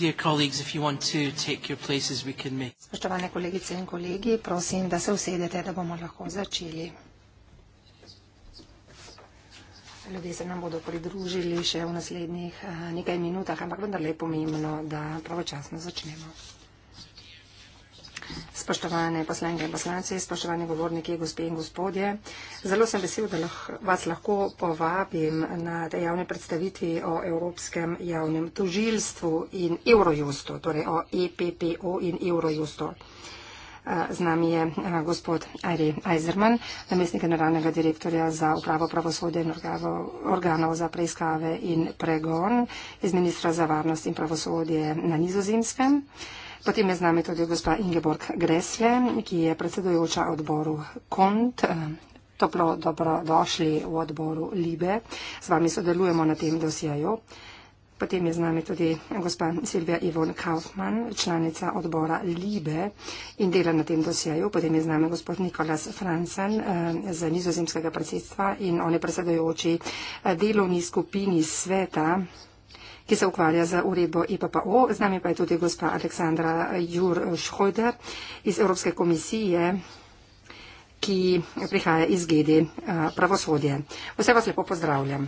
Dear colleagues, if you want to take your places, we can make. Spoštovane kolegice in kolegi, prosim, da se usedete, da bomo lahko začeli. Ljudje se nam bodo pridružili še v naslednjih eh, nekaj minutah, ampak vendar je pomembno, da pravočasno začnemo. Spoštovane poslanke in poslanci, spoštovani govorniki, gospe in gospodje, zelo sem vesel, da vas lahko povabim na tej javni predstavitvi o Evropskem javnem tužilstvu in Eurojustu, torej o EPPO in Eurojustu. Eh, z nami je eh, gospod Ari Eizerman, namestnik generalnega direktorja za upravo pravosodja in organov za preiskave in pregon iz Ministra za varnost in pravosodje na nizozemskem. Potem je z nami tudi gospa Ingeborg Gresle, ki je predsedujoča odboru KONT. Toplo dobrodošli v odboru LIBE. Z vami sodelujemo na tem dosjeju. Potem je z nami tudi gospa Silvija Ivon Kaufmann, članica odbora LIBE in dela na tem dosjeju. Potem je z nami gospod Nikolas Fransen eh, z nizozemskega predsedstva in on je predsedujoči eh, delovni skupini sveta ki se ukvarja z uredbo IPPO. E z nami pa je tudi gospa Aleksandra Jur Schroeder iz Evropske komisije ki prihaja iz Gedi eh, pravosodje. Vse vas lepo pozdravljam.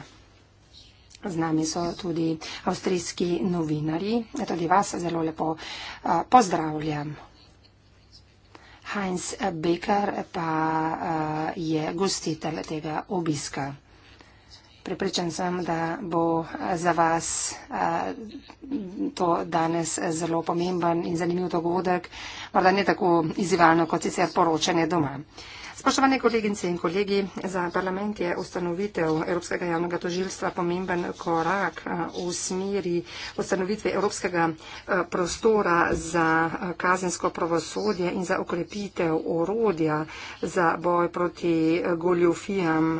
Z nami so tudi avstrijski novinari. Tudi vas zelo lepo eh, pozdravljam. Heinz Becker pa eh, je gostitelj tega obiska. Prepričan sem, da bo eh, za vas eh, to danes eh, zelo pomemben in zanimiv dogodek, morda ne tako izzivalno kot sicer poročanje doma. Spoštovane kolegice in kolegi, za parlament je ustanovitev Evropskega javnega tožilstva pomemben korak eh, v smeri ustanovitve Evropskega eh, prostora za eh, kazensko pravosodje in za okrepitev orodja za boj proti goljufijam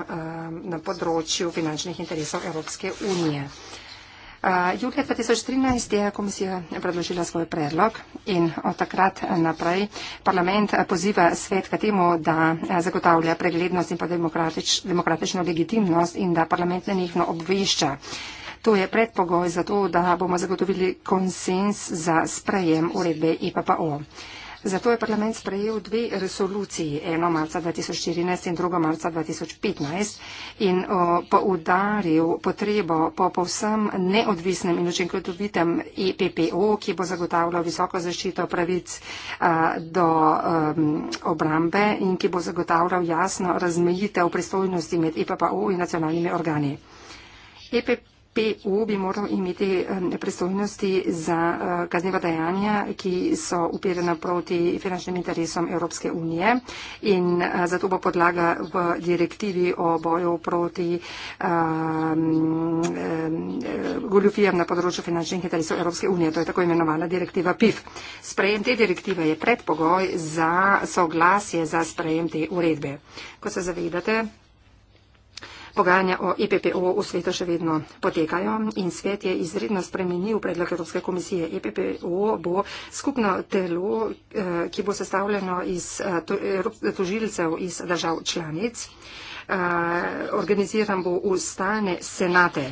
na področju finančnih interesov Evropske unije. Eh, julija 2013 je komisija predložila svoj predlog in od takrat naprej parlament eh, poziva svet k temu, da eh, zagotavlja preglednost in pa demokratič, demokratično legitimnost in da parlament nenehno obvešča. To je predpogoj za to, da bomo zagotovili konsens za sprejem uredbe IPPO. E Zato je parlament sprejel dve resoluciji, eno marca 2014 in drugo marca 2015, in poudaril potrebo po povsem neodvisnem in učinkovitem EPPO, ki bo zagotavljal visoko zaščito pravic do obrambe in ki bo zagotavljal jasno razmejitev pristojnosti med EPPO in nacionalnimi organi. EPPO PU bi moral imeti pristojnosti za eh, kazneva dejanja, ki so upirena proti finančnim interesom Evropske unije in eh, zato bo podlaga v direktivi o boju proti um, um, goljufijam na področju finančnih interesov Evropske unije. To je tako imenovana direktiva PIF. Sprejem te direktive je predpogoj za soglasje za sprejem te uredbe. Ko se zavedate, Pogajanja o EPPO v svetu še vedno potekajo in svet je izredno spremenil predlog Evropske komisije. EPPO bo skupno telo, eh, ki bo sestavljeno iz eh, tožilcev iz držav članic. Eh, organiziran bo v stane senate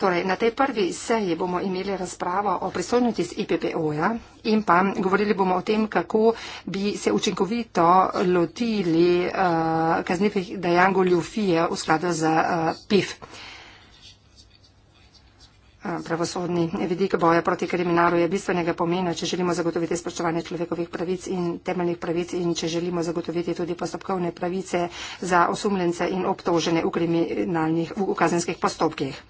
Torej, na tej prvi seji bomo imeli razpravo o pristojnosti z IPPO-ja in pa govorili bomo o tem, kako bi se učinkovito lotili uh, kaznivih dejanj goljufije v skladu z uh, eh, PIF. Eh, pravosodni vidik boja proti kriminalu je bistvenega pomena, če želimo zagotoviti spoštovanje človekovih pravic in temeljnih pravic in če želimo zagotoviti tudi postopkovne pravice za osumljence in obtožene v, v kazenskih postopkih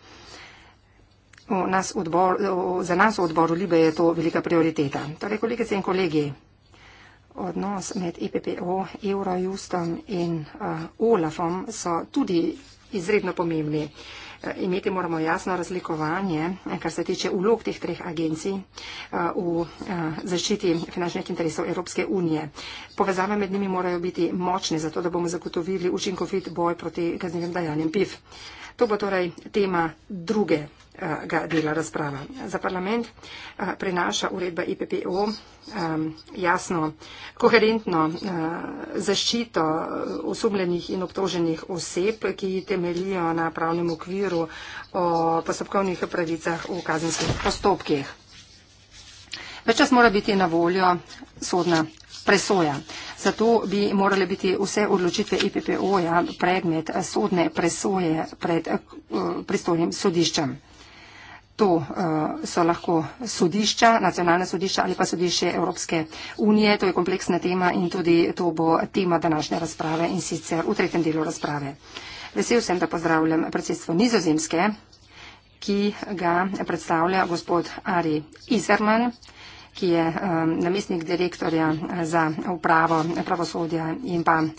nas odbor, za nas v odboru Libe je to velika prioriteta. Torej, kolegice in kolegi, odnos med EPPO, Eurojustom in uh, OLAFom so tudi izredno pomembni. Eh, imeti moramo jasno razlikovanje, eh, kar se tiče ulog teh treh agencij v zaščiti finančnih interesov Evropske unije. Povezave med njimi morajo biti močne, zato da bomo zagotovili učinkovit boj proti kaznivim dajanjem PIF. To bo torej tema drugega dela razprava. Za parlament eh, prenaša uredba IPPO eh, jasno, koherentno eh, zaščito osumljenih in obtoženih oseb, ki temelijo na pravnem okviru o postopkovnih pravicah v kazenskih postopkih. Več čas mora biti na voljo sodna presoja. Zato bi morale biti vse odločitve IPPO-ja e predmet sodne presoje pred eh, pristojnim sodiščem. To eh, so lahko sodišča, nacionalna sodišča ali pa sodišče Evropske unije. To je kompleksna tema in tudi to bo tema današnje razprave in sicer v tretjem delu razprave. Vesel sem, da pozdravljam predsedstvo nizozemske, ki ga predstavlja gospod Ari Izerman ki je um, namestnik direktorja eh, za upravo pravosodja in pa um,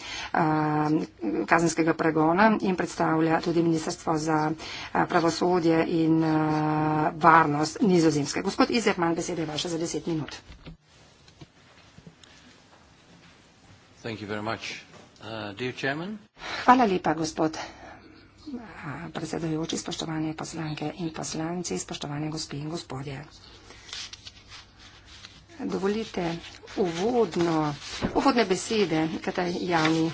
kazenskega pregona in predstavlja tudi Ministrstvo za eh, pravosodje in uh, varnost nizozemske. Gospod Izek, manj besede je vaše za deset minut. Uh, Hvala lepa, gospod predsedujoči, spoštovane poslanke in poslanci, spoštovane gospe in gospodje dovolite uvodno, uvodne besede k tej javni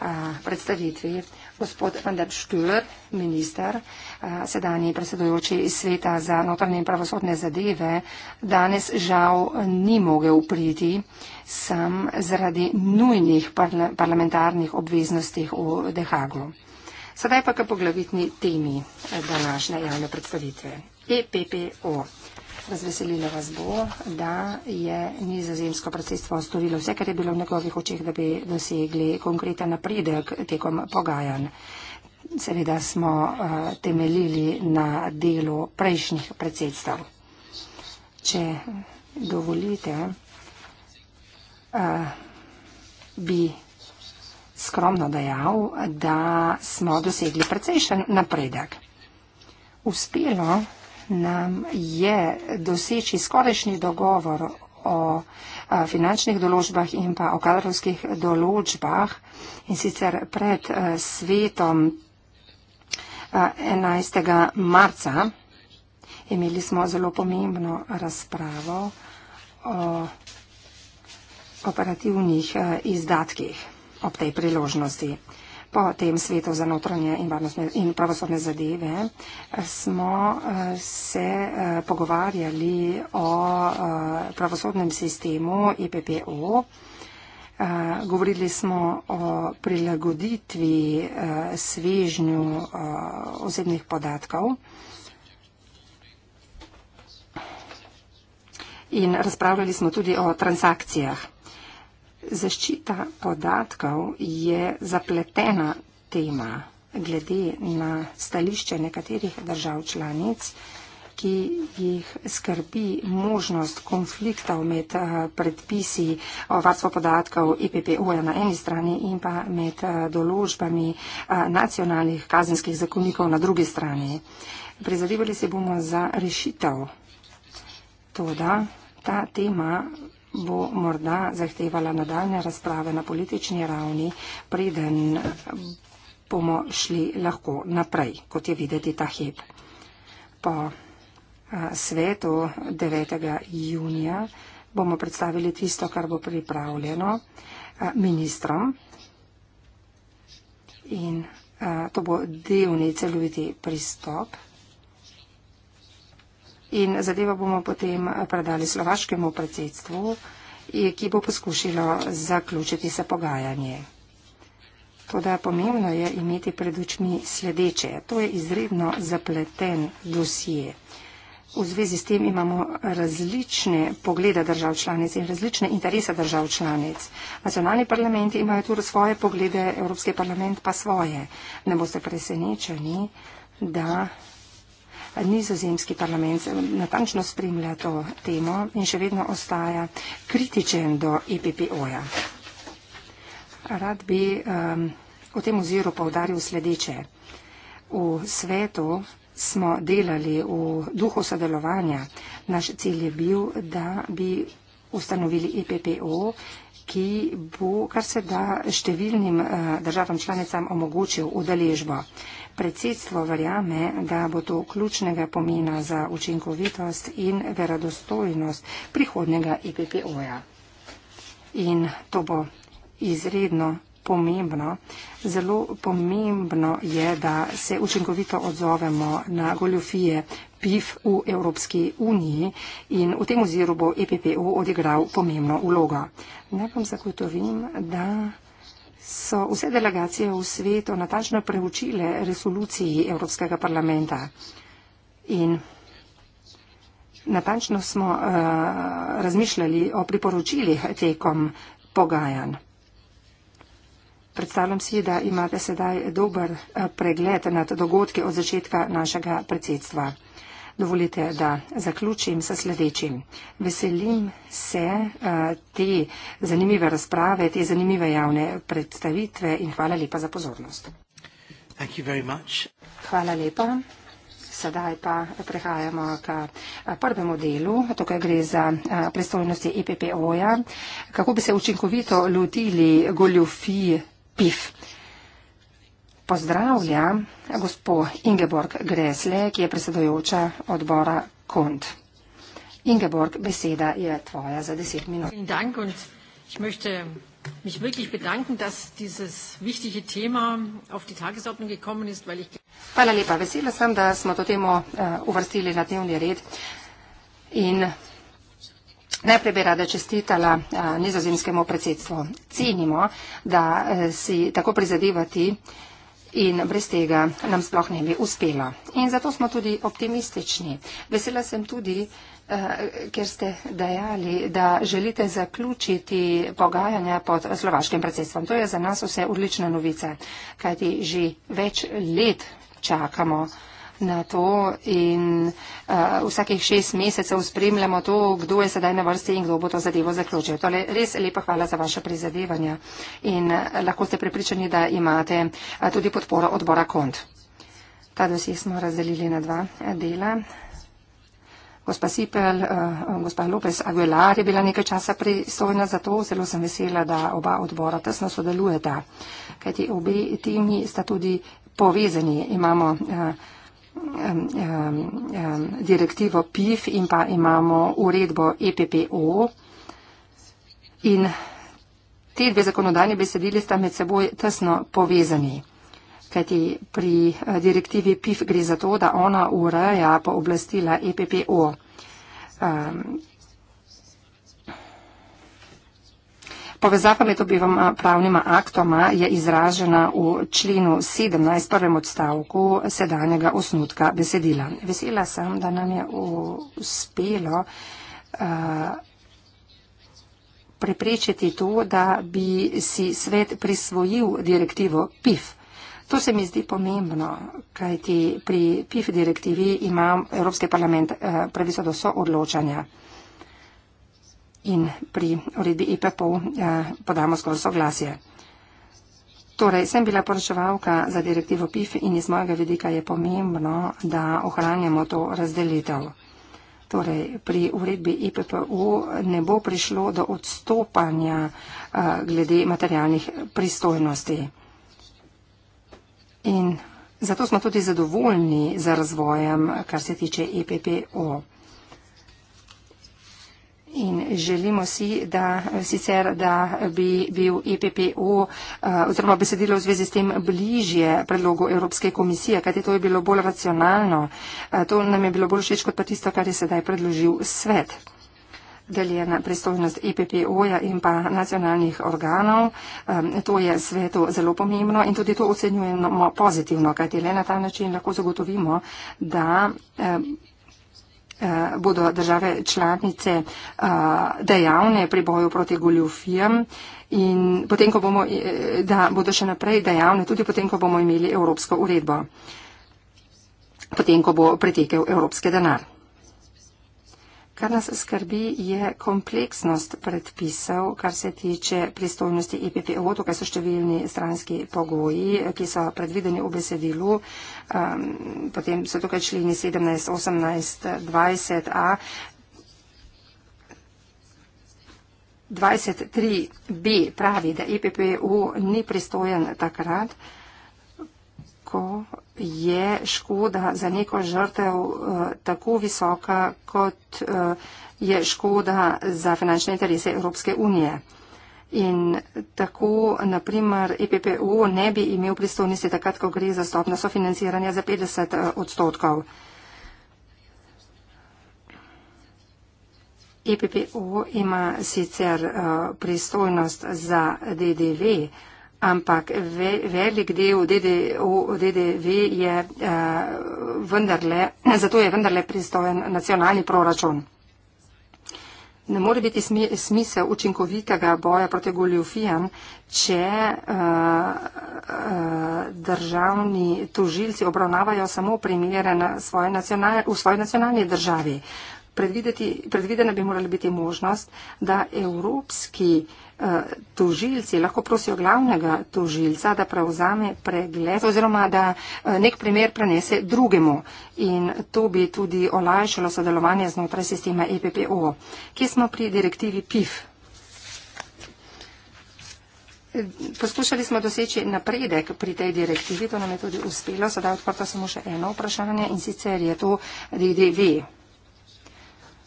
a, predstavitvi. Gospod Vendar Štuler, minister, sedajni predsedujoči sveta za notranje in pravosodne zadeve, danes žal ni mogel priti sam zaradi nujnih parla parlamentarnih obveznosti v Dehagu. Sedaj pa k poglavitni temi eh, današnje javne predstavitve. EPPO. Razveselilo vas bo, da je nizozemsko predsedstvo storilo vse, kar je bilo v njegovih očeh, da bi dosegli konkreten napredek tekom pogajanj. Seveda smo uh, temeljili na delu prejšnjih predsedstv. Če dovolite, uh, bi skromno dejal, da smo dosegli precejšen napredek. Uspelo nam je doseči skorajšnji dogovor o finančnih določbah in pa o kadrovskih določbah in sicer pred svetom 11. marca. Imeli smo zelo pomembno razpravo o operativnih izdatkih ob tej priložnosti po tem svetu za notranje in, in pravosodne zadeve smo eh, se eh, pogovarjali o eh, pravosodnem sistemu IPPO. E govorili smo o prilagoditvi svežnju osebnih podatkov. In razpravljali smo tudi o transakcijah. Zaščita podatkov je zapletena tema glede na stališče nekaterih držav članic, ki jih skrbi možnost konfliktov med eh, predpisi o varstvo podatkov IPPU -ja na eni strani in pa med eh, določbami eh, nacionalnih kazenskih zakonnikov na drugi strani. Prizadevali se bomo za rešitev, to da ta tema bo morda zahtevala nadaljne razprave na politični ravni, preden bomo šli lahko naprej, kot je videti ta hip. Po eh, svetu 9. junija bomo predstavili tisto, kar bo pripravljeno eh, ministrom in eh, to bo delni celoviti pristop in zadevo bomo potem predali slovaškemu predsedstvu, ki bo poskušalo zaključiti se pogajanje. Toda pomembno je imeti pred očmi sledeče. To je izredno zapleten dosje. V zvezi s tem imamo različne poglede držav članic in različne interese držav članic. Nacionalni parlamenti imajo tudi svoje poglede, Evropski parlament pa svoje. Ne boste presenečeni, da nizozemski parlament natančno spremlja to temo in še vedno ostaja kritičen do EPPO-ja. Rad bi um, v tem oziru povdaril sledeče. V svetu smo delali v duhu sodelovanja. Naš cilj je bil, da bi ustanovili EPPO, ki bo kar se da številnim uh, državam članicam omogočil udeležbo. Uh, predsedstvo verjame, da bo to ključnega pomena za učinkovitost in verodostojnost prihodnega EPPO-ja. In to bo izredno pomembno. Zelo pomembno je, da se učinkovito odzovemo na goljofije PIF v Evropski uniji in v tem oziru bo EPPO odigral pomembno vlogo. Naj vam zagotovim, da so vse delegacije v svetu natančno preučile resoluciji Evropskega parlamenta in natančno smo uh, razmišljali o priporočilih tekom pogajanj. Predstavljam si, da imate sedaj dober eh, pregled nad dogodki od začetka našega predsedstva. Uh, Dovolite, da zaključim sa sledečim. Veselim se eh, te zanimive razprave, te zanimive javne predstavitve in hvala lepa za pozornost. Hvala lepa. Sedaj pa prehajamo k eh, prvemu delu. Tukaj gre za eh, predstavljenosti EPPO-ja. Kako bi se učinkovito lotili goljofi PIF? pozdravlja gospo Ingeborg Gresle, ki je predsedojoča odbora KONT. Ingeborg, beseda je tvoja za deset minut. Hvala lepa. Vesela sem, da smo to temo eh, uvrstili na dnevni red. In najprej bi rada čestitala eh, nizozemskemu predsedstvu. Cenimo, da eh, si tako prizadevati in brez tega nam sploh ne bi uspelo. In zato smo tudi optimistični. Vesela sem tudi, eh, ker ste dejali, da želite zaključiti pogajanja pod slovaškim predsedstvom. To je za nas vse odlična novica, kajti že več let čakamo na to in uh, vsakih šest mesecev spremljamo to, kdo je sedaj na vrsti in kdo bo to zadevo zaključil. Tole, res lepa hvala za vaše prizadevanja in uh, lahko ste pripričani, da imate uh, tudi podporo odbora KONT. Ta dosje smo razdelili na dva dela. Gospa Sipel, uh, gospa Lopez Aguilar je bila nekaj časa pristojna za to. Zelo sem vesela, da oba odbora tesno sodelujeta, kajti obe timi sta tudi povezani. Imamo, uh, direktivo PIF in pa imamo uredbo EPPO. In te dve zakonodajne besedili sta med seboj tesno povezani. Kajti pri eh, direktivi PIF gre za to, da ona ureja pooblastila EPPO. Povezava med objevama pravnima aktoma je izražena v členu 17. prvem odstavku sedanjega osnutka besedila. Vesela sem, da nam je uspelo eh, preprečiti to, da bi si svet prisvojil direktivo PIF. To se mi zdi pomembno, kajti pri PIF direktivi ima Evropski parlament eh, pravico do soodločanja in pri uredbi IPPOV eh, podamo zgolj soglasje. Torej, sem bila poročevalka za direktivo PIF in iz mojega vidika je pomembno, da ohranjamo to razdelitev. Torej, pri uredbi IPPU ne bo prišlo do odstopanja uh, glede materialnih pristojnosti. In zato smo tudi zadovoljni z za razvojem, kar se tiče IPPU. E In želimo si, da sicer, da bi bil EPPO eh, oziroma besedilo v zvezi s tem bližje predlogu Evropske komisije, kajti to je bilo bolj racionalno. Eh, to nam je bilo bolj všeč kot pa tisto, kar je sedaj predložil svet. Deljena pristojnost EPPO-ja in pa nacionalnih organov, to je svetu zelo pomembno in tudi to ocenjujemo pozitivno, kajti le na ta način lahko zagotovimo, da Eh, bodo države članice eh, dejavne pri boju proti goljofijam in potem, ko bomo, eh, da bodo še naprej dejavne tudi potem, ko bomo imeli evropsko uredbo, potem, ko bo pretekel evropski denar. Kar nas skrbi je kompleksnost predpisov, kar se tiče pristojnosti IPPO. E tukaj so številni stranski pogoji, ki so predvideni v besedilu. Ehm, potem so tukaj členi 17, 18, 20, a. 23b pravi, da IPPU e ni pristojen takrat, lahko, je škoda za neko žrtev uh, tako visoka, kot uh, je škoda za finančne interese Evropske unije. In tako, naprimer, EPPU ne bi imel pristojnosti takrat, ko gre za stopno sofinanciranja za 50 eh, odstotkov. EPPU ima sicer uh, pristojnost za DDV, uh, ampak ve, velik del DDV je uh, vendarle, zato je vendarle pristojen nacionalni proračun. Ne more biti smi, smisel učinkovitega boja proti goljufijam, če uh, uh, državni tužilci obravnavajo samo primere na svoje v svoji nacionalni državi predvidena bi morala biti možnost, da evropski eh, tožilci lahko prosijo glavnega tožilca, da prevzame pregled oziroma da eh, nek primer prenese drugemu. In to bi tudi olajšalo sodelovanje znotraj sistema EPPO. Kje smo pri direktivi PIF? Poskušali smo doseči napredek pri tej direktivi, to nam je tudi uspelo. Sedaj odprto samo še eno vprašanje in sicer je to DDV.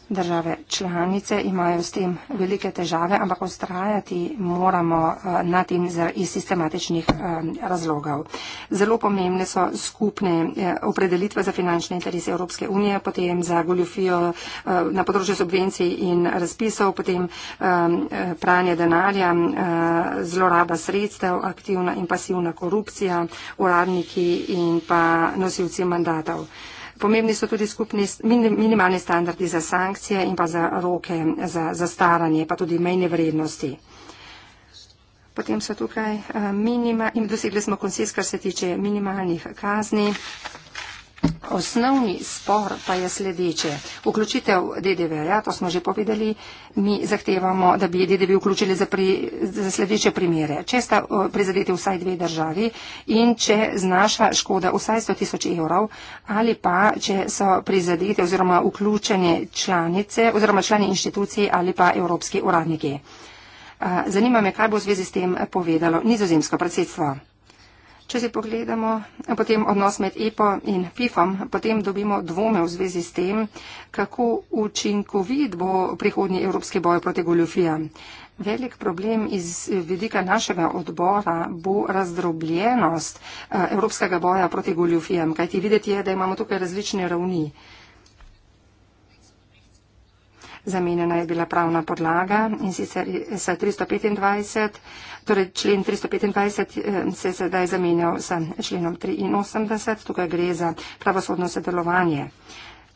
Države članice imajo s tem velike težave, ampak ustrajati moramo eh, na tem iz sistematičnih eh, razlogov. Zelo pomembne so skupne eh, opredelitve za finančne interese Evropske unije, potem za goljofijo na področju subvencij in razpisov, potem pranje denarja, zloraba sredstev, aktivna in pasivna korupcija, uradniki in pa nosilci mandatov. Pomembni so tudi skupni minimalni standardi za sankcije in pa za roke za zastaranje, pa tudi mejne vrednosti. Potem so tukaj eh, minima in dosegli smo konsist, kar se tiče minimalnih kazni. Osnovni spor pa je sledeče. Vključitev DDV-ja, to smo že povedali, mi zahtevamo, da bi DDV vključili za, pri, za sledeče primere. Če sta prizadeti vsaj dve državi in če znaša škoda vsaj 100 tisoč evrov ali pa če so prizadeti oziroma vključene članice oziroma člani inštitucij ali pa evropski uradniki. Zanima me, kaj bo v zvezi s tem povedalo nizozemsko predsedstvo. Če si pogledamo eh, potem odnos med EPO in PIFom, potem dobimo dvome v zvezi s tem, kako učinkovit bo prihodnji evropski boj proti goljofijam. Velik problem iz vidika našega odbora bo razdrobljenost eh, evropskega boja proti goljofijam, kajti videti je, da imamo tukaj različne ravni. Zamenjena je bila pravna podlaga in sicer 325. Torej, člen 325 eh, se sedaj zamenjal s členom 83. Tukaj gre za pravosodno sodelovanje.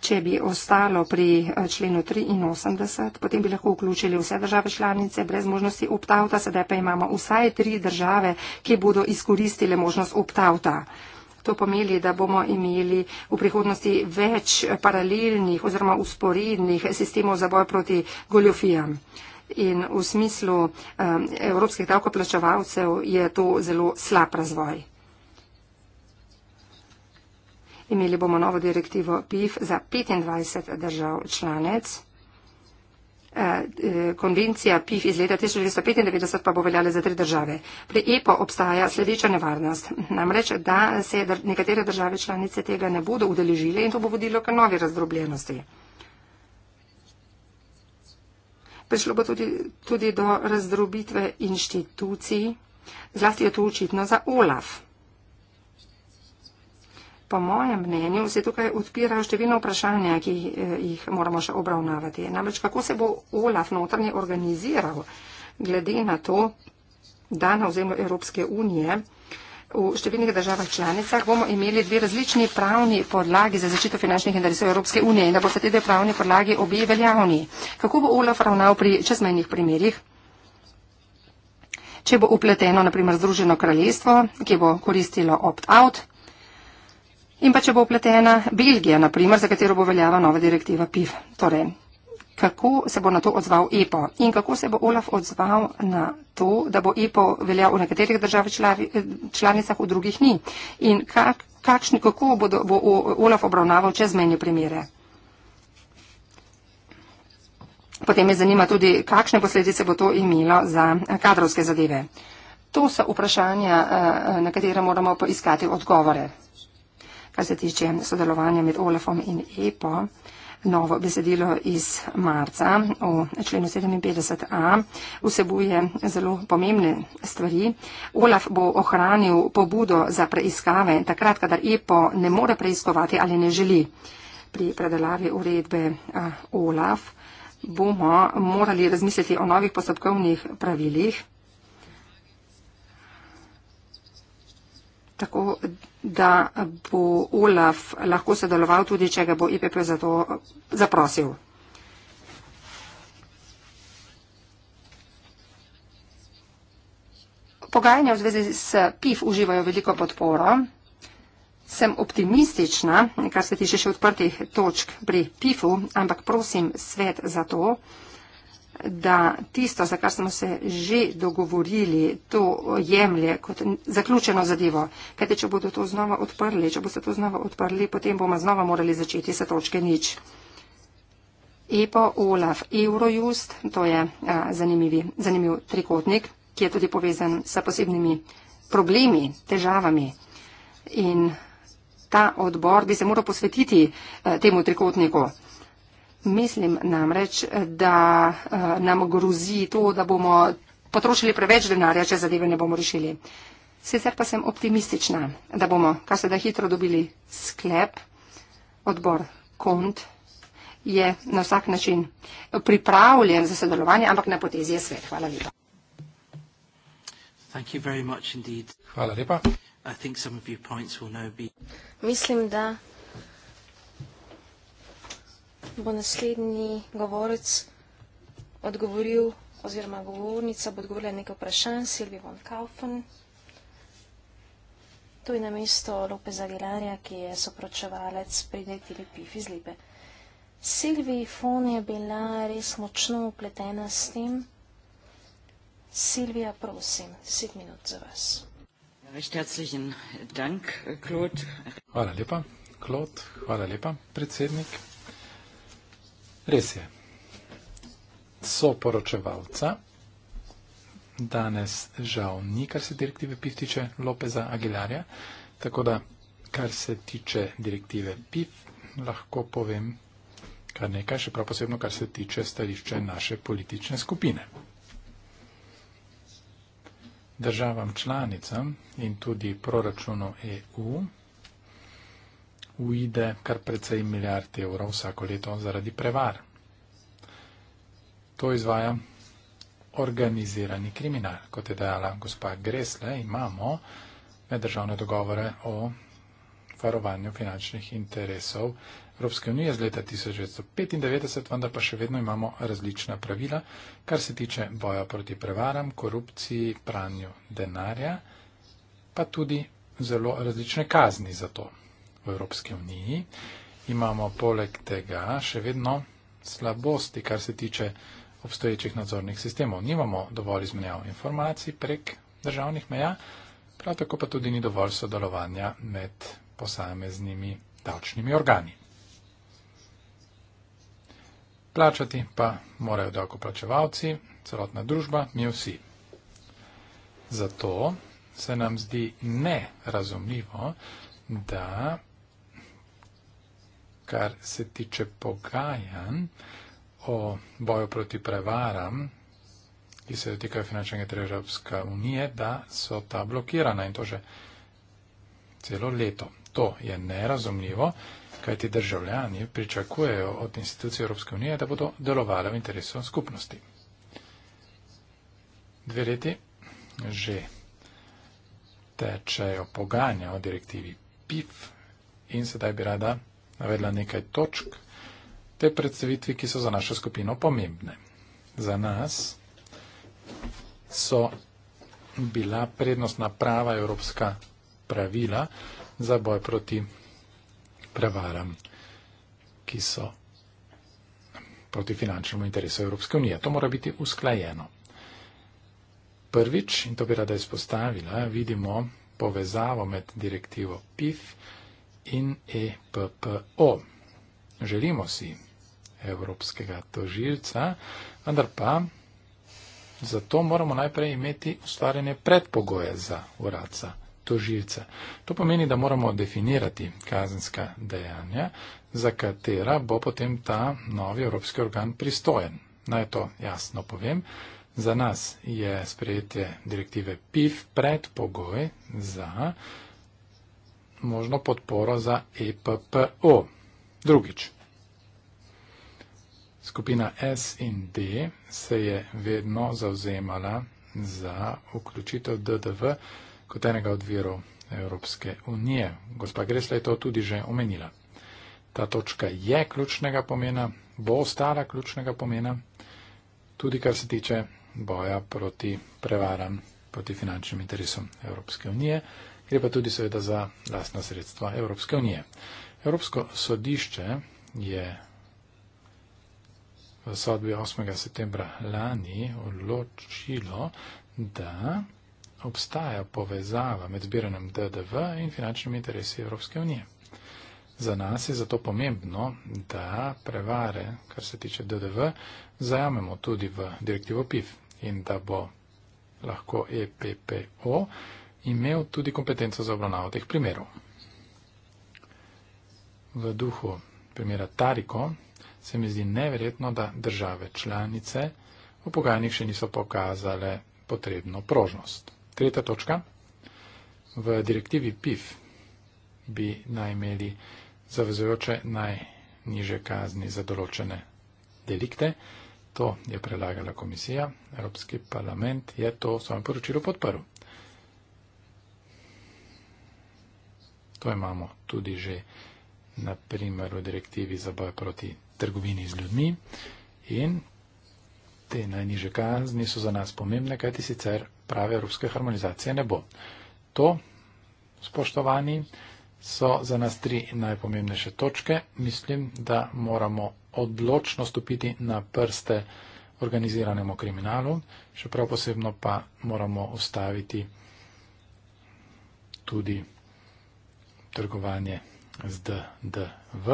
Če bi ostalo pri eh, členu 83, potem bi lahko vključili vse države članice brez možnosti optauta, sedaj pa imamo vsaj tri države, ki bodo izkoristile možnost optauta. To pomeni, da bomo imeli v prihodnosti več paralelnih oziroma usporednih sistemov za boj proti goljofijam in v smislu um, evropskih davkoplačevalcev je to zelo slab razvoj. Imeli bomo novo direktivo PIF za 25 držav članec. Eh, eh, konvencija PIF iz leta 1995 pa bo veljala za tri države. Pri EPO obstaja sledeča nevarnost. Namreč, da se nekatere države članice tega ne bodo udeležile in to bo vodilo k novi razdrobljenosti. prišlo bo tudi, tudi do razdrobitve inštitucij, zlasti je to očitno za OLAF. Po mojem mnenju se tukaj odpirajo številne vprašanja, ki jih, eh, jih moramo še obravnavati. Namreč, kako se bo OLAF notranje organiziral glede na to, da na ozemlju Evropske unije V številnih državah članicah bomo imeli dve različni pravni podlagi za zaščito finančnih interesov Evropske unije in da bo se te dve pravni podlagi obe veljavni. Kako bo Olaf ravnal pri čezmejnih primerjih? Če bo upleteno, naprimer, Združeno kraljestvo, ki bo koristilo opt-out, in pa če bo upletena Belgija, naprimer, za katero bo veljava nova direktiva PIF. Torej, kako se bo na to odzval EPO in kako se bo Olaf odzval na to, da bo EPO veljal v nekaterih državah eh, članicah, v drugih ni. In kak, kakšni, kako bo, bo Olaf obravnaval čezmenje primere. Potem me zanima tudi, kakšne posledice bo to imelo za eh, kadrovske zadeve. To so vprašanja, eh, na katera moramo poiskati odgovore. Kar se tiče sodelovanja med Olafom in EPO, novo besedilo iz marca o členu 57a vsebuje zelo pomembne stvari. Olaf bo ohranil pobudo za preiskave takrat, kadar EPO ne more preiskovati ali ne želi. Pri predelavi uredbe Olaf bomo morali razmisliti o novih postopkovnih pravilih. Tako da bo Olaf lahko sodeloval tudi, če ga bo IPP za to zaprosil. Pogajanja v zvezi s PIF uživajo veliko podporo. Sem optimistična, kar se tiče še odprtih točk pri PIF-u, ampak prosim svet za to da tisto, za kar smo se že dogovorili, to jemlje kot zaključeno zadevo. Kajte, če bodo to znova odprli, če boste to znova odprli, potem bomo znova morali začeti sa točke nič. Epo Olaf Eurojust, to je a, zanimivi, zanimiv trikotnik, ki je tudi povezan s posebnimi problemi, težavami. In ta odbor bi se moral posvetiti a, temu trikotniku. Mislim namreč, da eh, nam grozi to, da bomo potrošili preveč denarja, če zadeve ne bomo rešili. Sicer pa sem optimistična, da bomo, kar se da hitro dobili sklep, odbor kont je na vsak način pripravljen za sodelovanje, ampak na potezi je svet. Hvala lepa. Hvala lepa. Mislim, da bo naslednji govorec odgovoril, oziroma govornica bo odgovorila nekaj vprašanj, Silvi von Kaufen. To je na mesto Lopeza Gilarja, ki je soproševalec pri Detili Pif iz Libe. Silvi von je bila res močno upletena s tem. Silvija, prosim, sedem minut za vas. Ja, hvala lepa, Klod, hvala lepa, predsednik. Res je. Soporočevalca danes žal ni, kar se direktive PIF tiče Lopeza Aguilarja, tako da, kar se tiče direktive PIF, lahko povem kar nekaj, še prav posebno, kar se tiče stališče naše politične skupine. Državam članicam in tudi proračunu EU ujde kar precej milijard evrov vsako leto zaradi prevar. To izvaja organizirani kriminal. Kot je dejala gospa Gresle, imamo meddržavne dogovore o varovanju finančnih interesov Evropske unije z leta 1995, vendar pa še vedno imamo različna pravila, kar se tiče boja proti prevaram, korupciji, pranju denarja, pa tudi zelo različne kazni za to v Evropski uniji. Imamo poleg tega še vedno slabosti, kar se tiče obstoječih nadzornih sistemov. Nimamo dovolj izmenjav informacij prek državnih meja, prav tako pa tudi ni dovolj sodelovanja med posameznimi davčnimi organi. Plačati pa morajo davkoplačevalci, celotna družba, mi vsi. Zato se nam zdi nerazumljivo, da kar se tiče pogajanj o boju proti prevaram, ki se dotikajo finančnega trga Evropske unije, da so ta blokirana in to že celo leto. To je nerazumljivo, kajti državljani pričakujejo od institucij Evropske unije, da bodo delovali v interesu skupnosti. Dve leti že tečejo pogajanja o direktivi PIF in sedaj bi rada navedla nekaj točk te predstavitvi, ki so za našo skupino pomembne. Za nas so bila prednostna prava evropska pravila za boj proti prevaram, ki so proti finančnemu interesu Evropske unije. To mora biti usklajeno. Prvič, in to bi rada izpostavila, vidimo povezavo med direktivo PIF in EPPO. Želimo si evropskega tožilca, vendar pa zato moramo najprej imeti ustvarjene predpogoje za uradca tožilca. To pomeni, da moramo definirati kazenska dejanja, za katera bo potem ta novi evropski organ pristojen. Naj to jasno povem. Za nas je sprejetje direktive PIF predpogoj za možno podporo za EPPO. Drugič, skupina S in D se je vedno zauzemala za vključitev DDV kot enega od virov Evropske unije. Gospa Gresla je to tudi že omenila. Ta točka je ključnega pomena, bo ostala ključnega pomena, tudi kar se tiče boja proti prevaram, proti finančnim interesom Evropske unije gre pa tudi seveda za lastna sredstva Evropske unije. Evropsko sodišče je v sodbi 8. septembra lani odločilo, da obstaja povezava med zbiranjem DDV in finančnimi interesi Evropske unije. Za nas je zato pomembno, da prevare, kar se tiče DDV, zajamemo tudi v direktivo PIF in da bo lahko EPPO imel tudi kompetenco za obravnavo teh primerov. V duhu primera Tariko se mi zdi neverjetno, da države članice v pogajanjih še niso pokazale potrebno prožnost. Tretja točka. V direktivi PIF bi naj imeli zavezujoče najniže kazni za določene delikte. To je predlagala komisija. Evropski parlament je to v svojem poročilu podprl. To imamo tudi že na primer v direktivi za boj proti trgovini z ljudmi in te najniže kazni so za nas pomembne, kajti sicer prave evropske harmonizacije ne bo. To, spoštovani, so za nas tri najpomembnejše točke. Mislim, da moramo odločno stopiti na prste organiziranemu kriminalu, še prav posebno pa moramo ustaviti tudi trgovanje z DDV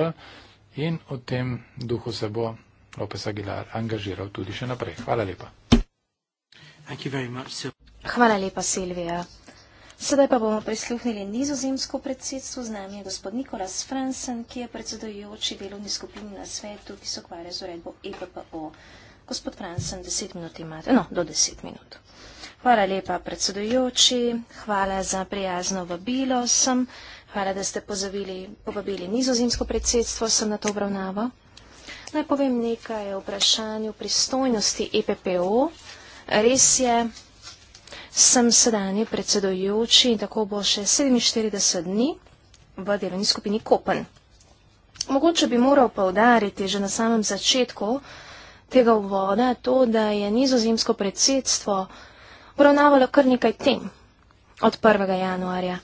in v tem duhu se bo Lopes Aguilar angažiral tudi še naprej. Hvala lepa. Hvala lepa, Silvija. Sedaj pa bomo prisluhnili nizozemsko predsedstvo. Z nami je gospod Nikolas Fransen, ki je predsedojoči delovni skupini na svetu, ki se ukvarja z uredbo EPPO. Gospod Fransen, deset minut imate. No, do deset minut. Hvala lepa, predsedojoči. Hvala za prijazno vabilo. Sem Hvala, da ste pozavili, povabili nizozemsko predsedstvo, sem na to obravnava. Naj povem nekaj o vprašanju pristojnosti EPPO. Res je, sem sedanji predsedojoči in tako bo še 47 dni v delovni skupini Kopen. Mogoče bi moral povdariti že na samem začetku tega uvoda to, da je nizozemsko predsedstvo obravnavalo kar nekaj tem od 1. januarja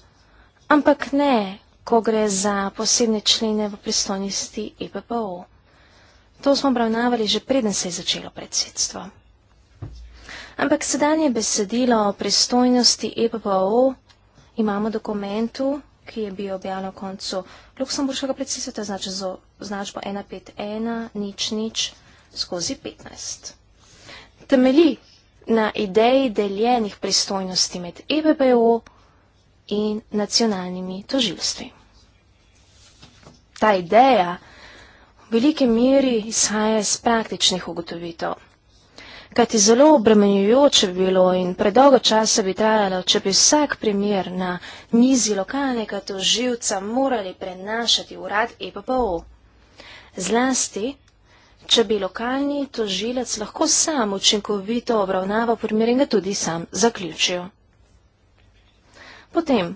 ampak ne, ko gre za posebne člene v pristojnosti EPPO. To smo obravnavali že preden se je začelo predsedstvo. Ampak sedanje besedilo o pristojnosti EPPO imamo v dokumentu, ki je bil objavljen v koncu Luksemburškega predsedstva, to je znač z označbo 151 nič nič skozi 15. Temelji na ideji deljenih pristojnosti med EPPO in nacionalnimi tožilstvi. Ta ideja v velike meri izhaja iz praktičnih ugotovitev. Kajti zelo obremenjujoče bi bilo in predolgo časa bi trajalo, če bi vsak primer na mizi lokalnega toživca morali prenašati v rad EPPO. Zlasti, če bi lokalni tožilec lahko sam učinkovito obravnavo primerenga tudi sam zaključil. Potem,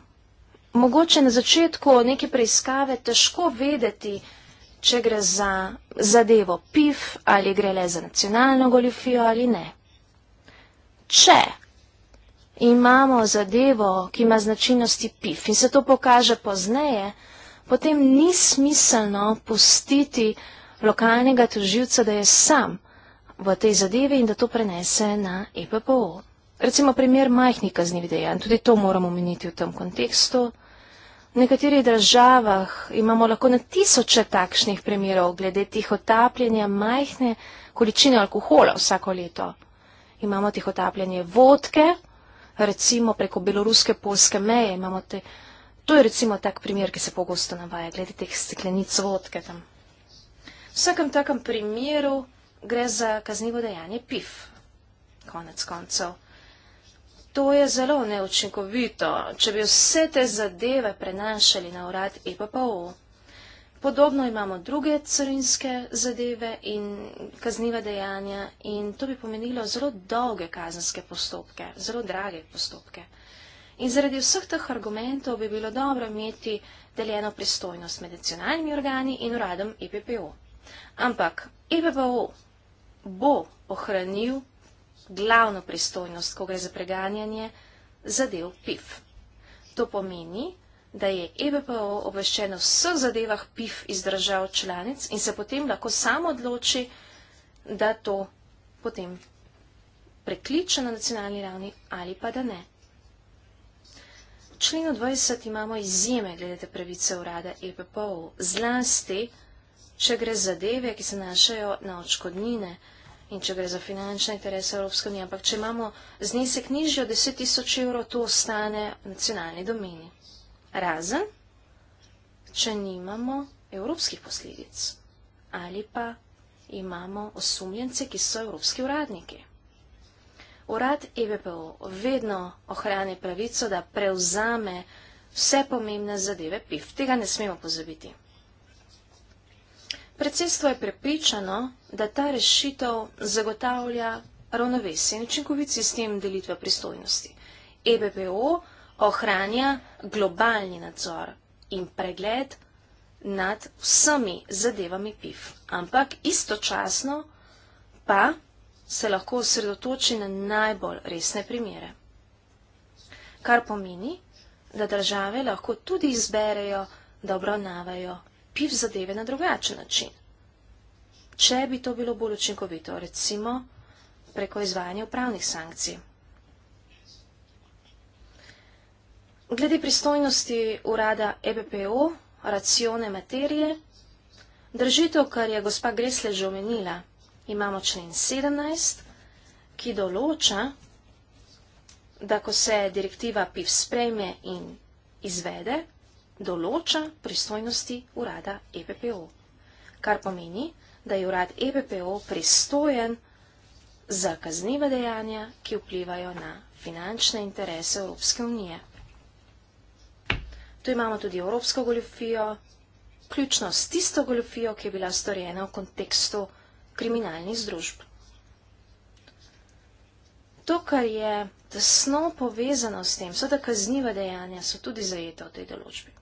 mogoče na začetku neke preiskave težko vedeti, če gre za zadevo PIF ali gre le za nacionalno goljofijo ali ne. Če imamo zadevo, ki ima značilnosti PIF in se to pokaže pozneje, potem ni smiselno pustiti lokalnega toživca, da je sam v tej zadevi in da to prenese na EPPO. Recimo primer majhnih kaznjivih dejanj, tudi to moramo omeniti v tem kontekstu. V nekaterih državah imamo lahko na tisoče takšnih primerov glede tih otapljanja majhne količine alkohola vsako leto. Imamo tih otapljanje vodke, recimo preko beloruske polske meje. Te, to je recimo tak primer, ki se pogosto navaja glede teh steklenic vodke tam. V vsakem takem primeru gre za kaznivo dejanje PIF. Konec koncev to je zelo neučinkovito, če bi vse te zadeve prenašali na urad EPPO. Podobno imamo druge carinske zadeve in kazniva dejanja in to bi pomenilo zelo dolge kazenske postopke, zelo drage postopke. In zaradi vseh teh argumentov bi bilo dobro imeti deljeno pristojnost med nacionalnimi organi in uradom EPPO. Ampak EPPO bo ohranil glavno pristojnost, ko gre za preganjanje, zadev PIF. To pomeni, da je EBPO obveščen o vseh zadevah PIF iz držav članic in se potem lahko samo odloči, da to potem prekliče na nacionalni ravni ali pa da ne. V členu 20 imamo izjeme glede te pravice urada EPPO, zlasti, če gre zadeve, ki se našajo na očkodnine in če gre za finančne interese Evropske unije. Ampak, če imamo znesek nižji od 10 tisoč evrov, to ostane nacionalni domeni. Razen, če nimamo evropskih posledic ali pa imamo osumljence, ki so evropski uradniki. Urad EVPO vedno ohrani pravico, da prevzame vse pomembne zadeve PIF. Tega ne smemo pozabiti. Predsedstvo je prepričano, da ta rešitev zagotavlja ravnovesje in učinkovit sistem delitve pristojnosti. EBBO ohranja globalni nadzor in pregled nad vsemi zadevami PIF, ampak istočasno pa se lahko osredotoči na najbolj resne primere. Kar pomeni, da države lahko tudi izberejo, da obravnavajo pif zadeve na drugačen način. Če bi to bilo bolj učinkovito, recimo preko izvajanja upravnih sankcij. Glede pristojnosti urada EBPO, racione materije, drži to, kar je gospa Gresle že omenila. Imamo člen 17, ki določa, da ko se direktiva PIF sprejme in izvede, določa pristojnosti urada EPPO. Kar pomeni, da je urad EPPO pristojen za kazniva dejanja, ki vplivajo na finančne interese Evropske unije. Tu imamo tudi Evropsko goljofijo, ključno s tisto goljofijo, ki je bila storjena v kontekstu kriminalnih združb. To, kar je tesno povezano s tem, so da kazniva dejanja so tudi zajeta v tej določbi.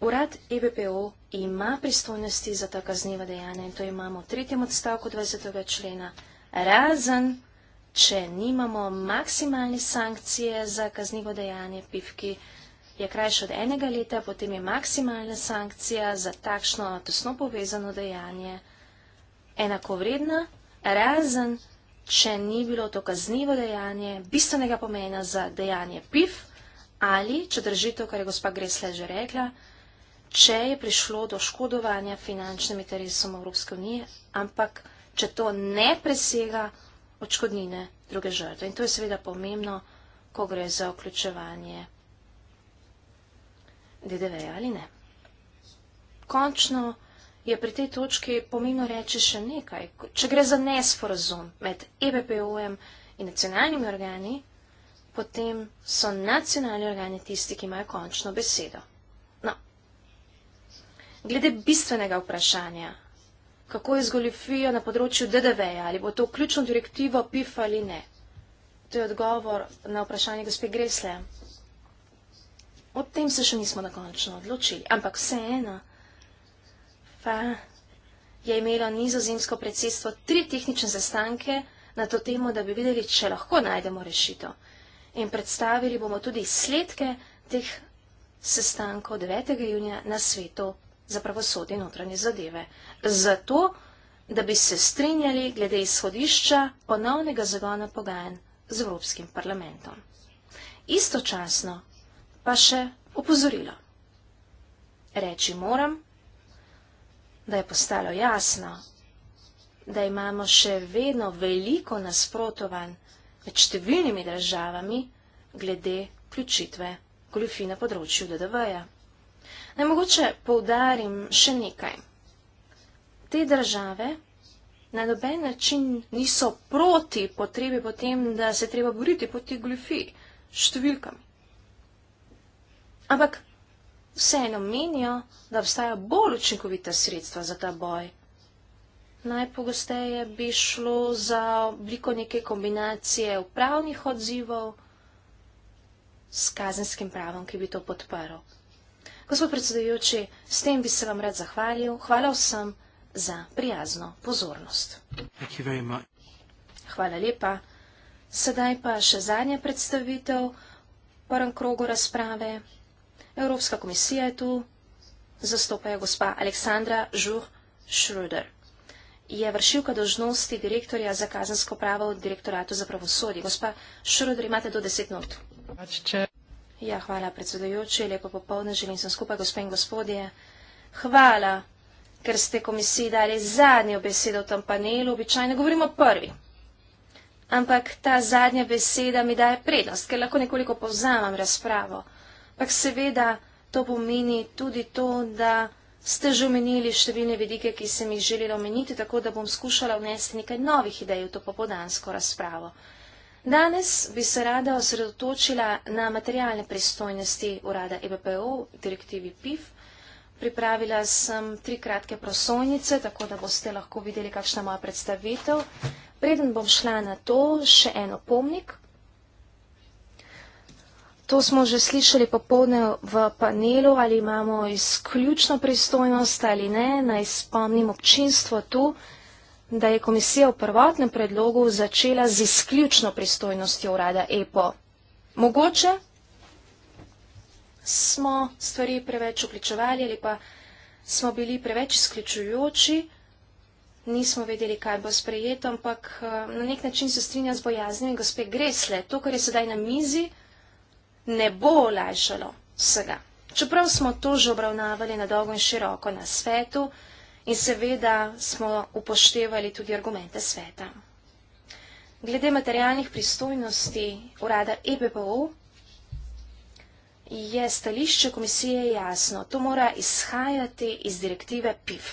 Urad EBPO ima pristojnosti za ta kazniva dejanja in to imamo v tretjem odstavku 20. člena, razen, če nimamo maksimalne sankcije za kaznivo dejanje pivki, je krajše od enega leta, potem je maksimalna sankcija za takšno tesno povezano dejanje enakovredna, razen, če ni bilo to kaznivo dejanje bistvenega pomena za dejanje piv ali, če drži to, kar je gospa Gresle že rekla, če je prišlo do škodovanja finančnim interesom Evropske unije, ampak če to ne presega očkodnine druge žrtve. In to je seveda pomembno, ko gre za vključevanje DDV ali ne. Končno je pri tej točki pomembno reči še nekaj. Če gre za nesporazum med EBPO-jem in nacionalnimi organi, potem so nacionalni organi tisti, ki imajo končno besedo glede bistvenega vprašanja, kako je z goljofijo na področju DDV-ja, ali bo to ključno direktivo PIF ali ne. To je odgovor na vprašanje gospe Gresle. O tem se še nismo nakončno odločili, ampak vseeno. Pa je imelo nizozemsko predsedstvo tri tehnične zastanke na to temo, da bi videli, če lahko najdemo rešito. In predstavili bomo tudi sledke teh sestankov 9. junija na svetu za pravosodje in notranje zadeve. Zato, da bi se strinjali glede izhodišča ponovnega zagona pogajanj z Evropskim parlamentom. Istočasno pa še opozorilo. Reči moram, da je postalo jasno, da imamo še vedno veliko nasprotovanj med številnimi državami glede vključitve goljufi na področju DDV-ja. Naj mogoče poudarim še nekaj. Te države na noben način niso proti potrebi potem, da se treba boriti proti glifiji številkami. Ampak vseeno menijo, da obstaja bolj učinkovita sredstva za ta boj. Najpogosteje bi šlo za obliko neke kombinacije upravnih odzivov s kazenskim pravom, ki bi to podparil. Gospod predsedujoči, s tem bi se vam rad zahvalil. Hvala vsem za prijazno pozornost. Hvala lepa. Sedaj pa še zadnja predstavitev prvem krogu razprave. Evropska komisija je tu, zastopa je gospa Aleksandra Žuh Šruder. Je vršilka dožnosti direktorja za kazensko pravo v direktoratu za pravosodje. Gospa Šruder, imate do deset minut. Pač, Ja, hvala, predsedujoči. Lepo popoldne želim sem skupaj, gospe in gospodje. Hvala, ker ste komisiji dali zadnjo besedo v tem panelu. Običajno govorimo prvi. Ampak ta zadnja beseda mi daje prednost, ker lahko nekoliko povzamem razpravo. Pak seveda to pomeni tudi to, da ste že omenili številne vidike, ki sem jih želela omeniti, tako da bom skušala vnesti nekaj novih idej v to popodansko razpravo. Danes bi se rada osredotočila na materialne pristojnosti urada EBPO, direktivi PIF. Pripravila sem tri kratke prosojnice, tako da boste lahko videli, kakšna moja predstavitev. Preden bom šla na to, še en opomnik. To smo že slišali popolne v panelu, ali imamo izključno pristojnost ali ne, naj spomnim občinstvo tu da je komisija v prvotnem predlogu začela z izključno pristojnostjo urada EPO. Mogoče smo stvari preveč vključevali ali pa smo bili preveč izključujoči, nismo vedeli, kaj bo sprejeto, ampak eh, na nek način se strinja z bojaznimi gospe Gresle. To, kar je sedaj na mizi, ne bo olajšalo vsega. Čeprav smo to že obravnavali na dolgo in široko na svetu, in seveda smo upoštevali tudi argumente sveta. Glede materialnih pristojnosti urada EBPO je stališče komisije jasno. To mora izhajati iz direktive PIF.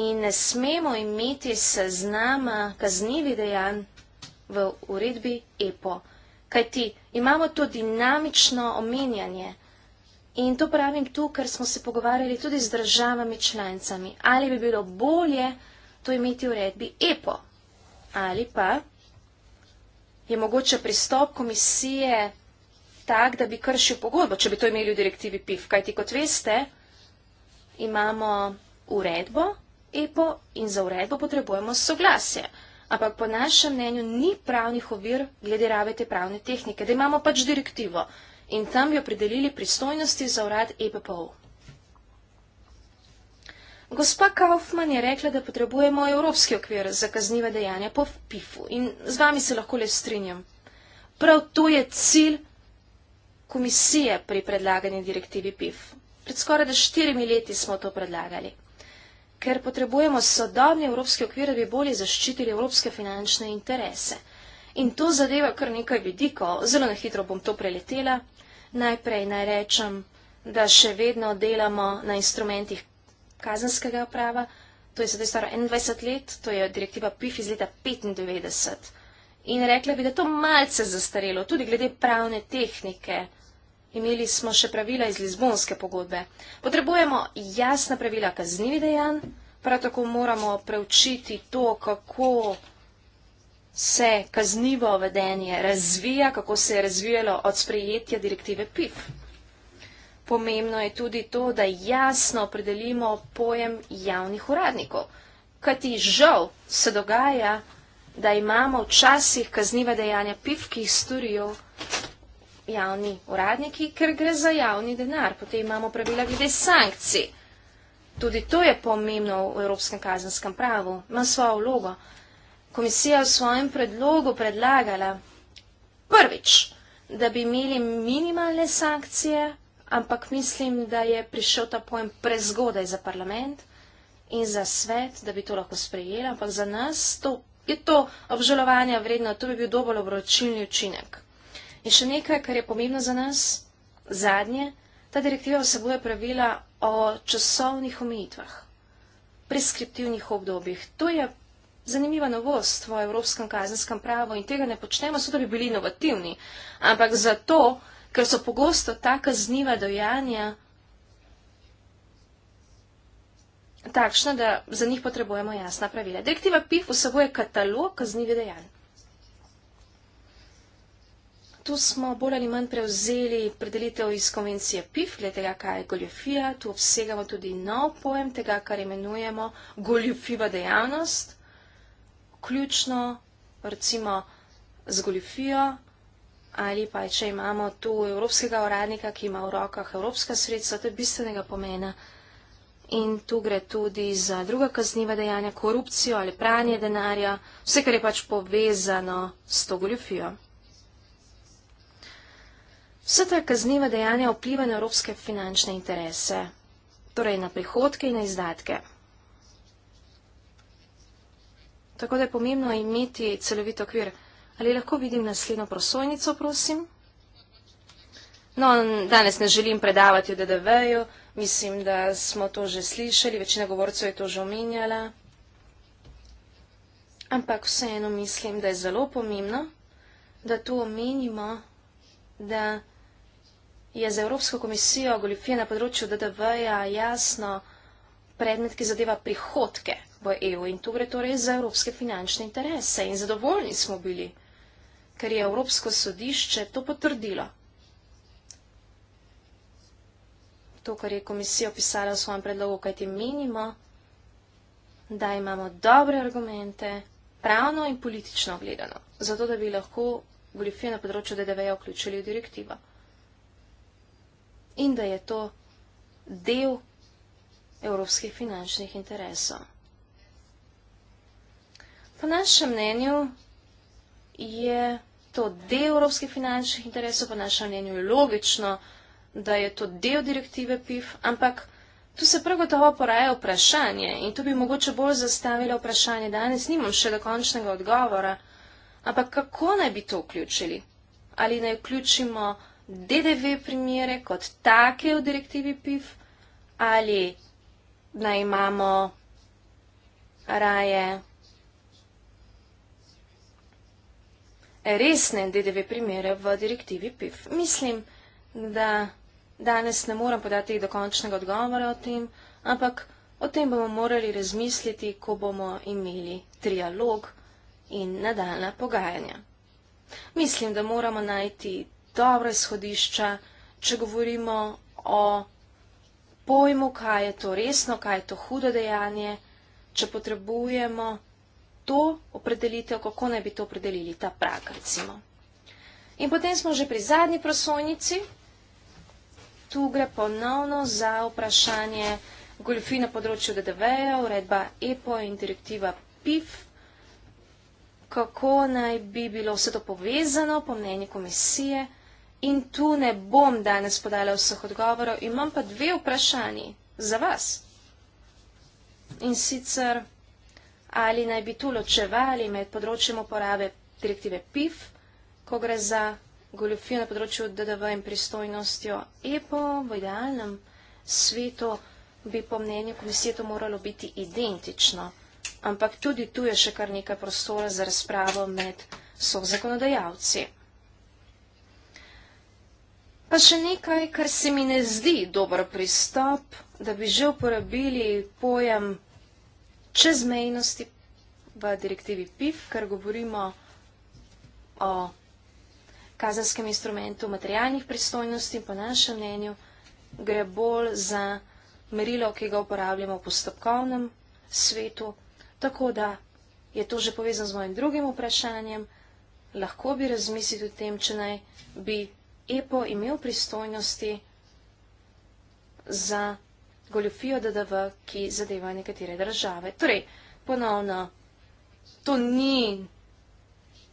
In ne smemo imeti seznama kaznivih dejanj v uredbi EPO, kajti imamo to dinamično omenjanje. In to pravim tu, ker smo se pogovarjali tudi z državami članicami. Ali bi bilo bolje to imeti v redbi EPO? Ali pa je mogoče pristop komisije tak, da bi kršil pogodbo, če bi to imeli v direktivi PIF? Kaj ti kot veste, imamo uredbo EPO in za uredbo potrebujemo soglasje. Ampak po našem mnenju ni pravnih ovir glede rabe te pravne tehnike, da imamo pač direktivo in tam bi opredelili pristojnosti za urad EPPOL. Gospa Kaufman je rekla, da potrebujemo evropski okvir za kazniva dejanja po PIF-u in z vami se lahko le strinjam. Prav to je cilj komisije pri predlaganju direktivi PIF. Pred skoraj da štirimi leti smo to predlagali. Ker potrebujemo sodobni evropski okvir, da bi bolje zaščitili evropske finančne interese. In to zadeva kar nekaj vidikov, zelo na hitro bom to preletela. Najprej naj rečem, da še vedno delamo na instrumentih kazenskega prava. To je sedaj staro 21 let, to je direktiva PIF iz leta 95. In rekla bi, da to malce zastarelo, tudi glede pravne tehnike. Imeli smo še pravila iz Lizbonske pogodbe. Potrebujemo jasna pravila kaznivih dejanj, prav tako moramo preučiti to, kako se kaznivo vedenje razvija, kako se je razvijalo od sprejetja direktive PIF. Pomembno je tudi to, da jasno opredelimo pojem javnih uradnikov, kajti žal se dogaja, da imamo včasih kaznive dejanja PIF, ki jih storijo javni uradniki, ker gre za javni denar. Potem imamo pravila glede sankcij. Tudi to je pomembno v evropskem kazenskem pravu, ima svojo vlogo komisija v svojem predlogu predlagala prvič, da bi imeli minimalne sankcije, ampak mislim, da je prišel ta pojem prezgodaj za parlament in za svet, da bi to lahko sprejeli, ampak za nas to, je to obžalovanja vredno, to bi bil dobro obročilni učinek. In še nekaj, kar je pomembno za nas, zadnje, ta direktiva vsebuje pravila o časovnih omejitvah, preskriptivnih obdobjih. To je zanimiva novost v evropskem kazenskem pravu in tega ne počnemo, so da bi bili inovativni, ampak zato, ker so pogosto ta kazniva dojanja takšna, da za njih potrebujemo jasna pravila. Direktiva PIF vsebuje katalog kaznivih dejanj. Tu smo bolj ali manj prevzeli predelitev iz konvencije PIF, glede tega, kaj je goljofija. Tu obsegamo tudi nov pojem tega, kar imenujemo goljofiva dejavnost vključno recimo z goljofijo ali pa če imamo tu evropskega uradnika, ki ima v rokah evropska sredstva, to je bistvenega pomena. In tu gre tudi za druga kazniva dejanja, korupcijo ali pranje denarja, vse, kar je pač povezano s to goljofijo. Vse ta kazniva dejanja vpliva na evropske finančne interese, torej na prihodke in na izdatke tako da je pomembno imeti celovit okvir. Ali lahko vidim naslednjo prosojnico, prosim? No, danes ne želim predavati o DDV-ju, mislim, da smo to že slišali, večina govorcev je to že omenjala. Ampak vseeno mislim, da je zelo pomembno, da to omenimo, da je za Evropsko komisijo goljofije na področju DDV-ja jasno predmet, ki zadeva prihodke v EU in tu gre torej za evropske finančne interese in zadovoljni smo bili, ker je Evropsko sodišče to potrdilo. To, kar je komisija opisala v svojem predlogu, kajti menimo, da imamo dobre argumente, pravno in politično gledano, zato da bi lahko goljofije na področju DDV-ja vključili v direktivo. In da je to del evropskih finančnih interesov. Po našem mnenju je to del evropskih finančnih interesov, po našem mnenju je logično, da je to del direktive PIF, ampak tu se prav gotovo poraja vprašanje in tu bi mogoče bolj zastavila vprašanje danes, nimam še dokončnega odgovora, ampak kako naj bi to vključili? Ali naj vključimo DDV primere kot take v direktivi PIF ali naj imamo raje resne DDV primere v direktivi PIF. Mislim, da danes ne moram podati dokončnega odgovora o tem, ampak o tem bomo morali razmisliti, ko bomo imeli trialog in nadaljna pogajanja. Mislim, da moramo najti dobre schodišča, če govorimo o pojmu, kaj je to resno, kaj je to hudo dejanje, če potrebujemo to opredelitev, kako naj bi to opredelili, ta prag, recimo. In potem smo že pri zadnji prosojnici. Tu gre ponovno za vprašanje goljofi na področju DDV-ja, uredba EPO in direktiva PIF. Kako naj bi bilo vse to povezano, po mnenju komisije. In tu ne bom danes podala vseh odgovorov, imam pa dve vprašanji za vas. In sicer ali naj bi tu ločevali med področjem uporabe direktive PIF, ko gre za goljofijo na področju DDV in pristojnostjo EPO, v idealnem svetu bi po mnenju komisije to moralo biti identično. Ampak tudi tu je še kar nekaj prostora za razpravo med so zakonodajalci. Pa še nekaj, kar se mi ne zdi dober pristop, da bi že uporabili pojem čezmejnosti v direktivi PIF, ker govorimo o kazenskem instrumentu materialnih pristojnosti in po našem mnenju gre bolj za merilo, ki ga uporabljamo v postopkovnem svetu. Tako da je to že povezano z mojim drugim vprašanjem. Lahko bi razmislili o tem, če naj bi EPO imel pristojnosti za goljofijo DDV, ki zadeva nekatere države. Torej, ponovno, to ni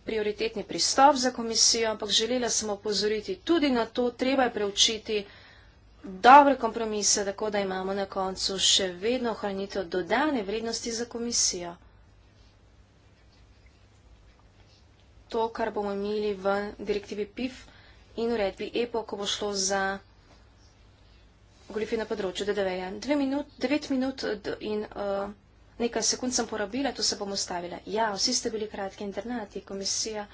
prioritetni pristop za komisijo, ampak želela sem opozoriti tudi na to, treba je preučiti dobre kompromise, tako da imamo na koncu še vedno ohranitev dodane vrednosti za komisijo. To, kar bomo imeli v direktivi PIF in uredbi EPO, ko bo šlo za goljufi na področju DDV-ja. Minut, devet minut in uh, nekaj sekund sem porabila, tu se bom ustavila. Ja, vsi ste bili kratki internati, komisija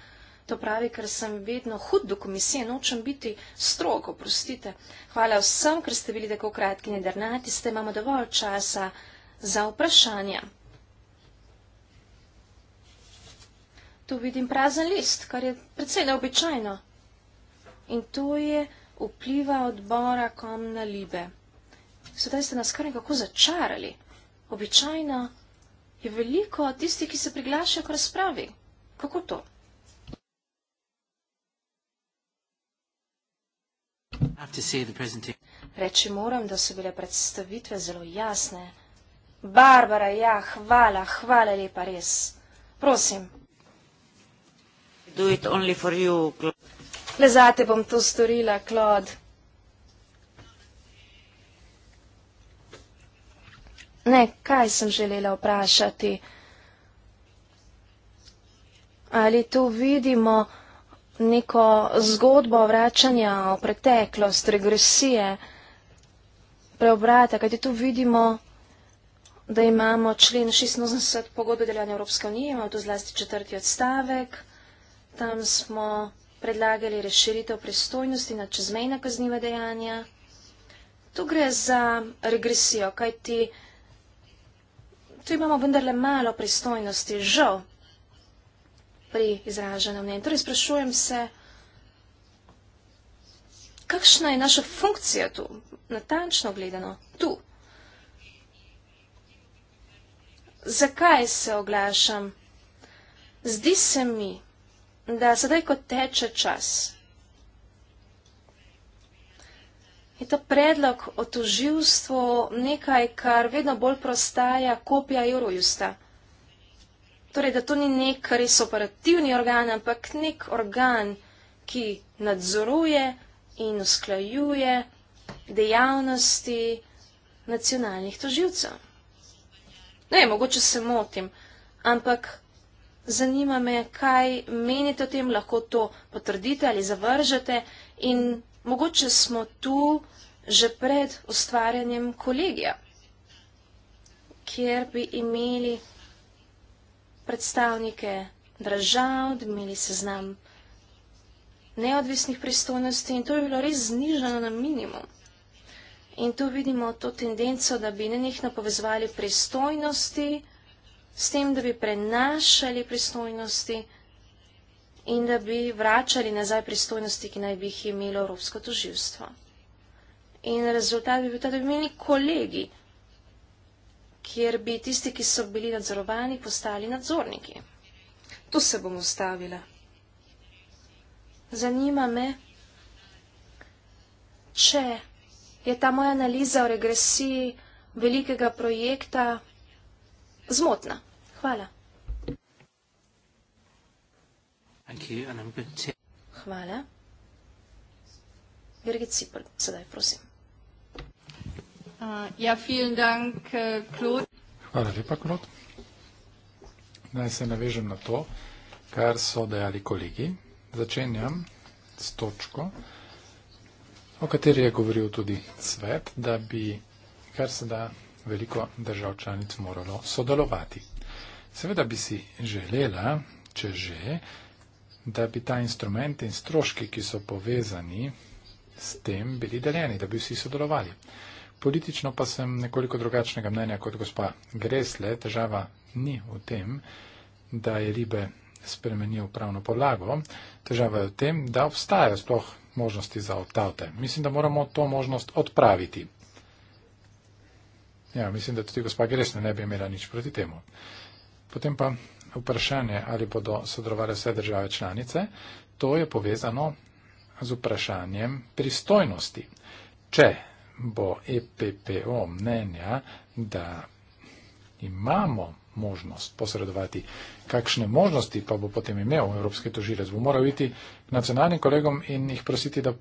to pravi, ker sem vedno hud do komisije, nočem biti strog, oprostite. Hvala vsem, ker ste bili tako kratki internati, ste imamo dovolj časa za vprašanja. Tu vidim prazen list, kar je precej neobičajno. In to je vpliva odbora komna libe. Sedaj ste nas kar nekako začarali. Običajno je veliko tistih, ki se priglašajo k razpravi. Kako to? Reči moram, da so bile predstavitve zelo jasne. Barbara, ja, hvala, hvala lepa res. Prosim. Do it only for you, Glo. Le zate bom to storila, Klod. Ne, kaj sem želela vprašati? Ali tu vidimo neko zgodbo vračanja v preteklost, regresije, preobrata, kajti tu vidimo, da imamo člen 16 pogodbe delovanja Evropske unije, imamo tu zlasti četrti odstavek, tam smo predlagali razširitev pristojnosti na čezmejna kazniva dejanja. Tu gre za regresijo, kajti tu imamo vendarle malo pristojnosti, žal, pri izraženem mnenju. Torej sprašujem se, kakšna je naša funkcija tu, natančno gledano, tu. Zakaj se oglašam? Zdi se mi, da sedaj, ko teče čas, je to predlog o toživstvu nekaj, kar vedno bolj prostaja kopija Eurojusta. Torej, da to ni nek res operativni organ, ampak nek organ, ki nadzoruje in usklajuje dejavnosti nacionalnih toživcev. Ne, mogoče se motim, ampak Zanima me, kaj menite o tem, lahko to potrdite ali zavržete in mogoče smo tu že pred ustvarjanjem kolegija, kjer bi imeli predstavnike držav, da imeli seznam neodvisnih pristojnosti in to bi bilo res znižano na minimum. In tu vidimo to tendenco, da bi na njih napovezovali pristojnosti, s tem, da bi prenašali pristojnosti in da bi vračali nazaj pristojnosti, ki naj bi jih imelo Evropsko toživstvo. In rezultat bi bil ta, da bi imeli kolegi, kjer bi tisti, ki so bili nadzorovani, postali nadzorniki. Tu se bom ustavila. Zanima me, če je ta moja analiza o regresiji velikega projekta zmotna. Hvala. Hvala. Birgit Sipel, sedaj prosim. Uh, ja, vielen dank, Klod. Uh, Hvala lepa, Klod. Naj se navežem na to, kar so dejali kolegi. Začenjam s točko, o kateri je govoril tudi svet, da bi kar se da veliko držav članic moralo sodelovati. Seveda bi si želela, če že, da bi ta instrument in stroški, ki so povezani s tem, bili deljeni, da bi vsi sodelovali. Politično pa sem nekoliko drugačnega mnenja kot gospa Gresle. Država ni v tem, da je Libe spremenil pravno podlago. Država je v tem, da obstajajo sploh možnosti za optaute. Mislim, da moramo to možnost odpraviti. Ja, mislim, da tudi gospa Gresna ne bi imela nič proti temu. Potem pa vprašanje, ali bodo sodelovali vse države članice, to je povezano z vprašanjem pristojnosti. Če bo EPPO mnenja, da imamo možnost posredovati, kakšne možnosti pa bo potem imel Evropski tožilec, bo moral iti k nacionalnim kolegom in jih prositi, da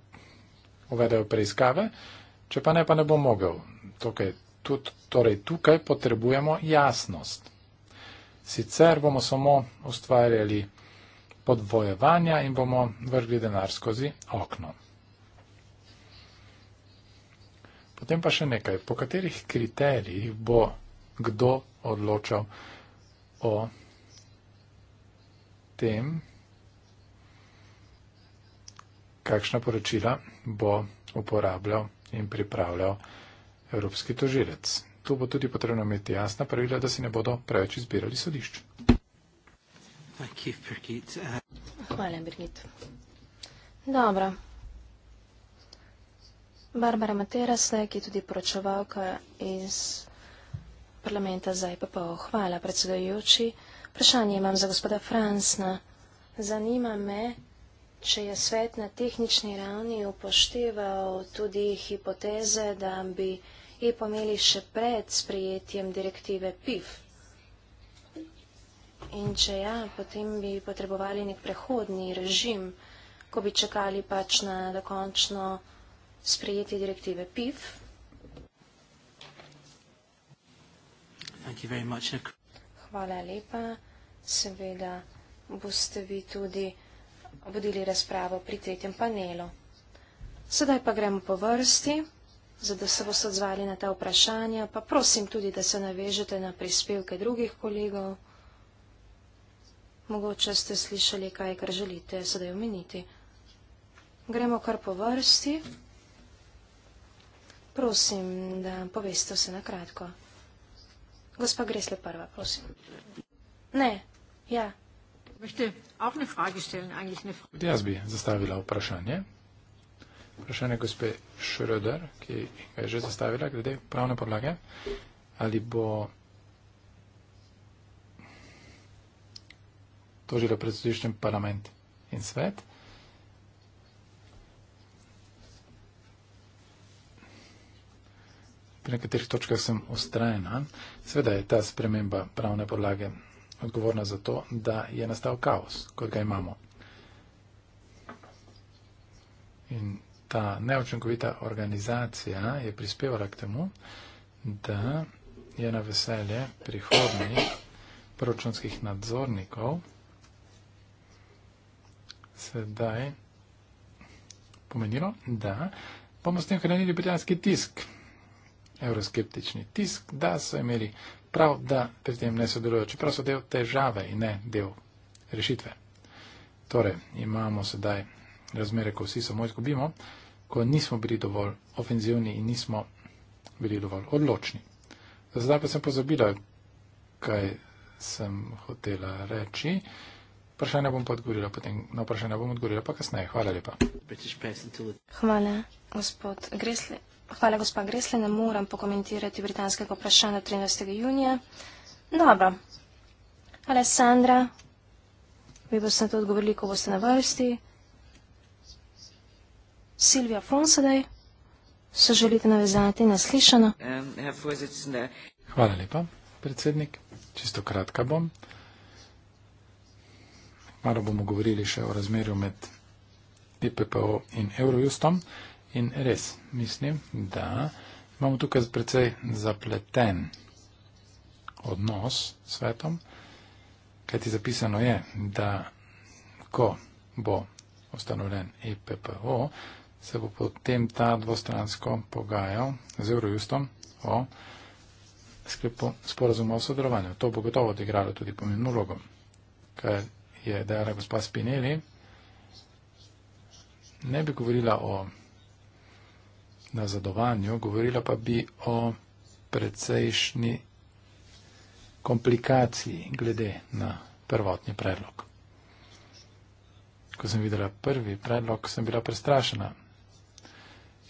uvedajo preiskave, če pa ne, pa ne bo mogel. Tukaj Tud, torej tukaj potrebujemo jasnost. Sicer bomo samo ustvarjali podvojevanja in bomo vrgli denar skozi okno. Potem pa še nekaj, po katerih kriterijih bo kdo odločal o tem, kakšna poročila bo uporabljal in pripravljal evropski tožilec. Tu bo tudi potrebno imeti jasna pravila, da si ne bodo preveč izbirali sodišč. Hvala, Birgit. Dobro. Barbara Materasle, ki je tudi poročevalka iz parlamenta za IPPO. E Hvala, predsedojoči. Vprašanje imam za gospoda Fransna. Zanima me, če je svet na tehnični ravni upošteval tudi hipoteze, da bi EPA imeli še pred sprejetjem direktive PIF. In če ja, potem bi potrebovali nek prehodni režim, ko bi čakali pač na dokončno sprejetje direktive PIF. Hvala lepa. Seveda boste vi tudi vodili razpravo pri tretjem panelu. Sedaj pa gremo po vrsti da se boste odzvali na ta vprašanja, pa prosim tudi, da se navežete na prispevke drugih kolegov. Mogoče ste slišali kaj, kar želite sedaj omeniti. Gremo kar po vrsti. Prosim, da poveste vse na kratko. Gospa Gresle prva, prosim. Ne, ja. Möchte auch eine Frage stellen, eigentlich eine Frage. Jaz bi zastavila vprašanje vprašanje gospe Šröder, ki ga je že zastavila glede pravne podlage, ali bo tožila pred sodiščem parlament in svet. Pri nekaterih točkah sem ustrajena. Sveda je ta sprememba pravne podlage odgovorna za to, da je nastal kaos, kot ga imamo. In ta neočinkovita organizacija je prispevala k temu, da je na veselje prihodnih proračunskih nadzornikov sedaj pomenilo, da bomo s tem hranili britanski tisk, euroskeptični tisk, da so imeli prav, da pri tem ne sodelujo, čeprav so del težave in ne del rešitve. Torej, imamo sedaj razmere, ko vsi so moj izgubimo ko nismo bili dovolj ofenzivni in nismo bili dovolj odločni. Zdaj pa sem pozabila, kaj sem hotela reči. Vprašanje bom pa odgovorila potem. Na vprašanje bom odgovorila pa kasneje. Hvala lepa. Hvala, gospod Gresle. Hvala, gospod Gresle. Ne moram pokomentirati britanskega vprašanja 13. junija. Dobro. Alessandra, vi boste na to odgovorili, ko boste na vrsti. Silvija Fonsadej, se želite navezati na slišano? Um, Hvala lepa, predsednik. Čisto kratka bom. Malo bomo govorili še o razmerju med IPPO in Eurojustom. In res mislim, da imamo tukaj precej zapleten odnos s svetom, kajti zapisano je, da ko bo ustanovljen IPPO, e se bo potem ta dvostransko pogajal z Eurojustom o sklepu sporazuma o sodelovanju. To bo gotovo odigralo tudi pomembno vlogo, ker je dejala gospa Spinelli. Ne bi govorila o nazadovanju, govorila pa bi o precejšnji komplikaciji glede na prvotni predlog. Ko sem videla prvi predlog, sem bila prestrašena,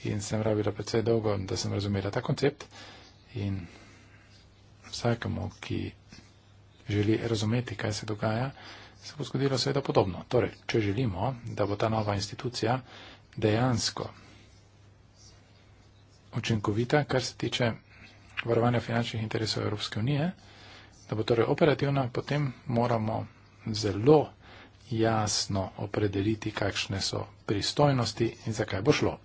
in sem rabila predvsej dolgo, da sem razumela ta koncept. In vsakemu, ki želi razumeti, kaj se dogaja, se bo zgodilo seveda podobno. Torej, če želimo, da bo ta nova institucija dejansko učinkovita, kar se tiče varovanja finančnih interesov Evropske unije, da bo torej operativna, potem moramo zelo jasno opredeliti, kakšne so pristojnosti in zakaj bo šlo.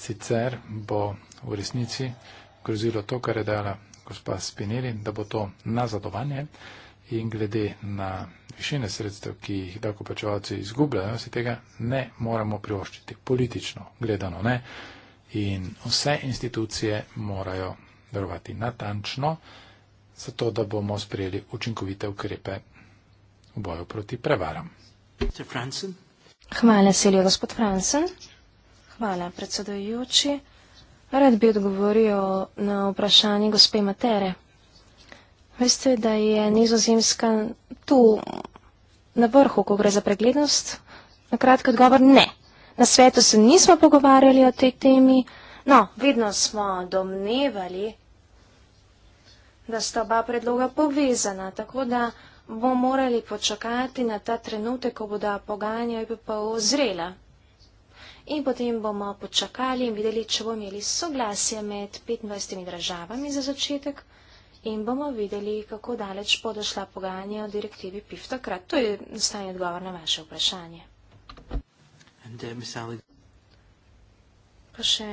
Sicer bo v resnici grozilo to, kar je dala gospa Spinelli, da bo to nazadovanje in glede na višine sredstev, ki jih davkoplačevalci izgubljajo, si tega ne moramo privoščiti. Politično gledano ne. In vse institucije morajo verovati natančno, zato da bomo sprejeli učinkovite ukrepe v boju proti prevaram. Hvala, Silvio, gospod Fransen. Hvala, predsedojoči. Rad bi odgovoril na vprašanje gospe Matere. Veste, da je nizozemska tu na vrhu, ko gre za preglednost? Na kratki odgovor ne. Na svetu se nismo pogovarjali o tej temi. No, vedno smo domnevali, da sta oba predloga povezana, tako da bomo morali počakati na ta trenutek, ko bodo pogajanja IPPO zrela in potem bomo počakali in videli, če bomo imeli soglasje med 25 državami za začetek in bomo videli, kako daleč bodo šla pogajanja o direktivi PIF takrat. To je nastajni odgovor na vaše vprašanje. Uh, pa še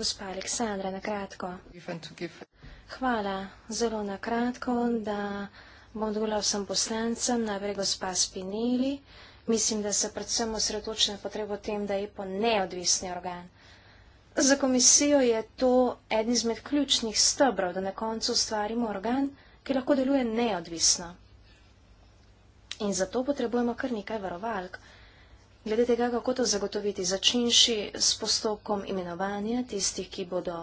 gospa Aleksandra, na kratko. Hvala zelo na kratko, da bom odgovorila vsem poslancem, najprej gospa Spinelli. Mislim, da se predvsem osredotoča na potrebo tem, da je po neodvisni organ. Za komisijo je to eden izmed ključnih stebrov, da na koncu ustvarimo organ, ki lahko deluje neodvisno. In zato potrebujemo kar nekaj varovalk. Glede tega, kako to zagotoviti, začinši s postopkom imenovanja tistih, ki bodo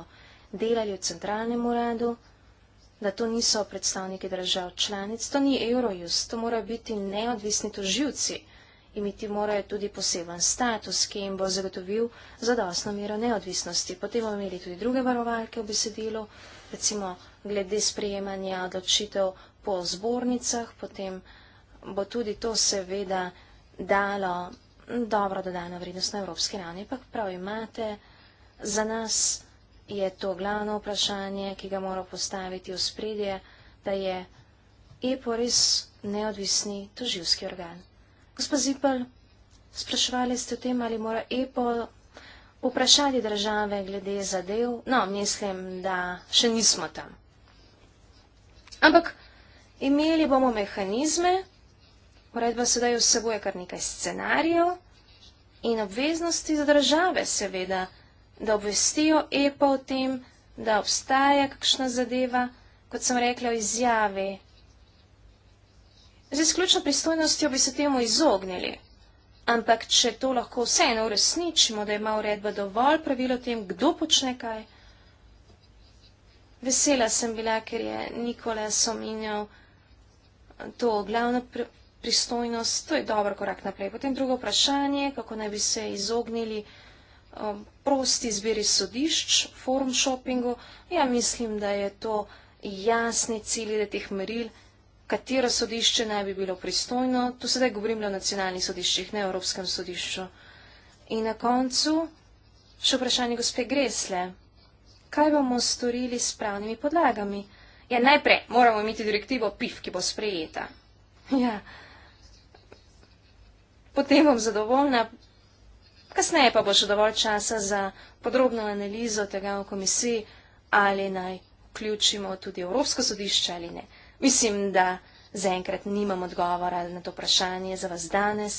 delali v centralnem uradu, da to niso predstavniki držav članic, to ni Eurojust, to morajo biti neodvisni toživci imeti morajo tudi poseben status, ki jim bo zagotovil zadostno mero neodvisnosti. Potem bomo imeli tudi druge varovalke v besedilu, recimo glede sprejemanja odločitev po zbornicah, potem bo tudi to seveda dalo dobro dodano vrednost na evropski ravni. Pa prav imate, za nas je to glavno vprašanje, ki ga mora postaviti v spredje, da je EPO res neodvisni toživski organ. Gospod Zipel, sprašvali ste o tem, ali mora EPO vprašati države glede zadev. No, mislim, da še nismo tam. Ampak imeli bomo mehanizme, uredba sedaj vsebuje kar nekaj scenarijev in obveznosti za države, seveda, da obvestijo EPO o tem, da obstaja kakšna zadeva, kot sem rekla, v izjavi Z izključno pristojnostjo bi se temu izognili. Ampak, če to lahko vseeno uresničimo, da ima uredba dovolj pravilo tem, kdo počne kaj, vesela sem bila, ker je Nikola sominjal to glavno pr pristojnost, to je dober korak naprej. Potem drugo vprašanje, kako naj bi se izognili um, prosti izbiri sodišč, forum shoppingu. Ja, mislim, da je to jasni cilj, da teh meril katero sodišče naj bi bilo pristojno. Tu sedaj govorim le o nacionalnih sodiščih, ne o Evropskem sodišču. In na koncu še vprašanje gospe Gresle. Kaj bomo storili s pravnimi podlagami? Ja, najprej moramo imeti direktivo PIF, ki bo sprejeta. Ja, potem bom zadovoljna. Kasneje pa bo še dovolj časa za podrobno analizo tega v komisiji, ali naj vključimo tudi Evropsko sodišče ali ne. Mislim, da zaenkrat nimam odgovora na to vprašanje za vas danes,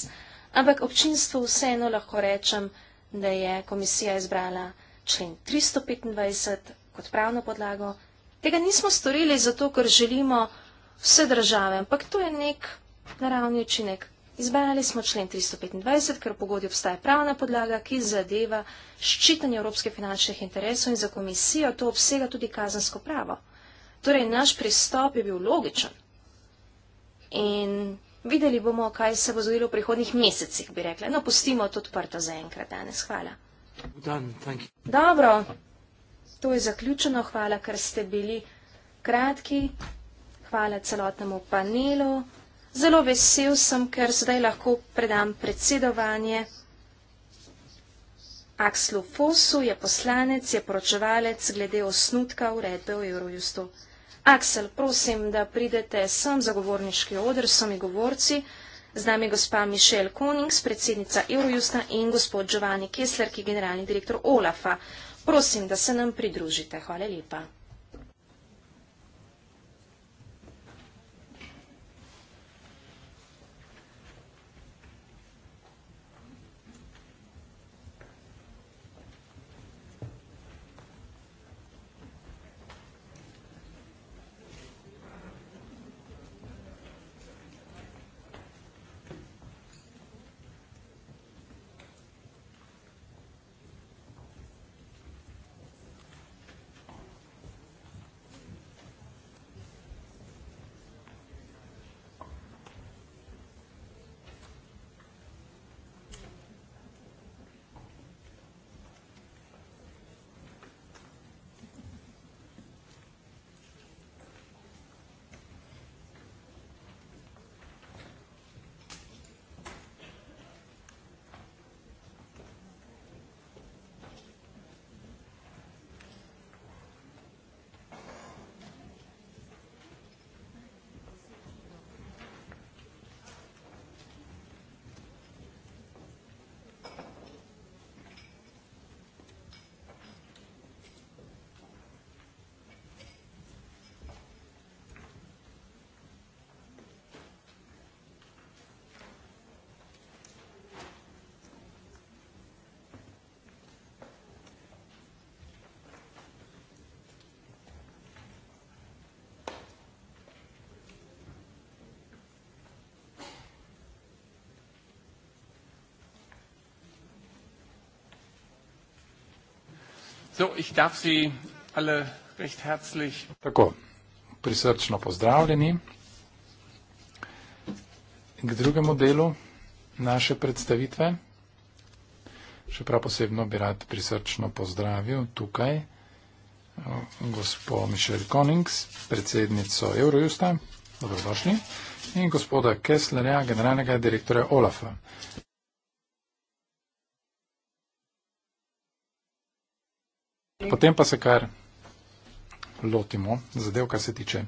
ampak občinstvu vseeno lahko rečem, da je komisija izbrala člen 325 kot pravno podlago. Tega nismo storili zato, ker želimo vse države, ampak to je nek naravni učinek. Izbrali smo člen 325, ker v pogodbi obstaja pravna podlaga, ki zadeva ščitanje evropskih finančnih interesov in za komisijo to obsega tudi kazansko pravo. Torej, naš pristop je bil logičen. In videli bomo, kaj se bo zgodilo v prihodnjih mesecih, bi rekla. No, pustimo to odprto za enkrat danes. Hvala. Dobro, to je zaključeno. Hvala, ker ste bili kratki. Hvala celotnemu panelu. Zelo vesel sem, ker sedaj lahko predam predsedovanje. Akslu Fosu je poslanec, je poročevalec glede osnutka uredbe o Eurojustu. Aksel, prosim, da pridete sem za govorniški odr, so mi govorci. Z nami je gospa Mišel Konings, predsednica Eurojusta in gospod Giovanni Kessler, ki je generalni direktor OLAFA. Prosim, da se nam pridružite. Hvala lepa. So, ich darf Sie alle recht herzlich Tako, prisrčno pozdravljeni k drugemu delu naše predstavitve. Še prav posebno bi rad prisrčno pozdravil tukaj eh, gospo Michelle Konings, predsednico Eurojusta, dobrodošli, in gospoda Kesslerja, generalnega direktorja Olafa. potem pa se kar lotimo zadev, kar se tiče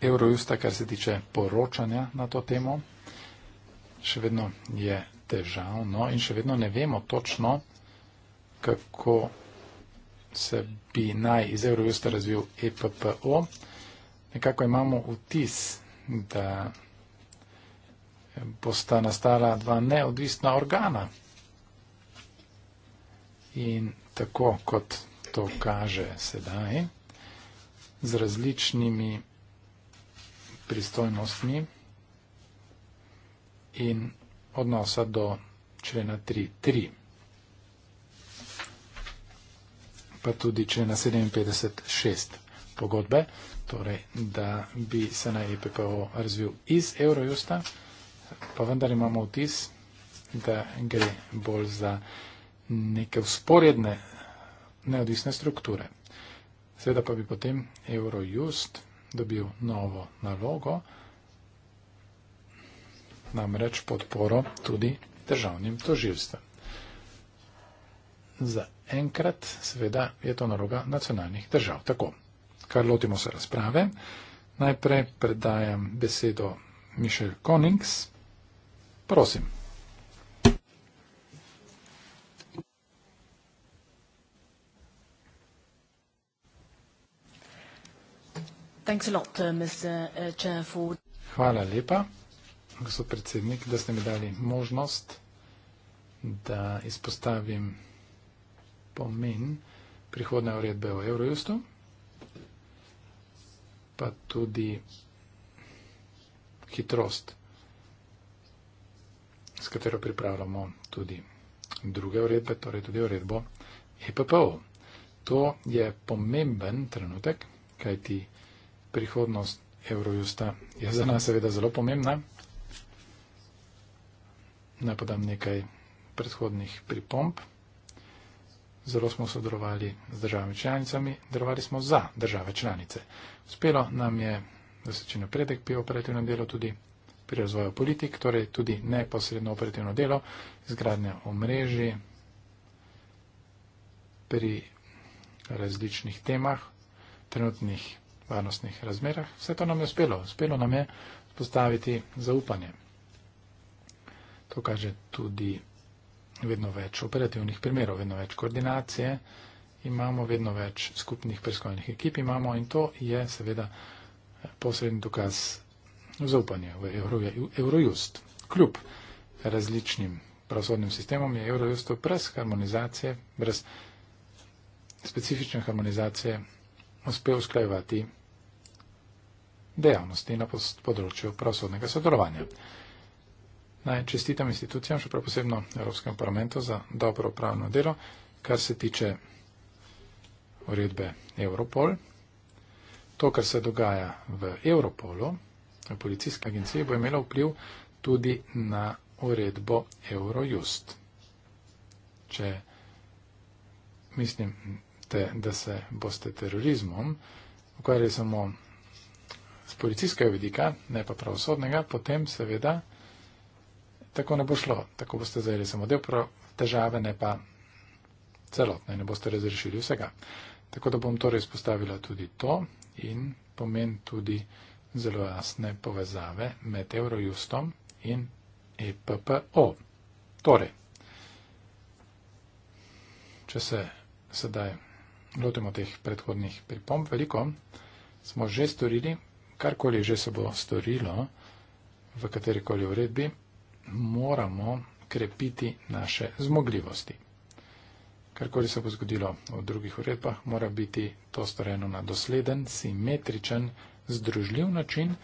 Eurojusta, kar se tiče poročanja na to temo. Še vedno je težavno in še vedno ne vemo točno, kako se bi naj iz Eurojusta razvil EPPO. Nekako imamo vtis, da bosta nastala dva neodvisna organa. In tako kot to kaže sedaj z različnimi pristojnostmi in odnosa do člena 3.3, pa tudi člena 57.6 pogodbe, torej da bi se naj EPPO razvil iz Eurojusta, pa vendar imamo vtis, da gre bolj za neke usporedne neodvisne strukture. Seveda pa bi potem Eurojust dobil novo nalogo, namreč podporo tudi državnim toživstvem. Za enkrat seveda je to naloga nacionalnih držav. Tako, kar lotimo se razprave, najprej predajam besedo Mišel Konings. Prosim. Thanks a lot, uh, Mr. Uh, Chair, for... Hvala lepa, gospod predsednik, da ste mi dali možnost, da izpostavim pomen prihodne uredbe o Eurojustu, pa tudi hitrost, s katero pripravljamo tudi druge uredbe, torej tudi uredbo EPPO. To je pomemben trenutek, kajti ti prihodnost Eurojusta je za nas seveda zelo pomembna. Naj podam nekaj predhodnih pripomp. Zelo smo sodelovali z državami članicami, delovali smo za države članice. Uspelo nam je, da se če napredek pri operativnem delu tudi pri razvoju politik, torej tudi neposredno operativno delo, izgradnja omrežji pri različnih temah, trenutnih varnostnih razmerah. Vse to nam je uspelo. Uspelo nam je spostaviti zaupanje. To kaže tudi vedno več operativnih primerov, vedno več koordinacije, imamo vedno več skupnih preiskovalnih ekip imamo in to je seveda posredni dokaz zaupanja v Eurojust. Kljub različnim pravosodnim sistemom je Eurojust brez harmonizacije, brez specifične harmonizacije uspel usklajevati dejavnosti na področju pravosodnega sodelovanja. Naj čestitam institucijam, še prav posebno Evropskem parlamentu, za dobro pravno delo, kar se tiče uredbe Europol. To, kar se dogaja v Europolu, v policijski agenciji, bo imelo vpliv tudi na uredbo Eurojust. Če mislim, načrte, da se boste terorizmom ukvarjali samo z policijskega vidika, ne pa pravosodnega, potem seveda tako ne bo šlo. Tako boste zajeli samo del težave, ne pa celotne. Ne boste razrešili vsega. Tako da bom torej izpostavila tudi to in pomen tudi zelo jasne povezave med Eurojustom in EPPO. Torej, če se sedaj lotimo teh predhodnih pripomb veliko, smo že storili, karkoli že se bo storilo v katerikoli uredbi, moramo krepiti naše zmogljivosti. Karkoli se bo zgodilo v drugih uredbah, mora biti to storjeno na dosleden, simetričen, združljiv način,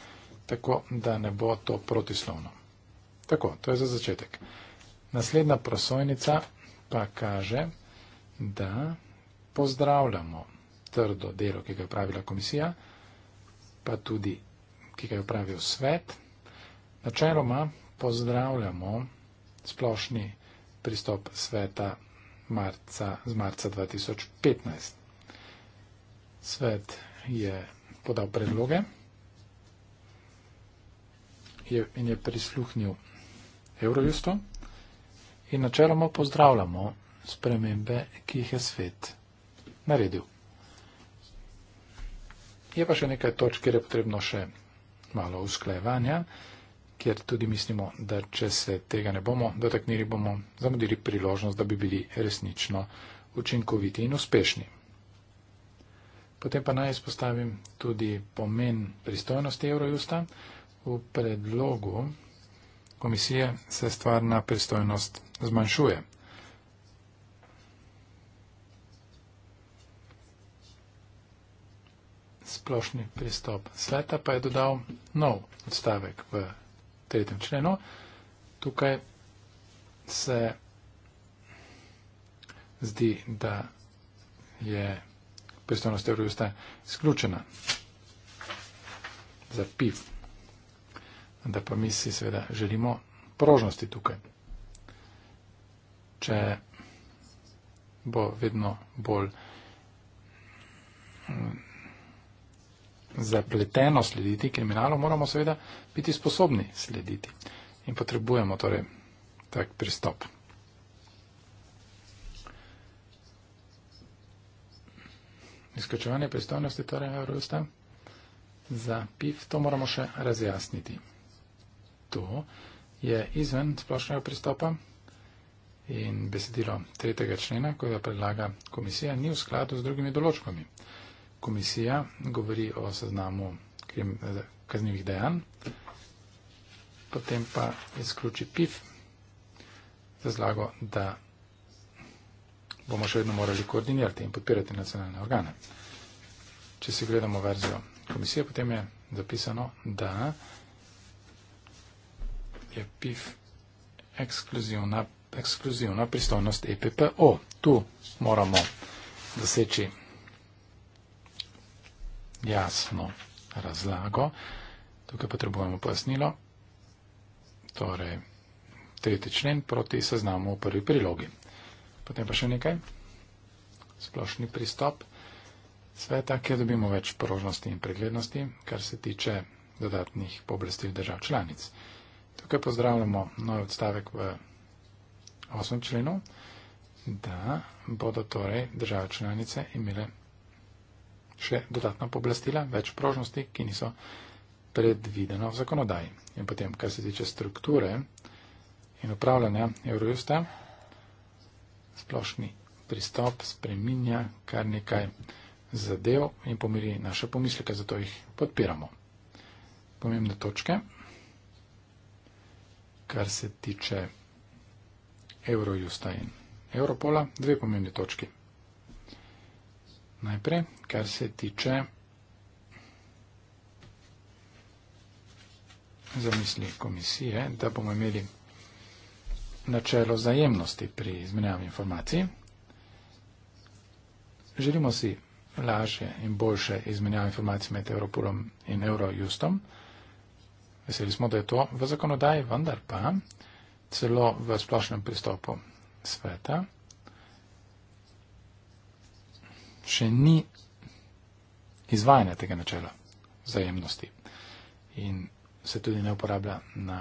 tako da ne bo to protislovno. Tako, to je za začetek. Naslednja prosojnica pa kaže, da pozdravljamo trdo delo, ki ga je pravila komisija, pa tudi, ki ga je pravil svet. Načeloma pozdravljamo splošni pristop sveta marca, z marca 2015. Svet je podal predloge in je prisluhnil Eurojustu in načeloma pozdravljamo spremembe, ki jih je svet naredil. Je pa še nekaj točk, kjer je potrebno še malo usklajevanja, kjer tudi mislimo, da če se tega ne bomo dotaknili, bomo zamudili priložnost, da bi bili resnično učinkoviti in uspešni. Potem pa naj izpostavim tudi pomen pristojnosti Eurojusta. V predlogu komisije se stvarna pristojnost zmanjšuje. splošni pristop sveta, pa je dodal nov odstavek v tretjem členu. Tukaj se zdi, da je pristojnost terorista izključena za piv, da pa mi si seveda želimo prožnosti tukaj. Če bo vedno bolj zapleteno slediti kriminalu, moramo seveda biti sposobni slediti in potrebujemo torej tak pristop. Izključevanje pristojnosti torej Eurosta za PIF, to moramo še razjasniti. To je izven splošnega pristopa in besedilo tretjega člena, ko ga predlaga komisija, ni v skladu z drugimi določkami komisija govori o seznamu kaznjivih dejanj, potem pa izključi PIF za zlago, da bomo še vedno morali koordinirati in podpirati nacionalne organe. Če si gledamo verzijo komisije, potem je zapisano, da je PIF ekskluzivna, ekskluzivna pristojnost EPPO. Tu moramo doseči jasno razlago. Tukaj potrebujemo pojasnilo. Torej, tretji člen proti seznamu v prvi prilogi. Potem pa še nekaj. Splošni pristop sveta, kjer dobimo več prožnosti in preglednosti, kar se tiče dodatnih poblestil držav članic. Tukaj pozdravljamo nov odstavek v 8. členu, da bodo torej države članice imele še dodatna poblastila, več prožnosti, ki niso predvideno v zakonodaji. In potem, kar se tiče strukture in upravljanja Eurojusta, splošni pristop spreminja kar nekaj zadev in pomiri naše pomisleke, zato jih podpiramo. Pomembne točke, kar se tiče Eurojusta in Europola, dve pomembne točke najprej, kar se tiče zamisli komisije, da bomo imeli načelo zajemnosti pri izmenjavi informacij. Želimo si lažje in boljše izmenjavo informacij med Europolom in Eurojustom. Veseli smo, da je to v zakonodaji, vendar pa celo v splošnem pristopu sveta še ni izvajanja tega načela zajemnosti in se tudi ne uporablja na.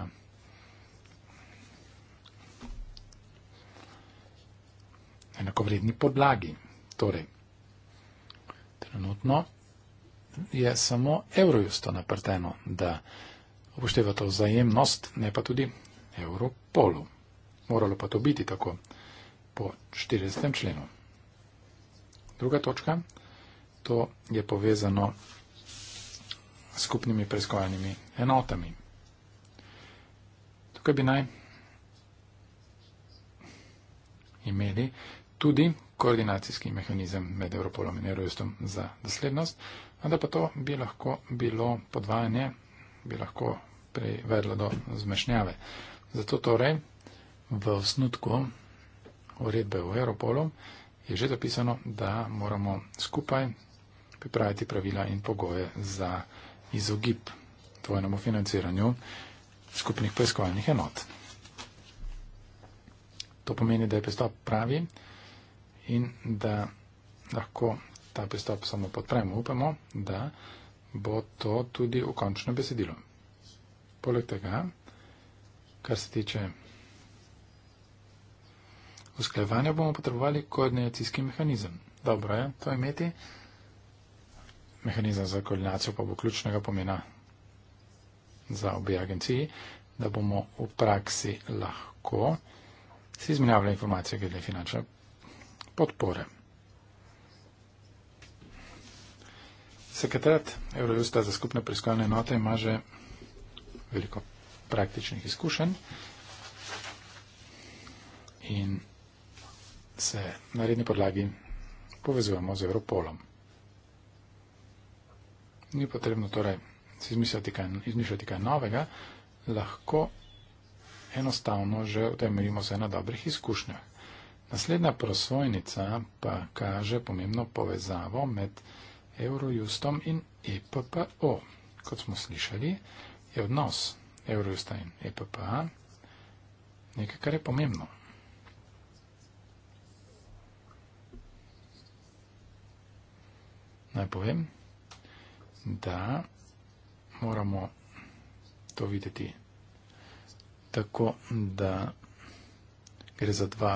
enakovredni podlagi. Torej, trenutno je samo Eurojusto naprteno, da upošteva to vzajemnost, ne pa tudi Europolu. Moralo pa to biti tako po 40. členu. Druga točka, to je povezano s skupnimi preiskovalnimi enotami. Tukaj bi naj imeli tudi koordinacijski mehanizem med Europolom in Eurojustom za doslednost, vendar pa to bi lahko bilo podvajanje, bi lahko privedlo do zmešnjave. Zato torej v osnutku uredbe v Europolu je že zapisano, da moramo skupaj pripraviti pravila in pogoje za izogib dvojnemu financiranju skupnih preiskovalnih enot. To pomeni, da je pristop pravi in da lahko ta pristop samo podpremo. Upamo, da bo to tudi v končnem besedilu. Poleg tega, kar se tiče Usklajevanje bomo potrebovali koordinacijski mehanizem. Dobro je to imeti. Mehanizem za koordinacijo pa bo ključnega pomena za obe agenciji, da bomo v praksi lahko si izmenjavali informacije glede finančne podpore. Sekretariat Eurojusta za skupne preiskovalne enote ima že veliko praktičnih izkušenj in se na redni podlagi povezujemo z Evropolom. Ni potrebno torej si izmišljati kaj, izmišljati kaj novega, lahko enostavno že utemeljimo se na dobrih izkušnjah. Naslednja prosojnica pa kaže pomembno povezavo med Eurojustom in EPPO. Kot smo slišali, je odnos Eurojusta in EPPA nekaj, kar je pomembno. naj povem, da moramo to videti tako, da gre za dva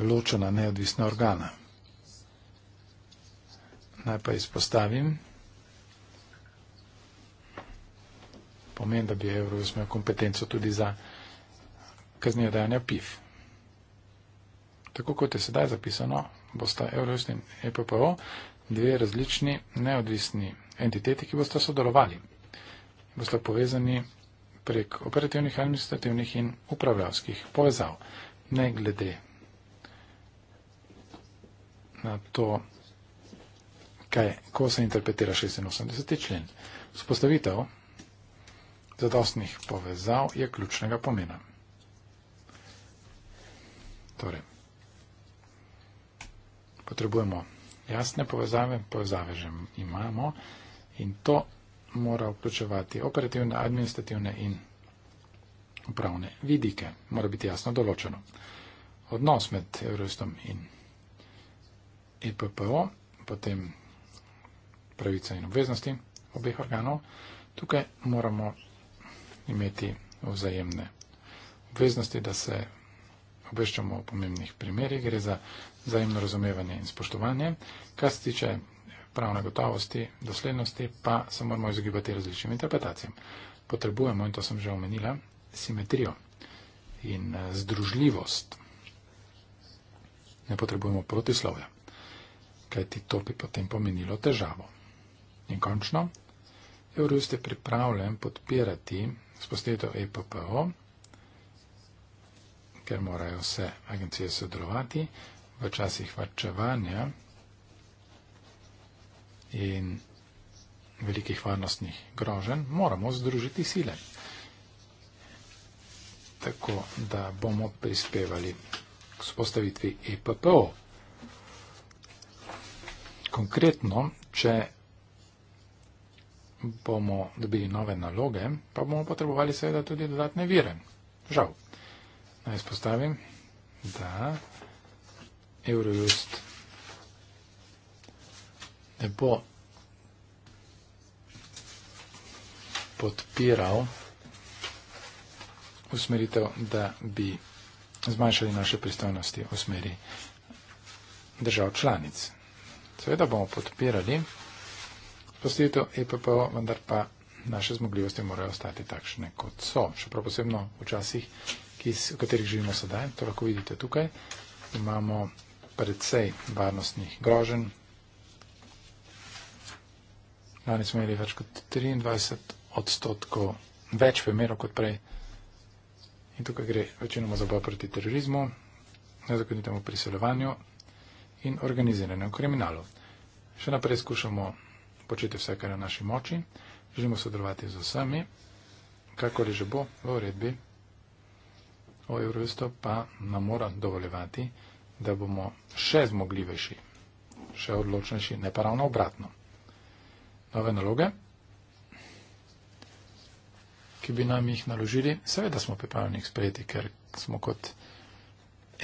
ločena neodvisna organa. Naj pa izpostavim, pomen, da bi Evropi smel kompetenco tudi za kaznijo dajanja PIF. Tako kot je sedaj zapisano, bosta Evropi in EPPO dve različni neodvisni entiteti, ki boste sodelovali. Boste povezani prek operativnih, administrativnih in upravljavskih povezav. Ne glede na to, kaj, ko se interpretira 86. člen. Spostavitev zadostnih povezav je ključnega pomena. Torej, potrebujemo jasne povezave, povezave že imamo in to mora vključevati operativne, administrativne in upravne vidike. Mora biti jasno določeno. Odnos med Eurostom in EPPO, potem pravica in obveznosti obeh organov, tukaj moramo imeti vzajemne obveznosti, da se obveščamo o pomembnih primerih. Gre za vzajemno razumevanje in spoštovanje. Kar se tiče pravne gotovosti, doslednosti, pa se moramo izogibati različnim interpretacijam. Potrebujemo, in to sem že omenila, simetrijo in eh, združljivost. Ne potrebujemo protislovja, kajti to bi potem pomenilo težavo. In končno, Eurojust je pripravljen podpirati spostavitev EPPO, ker morajo vse agencije sodelovati, v časih varčevanja in velikih varnostnih groženj, moramo združiti sile. Tako da bomo prispevali k spostavitvi EPPO. Konkretno, če bomo dobili nove naloge, pa bomo potrebovali seveda tudi dodatne vire. Žal. Naj spostavim, da Eurojust ne bo podpiral usmeritev, da bi zmanjšali naše pristojnosti v smeri držav članic. Seveda bomo podpirali postavitev EPP, vendar pa naše zmogljivosti morajo ostati takšne, kot so. Še prav posebno v časih, v katerih živimo sedaj, to lahko vidite tukaj, imamo predvsej varnostnih grožen. Lani smo imeli več kot 23 odstotkov več primerov kot prej. In tukaj gre večinoma za boj proti terorizmu, nezakonitemu priseljevanju in organiziranemu kriminalu. Še naprej skušamo početi vse, kar je na naši moči. Želimo sodelovati z vsemi, kakor je že bo v uredbi. O Eurovesto pa nam mora dovoljevati da bomo še zmogljivejši, še odločnejši, ne pa ravno obratno. Nove naloge, ki bi nam jih naložili, seveda smo pripravljeni jih sprejeti, ker smo kot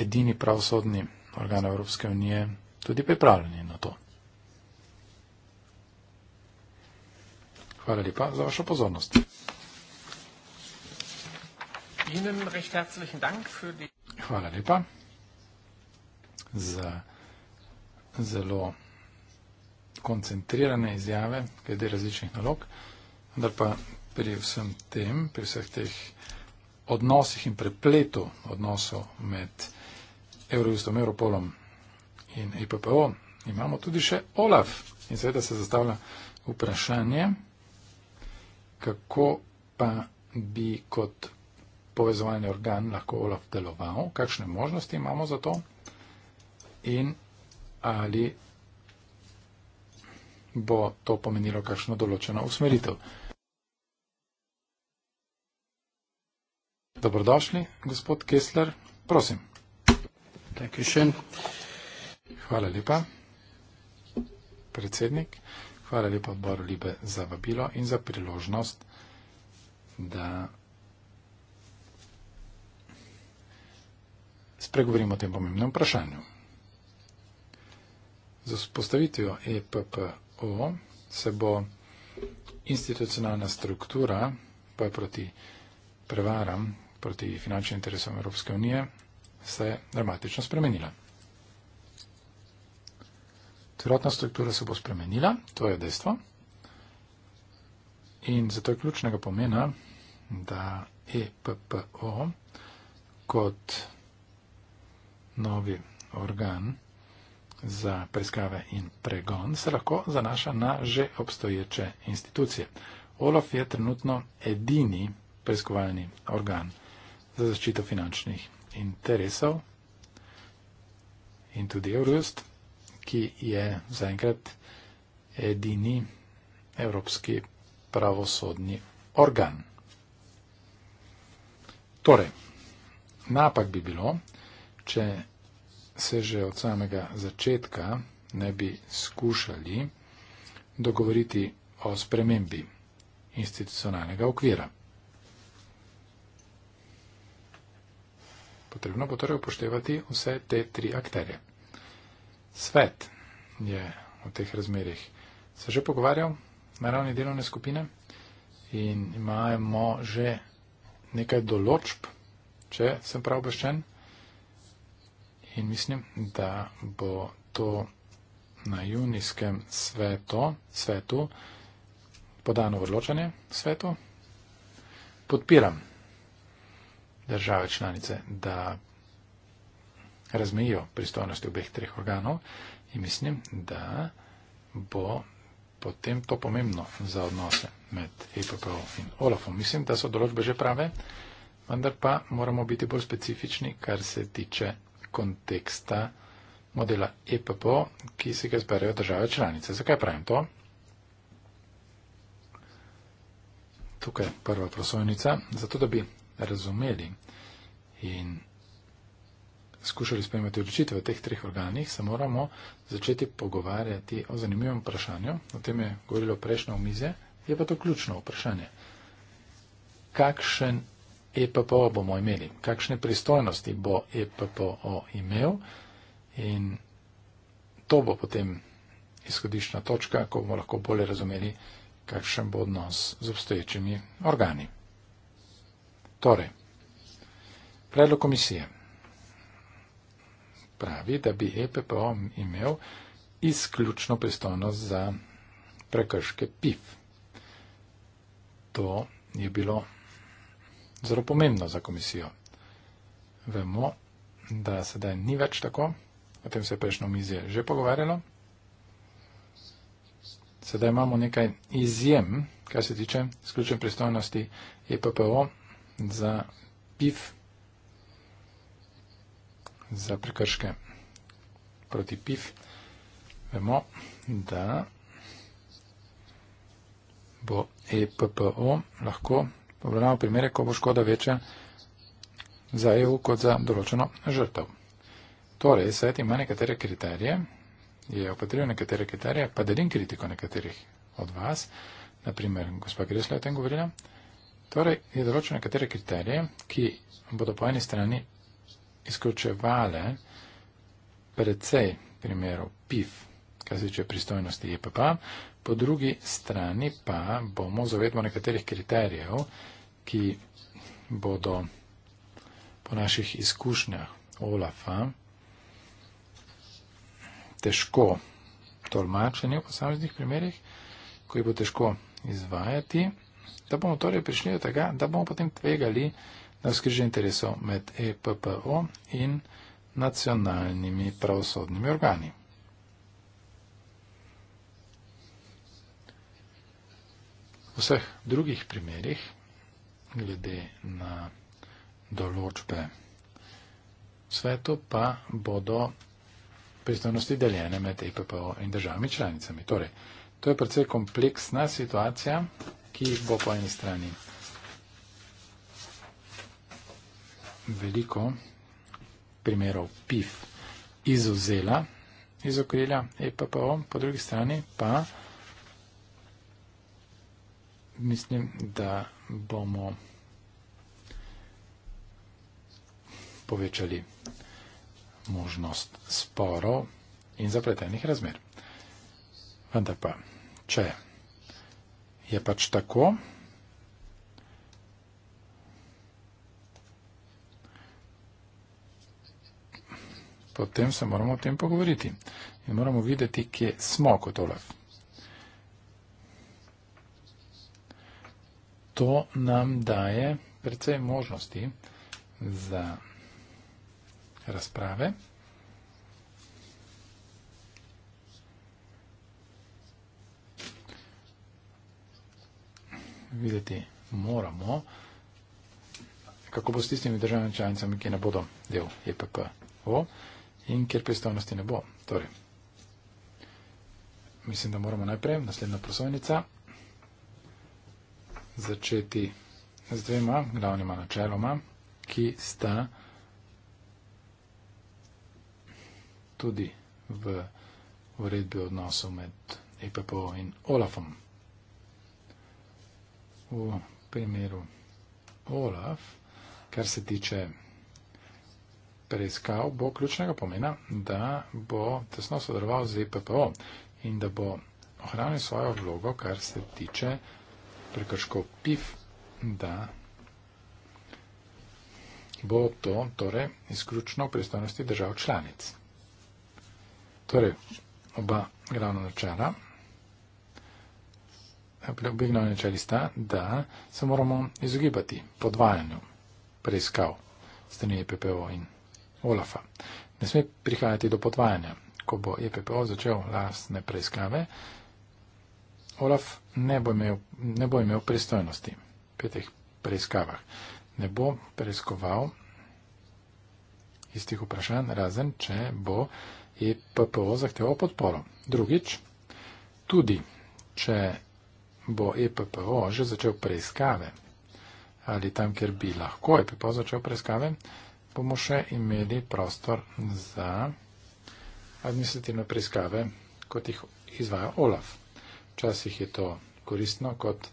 edini pravosodni organ Evropske unije tudi pripravljeni na to. Hvala lepa za vašo pozornost. Hvala lepa z zelo koncentrirane izjave glede različnih nalog, vendar pa pri vsem tem, pri vseh teh odnosih in prepletu odnosov med Eurovistom, Europolom in IPPO, imamo tudi še OLAF. In seveda se zastavlja vprašanje, kako pa bi kot povezovalni organ lahko OLAF deloval, kakšne možnosti imamo za to in ali bo to pomenilo kakšno določeno usmeritev. Dobrodošli, gospod Kessler, prosim. Hvala lepa, predsednik. Hvala lepa odboru Libe za vabilo in za priložnost, da spregovorimo o tem pomembnem vprašanju. Z vzpostavitvijo EPPO se bo institucionalna struktura boj proti prevaram, proti finančnim interesom Evropske unije, se je dramatično spremenila. Celotna struktura se bo spremenila, to je dejstvo. In zato je ključnega pomena, da EPPO kot novi organ za preiskave in pregon se lahko zanaša na že obstoječe institucije. OLAF je trenutno edini preiskovalni organ za zaščito finančnih interesov in tudi Eurojust, ki je zaenkrat edini evropski pravosodni organ. Torej, napak bi bilo, če se že od samega začetka ne bi skušali dogovoriti o spremembi institucionalnega okvira. Potrebno bo torej upoštevati vse te tri akterje. Svet je v teh razmerjih se že pogovarjal na ravni delovne skupine in imamo že nekaj določb, če sem prav obveščen. In mislim, da bo to na junijskem svetu, svetu podano odločanje svetu. Podpiram države članice, da razmejijo pristojnosti obeh treh organov in mislim, da bo potem to pomembno za odnose med EPPO in OLAFom. Mislim, da so določbe že prave, vendar pa moramo biti bolj specifični, kar se tiče konteksta modela EPPO, ki si ga izberejo države članice. Zakaj pravim to? Tukaj je prva prosojnica, zato da bi razumeli in skušali spremljati odločitve v teh treh organih, se moramo začeti pogovarjati o zanimivem vprašanju. O tem je govorilo prejšnjo omizje, je pa to ključno vprašanje. Kakšen EPPO bomo imeli, kakšne pristojnosti bo EPPO imel in to bo potem izhodišna točka, ko bomo lahko bolje razumeli, kakšen bo odnos z obstoječimi organi. Torej, predlog komisije pravi, da bi EPPO imel izključno pristojnost za prekrške PIF. To je bilo zelo pomembno za komisijo. Vemo, da sedaj ni več tako, o tem se je prejšnjo mizje že pogovarjalo. Sedaj imamo nekaj izjem, kar se tiče izključen pristojnosti EPPO za PIF, za prekrške proti PIF. Vemo, da bo EPPO lahko obravnavamo primere, ko bo škoda večja za EU kot za določeno žrtev. Torej, svet ima nekatere kriterije, je opatril nekatere kriterije, pa delim kritiko nekaterih od vas, naprimer, gospa Gresla je o tem govorila, torej je določeno nekatere kriterije, ki bodo po eni strani izključevale precej primerov PIF, kar se tiče pristojnosti JPP, e Po drugi strani pa bomo zavedmo nekaterih kriterijev, ki bodo po naših izkušnjah Olafa težko tolmačeni v posameznih primerjih, ko jih bo težko izvajati, da bomo torej prišli do tega, da bomo potem tvegali na skrižen interesov med EPPO in nacionalnimi pravosodnimi organi. vseh drugih primerjih, glede na določbe svetu, pa bodo pristojnosti deljene med EPPO in državami članicami. Torej, to je predvsej kompleksna situacija, ki bo po eni strani veliko primerov PIF izuzela iz okrilja EPPO, po drugi strani pa mislim, da bomo povečali možnost sporov in zapletenih razmer. Vendar pa, če je pač tako, potem se moramo o tem pogovoriti in moramo videti, kje smo kot olaj. to nam daje precej možnosti za razprave. Videti moramo, kako bo s tistimi državami članicami, ki ne bodo del EPPO in kjer pristojnosti ne bo. Torej, mislim, da moramo najprej naslednja prosojnica začeti z dvema glavnima načeloma, ki sta tudi v uredbi odnosov med EPPO in OLAFom. V primeru OLAF, kar se tiče preiskav, bo ključnega pomena, da bo tesno sodeloval z EPPO in da bo ohranil svojo vlogo, kar se tiče preiskav prekrškov PIF, da bo to torej izključno v pristojnosti držav članic. Torej, oba glavna načela, obi glavna načeli sta, da se moramo izogibati podvajanju preiskav strani EPPO in OLAFA. Ne sme prihajati do podvajanja. Ko bo EPPO začel lastne preiskave, Olaf ne bo imel, ne bo imel pristojnosti pri teh preiskavah. Ne bo preiskoval istih vprašanj, razen če bo EPPO zahteval podporo. Drugič, tudi če bo EPPO že začel preiskave ali tam, kjer bi lahko EPPO začel preiskave, bomo še imeli prostor za administrativne preiskave, kot jih izvaja Olaf. Včasih je to koristno kot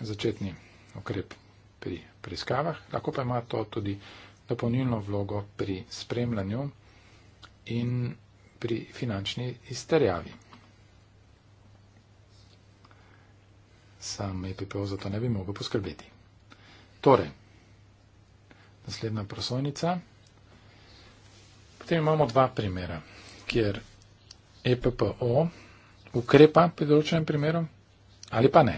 začetni okrep pri preiskavah, lahko pa ima to tudi dopolnilno vlogo pri spremljanju in pri finančni izterjavi. Sam EPPO za to ne bi mogel poskrbeti. Torej, naslednja prosojnica. Potem imamo dva primera, kjer EPPO ukrepa pri določenem primeru ali pa ne.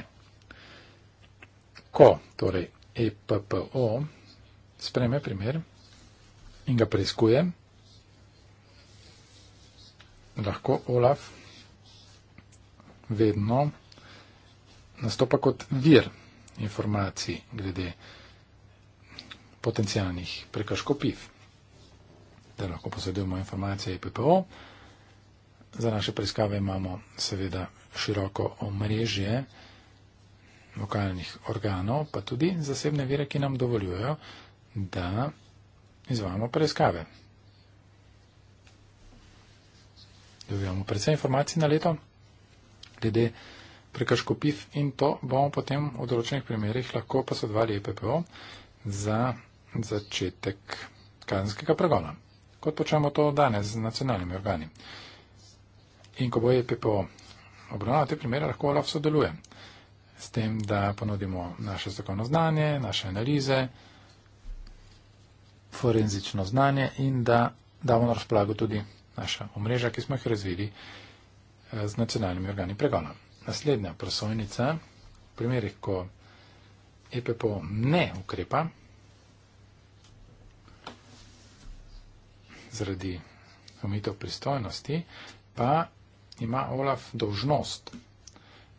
Ko torej EPPO spreme primer in ga preizkuje, lahko OLAF vedno nastopa kot vir informacij glede potencijalnih prekaškov PIF. Da lahko posredujemo informacije EPPO, Za naše preiskave imamo seveda široko omrežje lokalnih organov, pa tudi zasebne vire, ki nam dovoljujejo, da izvajamo preiskave. Dobivamo predvsem informacij na leto, glede prekrško PIF in to bomo potem v določenih primerjih lahko posodvali EPPO za začetek kazenskega pregona, kot počnemo to danes z nacionalnimi organi in ko bo EPPO obravnaval te primere, lahko LAF sodeluje s tem, da ponudimo naše zakonno znanje, naše analize, forenzično znanje in da damo na razplago tudi naša omrežja, ki smo jih razvili eh, z nacionalnimi organi pregona. Naslednja prosojnica, v primerih, ko EPPO ne ukrepa zaradi omitev pristojnosti, pa ima Olaf dožnost,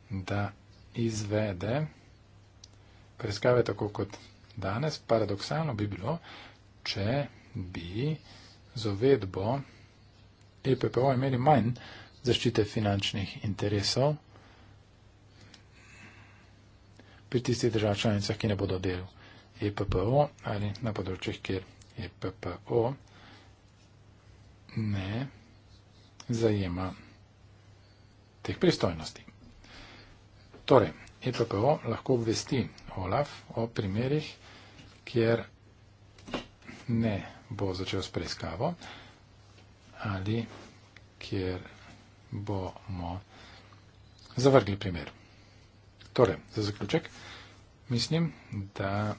da izvede preiskave tako kot danes. Paradoksalno bi bilo, če bi z uvedbo EPPO imeli manj zaščite finančnih interesov pri tistih držav članicah, ki ne bodo del EPPO ali na področjih, kjer EPPO ne zajema teh pristojnosti. Torej, EPPO lahko obvesti OLAF o primerih, kjer ne bo začel s preiskavo ali kjer bomo zavrgli primer. Torej, za zaključek, mislim, da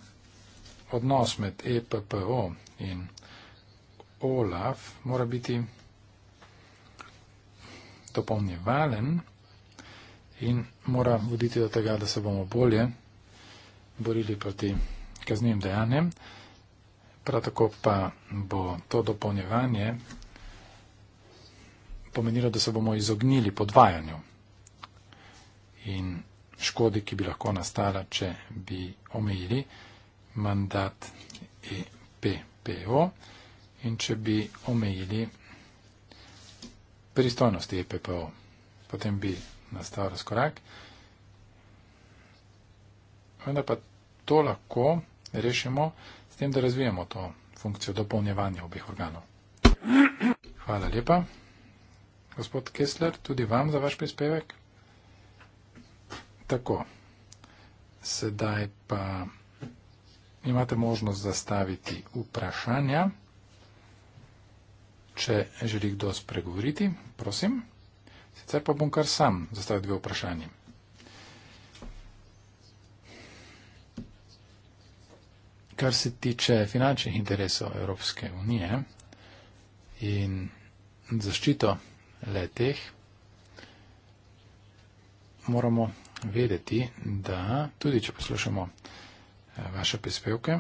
odnos med EPPO in OLAF mora biti stopov nevalen in mora voditi do tega, da se bomo bolje borili proti kaznim dejanjem. Prav tako pa bo to dopolnjevanje pomenilo, da se bomo izognili podvajanju in škodi, ki bi lahko nastala, če bi omejili mandat EPPO in če bi omejili pristojnosti EPPO. Potem bi nastal razkorak. Vendar pa to lahko rešimo s tem, da razvijemo to funkcijo dopolnjevanja obeh organov. Hvala lepa. Gospod Kessler, tudi vam za vaš prispevek. Tako. Sedaj pa imate možnost zastaviti vprašanja če želi kdo spregovoriti, prosim. Sicer pa bom kar sam zastavil dve vprašanje. Kar se tiče finančnih interesov Evropske unije in zaščito leteh, moramo vedeti, da tudi če poslušamo eh, vaše prispevke,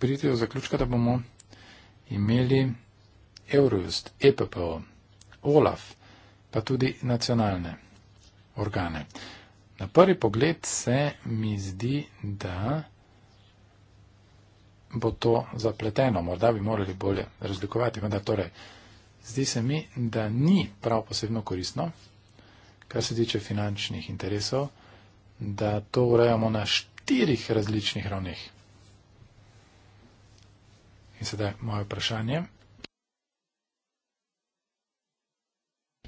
pridite do zaključka, da bomo imeli Eurojust, EPPO, OLAF, pa tudi nacionalne organe. Na prvi pogled se mi zdi, da bo to zapleteno, morda bi morali bolje razlikovati, vendar torej, zdi se mi, da ni prav posebno koristno, kar se tiče finančnih interesov, da to urejamo na štirih različnih ravneh. In sedaj moje vprašanje.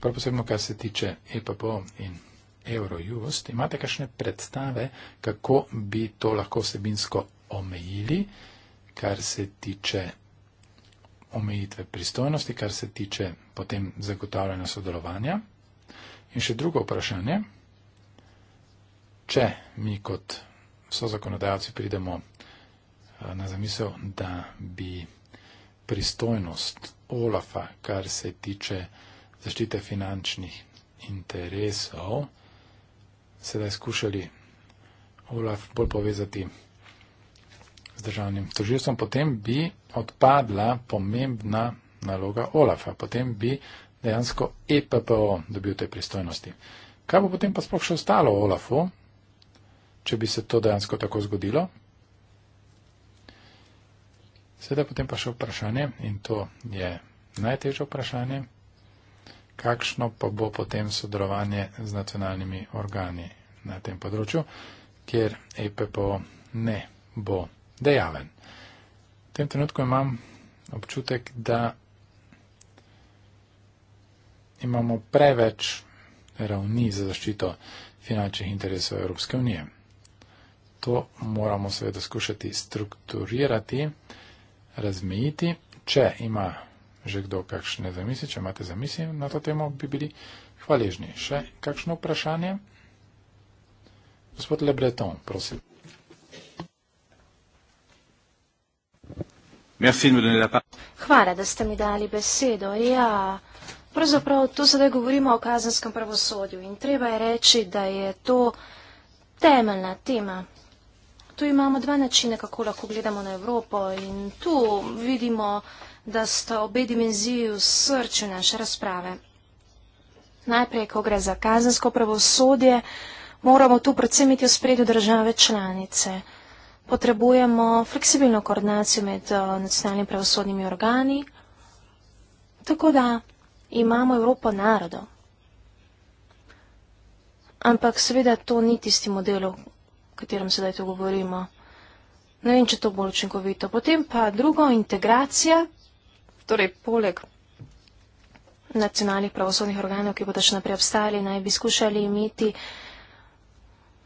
Prav posebno, kar se tiče EPPO in Eurojust, imate kakšne predstave, kako bi to lahko vsebinsko omejili, kar se tiče omejitve pristojnosti, kar se tiče potem zagotavljanja sodelovanja. In še drugo vprašanje, če mi kot so zakonodajalci pridemo na zamisel, da bi pristojnost Olafa, kar se tiče zaščite finančnih interesov, sedaj skušali Olaf bolj povezati z državnim tožilstvom, potem bi odpadla pomembna naloga Olafa, potem bi dejansko EPPO dobil te pristojnosti. Kaj bo potem pa sploh še ostalo Olafu, če bi se to dejansko tako zgodilo? Seveda potem pa še vprašanje, in to je najtežje vprašanje, kakšno pa bo potem sodelovanje z nacionalnimi organi na tem področju, kjer EPPO ne bo dejaven. V tem trenutku imam občutek, da imamo preveč ravni za zaščito finančnih interesov Evropske unije. To moramo seveda skušati strukturirati razmejiti. Če ima že kdo kakšne zamisli, če imate zamisli na to temo, bi bili hvaležni. Še kakšno vprašanje? Gospod Lebreton, prosim. Hvala, da ste mi dali besedo. Ja, pravzaprav tu sedaj govorimo o kazenskem pravosodju in treba je reči, da je to temeljna tema Tu imamo dva načina, kako lahko gledamo na Evropo in tu vidimo, da sta obe dimenziji v srču naše razprave. Najprej, ko gre za kazensko pravosodje, moramo tu predvsem imeti v spredju države članice. Potrebujemo fleksibilno koordinacijo med eh, nacionalnimi pravosodnimi organi, tako da imamo Evropo narodo. Ampak seveda to ni tisti model, katerem sedaj to govorimo. Ne vem, če to bolj učinkovito. Potem pa drugo, integracija, torej poleg nacionalnih pravosodnih organov, ki bodo še naprej obstali, naj bi skušali imeti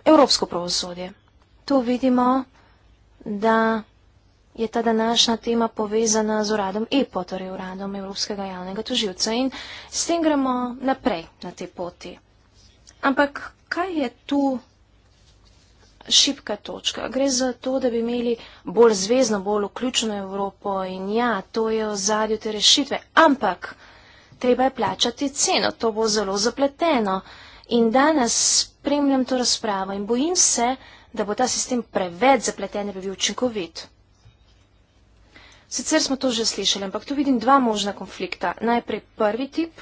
evropsko pravosodje. Tu vidimo, da je ta današnja tema povezana z uradom EPO, torej uradom Evropskega javnega tuživca in s tem gremo naprej na te poti. Ampak kaj je tu? šibka točka. Gre za to, da bi imeli bolj zvezno, bolj vključeno Evropo in ja, to je v zadju te rešitve. Ampak treba je plačati ceno, to bo zelo zapleteno. In danes spremljam to razpravo in bojim se, da bo ta sistem preveč zapleten, da bi bil učinkovit. Sicer smo to že slišali, ampak tu vidim dva možna konflikta. Najprej prvi tip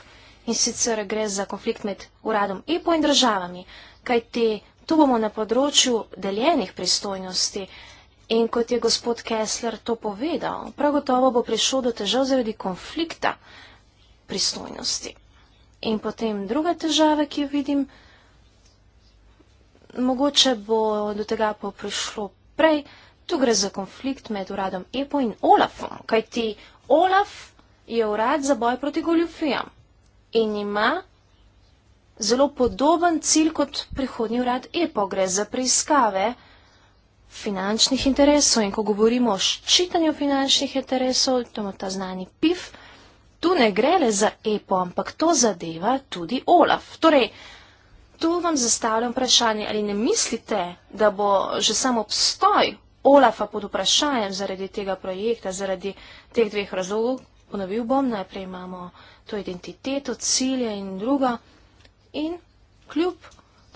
in sicer gre za konflikt med uradom EPO in državami, kaj te Tu bomo na področju deljenih pristojnosti in kot je gospod Kessler to povedal, prav gotovo bo prišlo do težav zaradi konflikta pristojnosti. In potem druga težava, ki jo vidim, mogoče bo do tega pa prišlo prej, tu gre za konflikt med uradom EPO in OLAFom, kajti OLAF je urad za boj proti goljufijam in ima zelo podoben cilj kot prihodnji urad EPO. Gre za preiskave finančnih interesov in ko govorimo o ščitanju finančnih interesov, to je ta znani PIF, tu ne gre le za EPO, ampak to zadeva tudi OLAF. Torej, tu vam zastavljam vprašanje, ali ne mislite, da bo že samo obstoj OLAFA pod vprašanjem zaradi tega projekta, zaradi teh dveh razlogov, ponovil bom, najprej imamo to identiteto, cilje in drugo. In kljub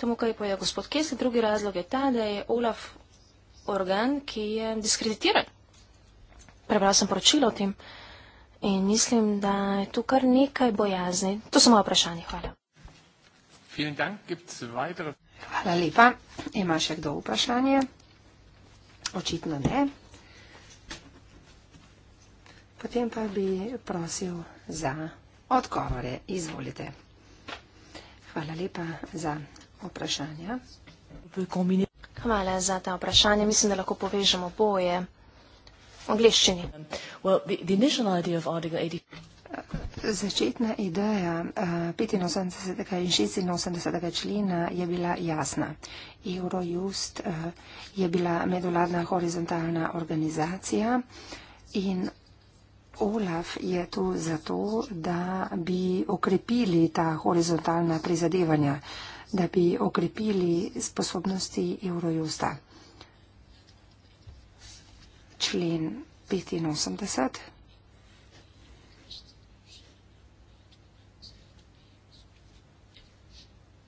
temu, kaj pa je gospod Kesli, drugi razlog je ta, da je Olaf organ, ki je diskreditiran. Prebral sem poročilo o tem in mislim, da je tu kar nekaj bojazni. To so moje vprašanje. Hvala. Hvala lepa. Ima še kdo vprašanje? Očitno ne. Potem pa bi prosil za odgovore. Izvolite. Hvala lepa za vprašanja. Hvala za ta vprašanja. Mislim, da lahko povežemo boje v angliščini. Začetna ideja 85. Eh, in 86. člena je bila jasna. Eurojust eh, je bila medvladna horizontalna organizacija in OLAF je tu zato, da bi okrepili ta horizontalna prizadevanja, da bi okrepili sposobnosti Eurojusta. Člen 85.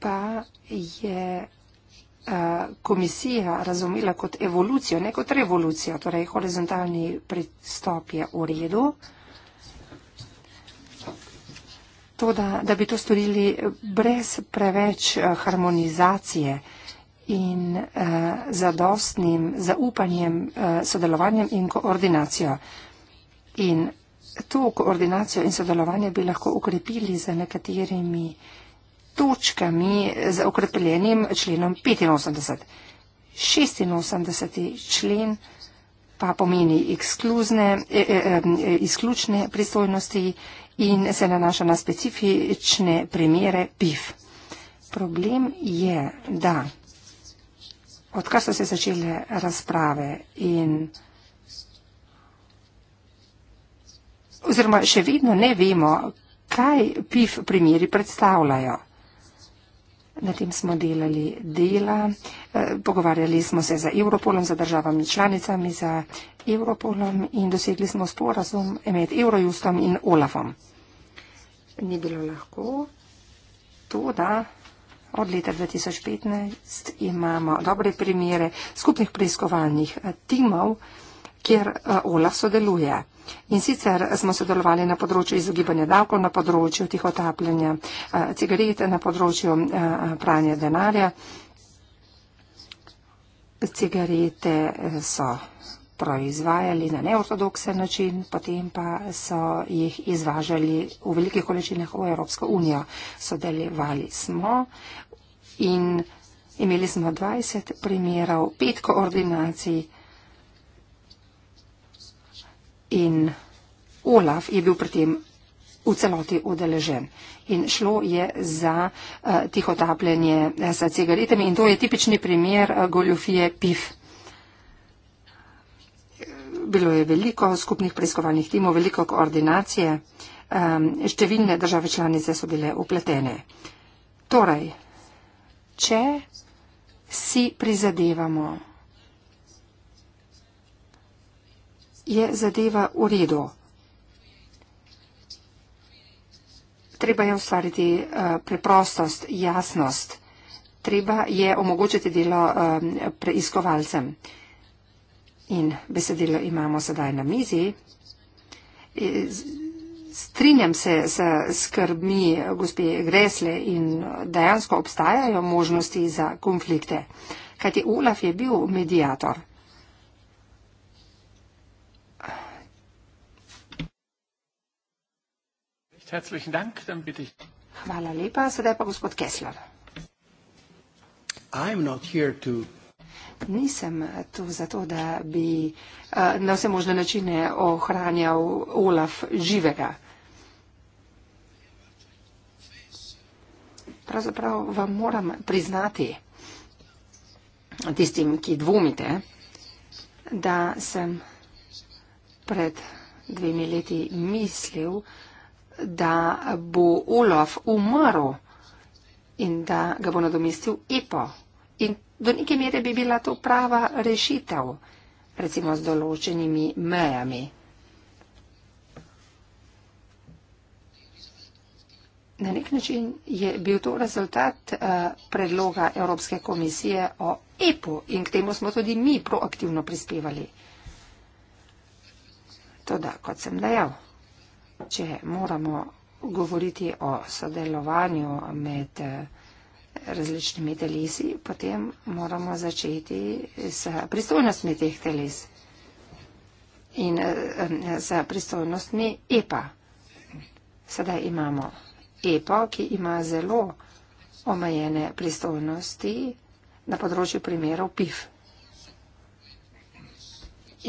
Pa je komisija razumela kot evolucijo, ne kot revolucijo, torej horizontalni pristop je v redu. To, da, da bi to storili brez preveč eh, harmonizacije in uh, zadostnim zaupanjem, uh, sodelovanjem in koordinacijo. In to koordinacijo in sodelovanje bi lahko ukrepili z nekaterimi uh, točkami z okrepljenim členom 85. 86. člen pa pomeni e, e, e, izključne pristojnosti in se nanaša na specifične primere PIF. Problem je, da odkar so se začele razprave in oziroma še vedno ne vemo, kaj PIF primeri predstavljajo. Na tem smo delali dela, e, pogovarjali smo se za Europolom, za državami članicami, za Europolom in dosegli smo sporazum med Eurojustom in Olafom. Ni bilo lahko to, da od leta 2015 imamo dobre primere skupnih preiskovalnih timov kjer eh, OLAF sodeluje. In sicer smo sodelovali na področju izogibanja davkov, na področju tihotapljanja eh, cigarete, na področju eh, pranja denarja. Cigarete so proizvajali na neortodoksen način, potem pa so jih izvažali v velikih količinah v Evropsko unijo. Sodelovali smo in imeli smo 20 primerov, pet koordinacij in Olaf je bil pri tem v celoti udeležen. In šlo je za uh, tihotapljenje eh, s cigaretami in to je tipični primer uh, eh, goljofije PIF. Bilo je veliko skupnih preiskovalnih timov, veliko koordinacije, um, številne države članice so bile upletene. Torej, če si prizadevamo je zadeva v redu. Treba je ustvariti eh, preprostost, jasnost. Treba je omogočiti delo eh, preiskovalcem. In besedilo imamo sedaj na mizi. Eh, strinjam se s skrbmi gospe Gresle in dejansko obstajajo možnosti za konflikte. Kajti Olaf je bil medijator. Herzlichen Dank, dann bitte ich. Hvala lepa, sedaj pa gospod Kessler. To... Nisem tu zato, da bi eh, na vse možne načine ohranjal Olaf živega. Pravzaprav vam moram priznati tistim, ki dvomite, da sem pred dvemi leti mislil, da bo Olof umrl in da ga bo nadomestil Epo. In do neke mere bi bila to prava rešitev, recimo z določenimi mejami. Na nek način je bil to rezultat uh, predloga Evropske komisije o EPO in k temu smo tudi mi proaktivno prispevali. Toda, kot sem dejal, če moramo govoriti o sodelovanju med eh, različnimi telesi, potem moramo začeti s pristojnostmi teh teles in eh, s pristojnostmi EPA. Sedaj imamo EPA, ki ima zelo omejene pristojnosti na področju primerov PIF.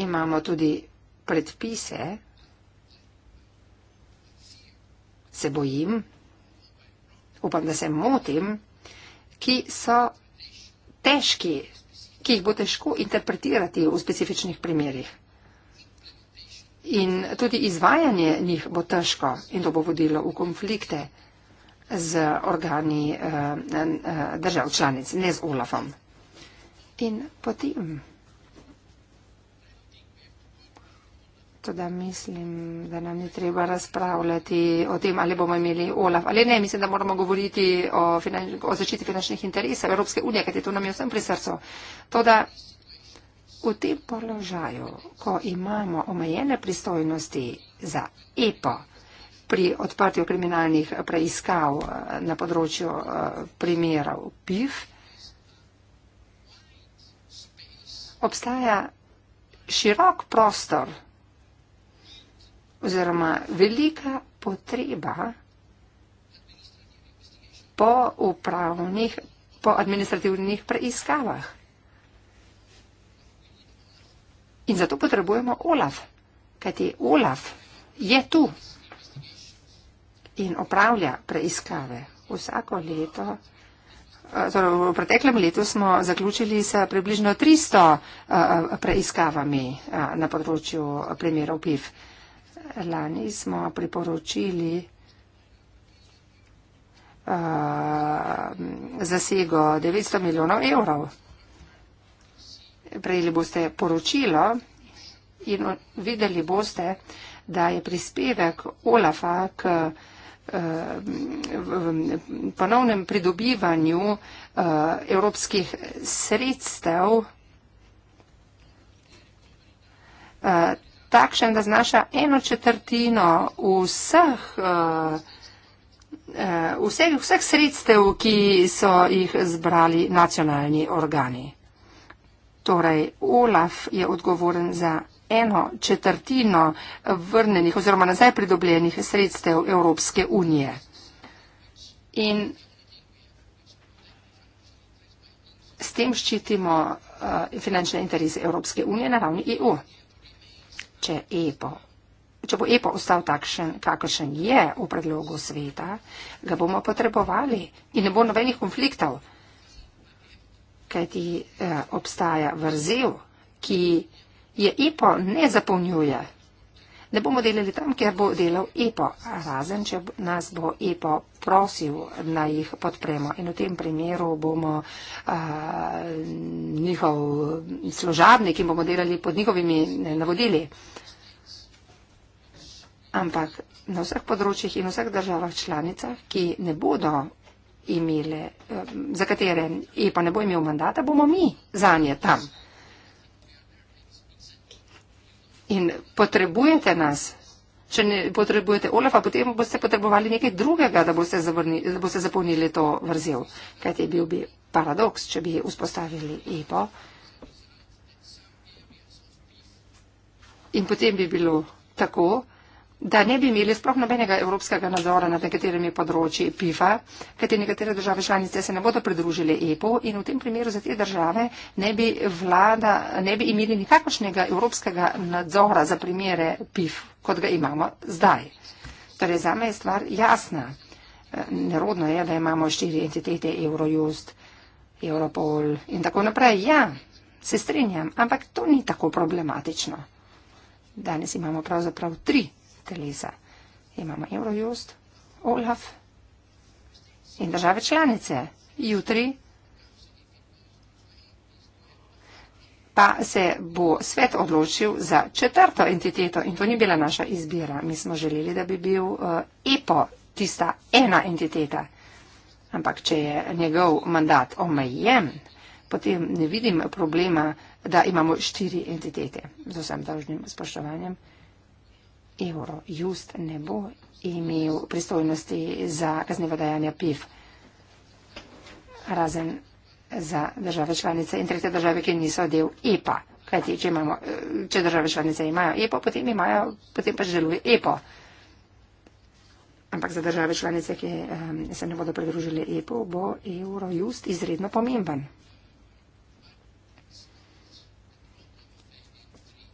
Imamo tudi predpise, se bojim, upam, da se motim, ki so težki, ki jih bo težko interpretirati v specifičnih primerjih. In tudi izvajanje njih bo težko in to bo vodilo v konflikte z organi uh, uh, držav članic, ne z Olafom. In potem. da mislim, da nam je treba razpravljati o tem, ali bomo imeli OLAF ali ne. Mislim, da moramo govoriti o, finanč, o zaščiti finančnih interesov Evropske unije, kajti to nam je vsem pri srcu. To, da v tem položaju, ko imamo omejene pristojnosti za EPO pri odprtju kriminalnih preiskav eh, na področju eh, primerov PIF, obstaja širok prostor oziroma velika potreba po upravnih, po administrativnih preiskavah. In zato potrebujemo Olaf, kajti Olaf je tu in opravlja preiskave vsako leto. Eh, torej, v preteklem letu smo zaključili s približno 300 uh, eh, eh, preiskavami uh, na področju primerov PIF. Uh, lani smo priporočili uh, zasego 900 milijonov evrov. Prejeli boste poročilo in videli boste, da je prispevek Olafa k uh, ponovnem pridobivanju uh, evropskih sredstev uh, takšen, da znaša eno četrtino vseh, uh, uh, vseh, vseh sredstev, ki so jih zbrali nacionalni organi. Torej, Olaf je odgovoren za eno četrtino vrnenih oziroma nazaj pridobljenih sredstev Evropske unije. In s tem ščitimo uh, finančne interese Evropske unije na ravni EU če, epo, če bo epo ostal takšen, kakršen je v predlogu sveta, ga bomo potrebovali in ne bo nobenih konfliktov, kajti eh, obstaja vrzel, ki je epo ne zapolnjuje. Ne bomo delali tam, kjer bo delal EPO, razen če nas bo EPO prosil, da jih podpremo. In v tem primeru bomo a, njihov služabnik in bomo delali pod njihovimi navodili. Ampak na vseh področjih in vseh državah članicah, ki ne bodo imele, za katere EPO ne bo imel mandata, bomo mi zanje tam. In potrebujete nas. Če ne potrebujete Olafa, potem boste potrebovali nekaj drugega, da boste, zavrni, da boste zapolnili to vrzel. Kaj je bil bi paradoks, če bi vzpostavili EPO. In potem bi bilo tako, da ne bi imeli sploh nobenega evropskega nadzora nad nekaterimi področji PIFA, kajti nekatere države članice se ne bodo pridružile EPO in v tem primeru za te države ne bi, vlada, ne bi imeli nikakršnega evropskega nadzora za primere PIF, kot ga imamo zdaj. Torej, zame je stvar jasna. E, nerodno je, da imamo štiri entitete Eurojust, Europol in tako naprej. Ja, se strinjam, ampak to ni tako problematično. Danes imamo pravzaprav tri telesa. Imamo Eurojust, Olaf in države članice. Jutri pa se bo svet odločil za četrto entiteto in to ni bila naša izbira. Mi smo želeli, da bi bil uh, EPO tista ena entiteta. Ampak če je njegov mandat omejen, potem ne vidim problema, da imamo štiri entitete. Z vsem dolžnim spoštovanjem. Eurojust ne bo imel pristojnosti za kaznjeva dajanja PIF, razen za države članice in tretje države, ki niso del EPA. Kajti, če, imamo, eh, če države članice imajo EPO, potem, imajo, potem pač deluje EPO. Ampak za države članice, ki um, se ne bodo pridružili EPO, bo Eurojust izredno pomemben.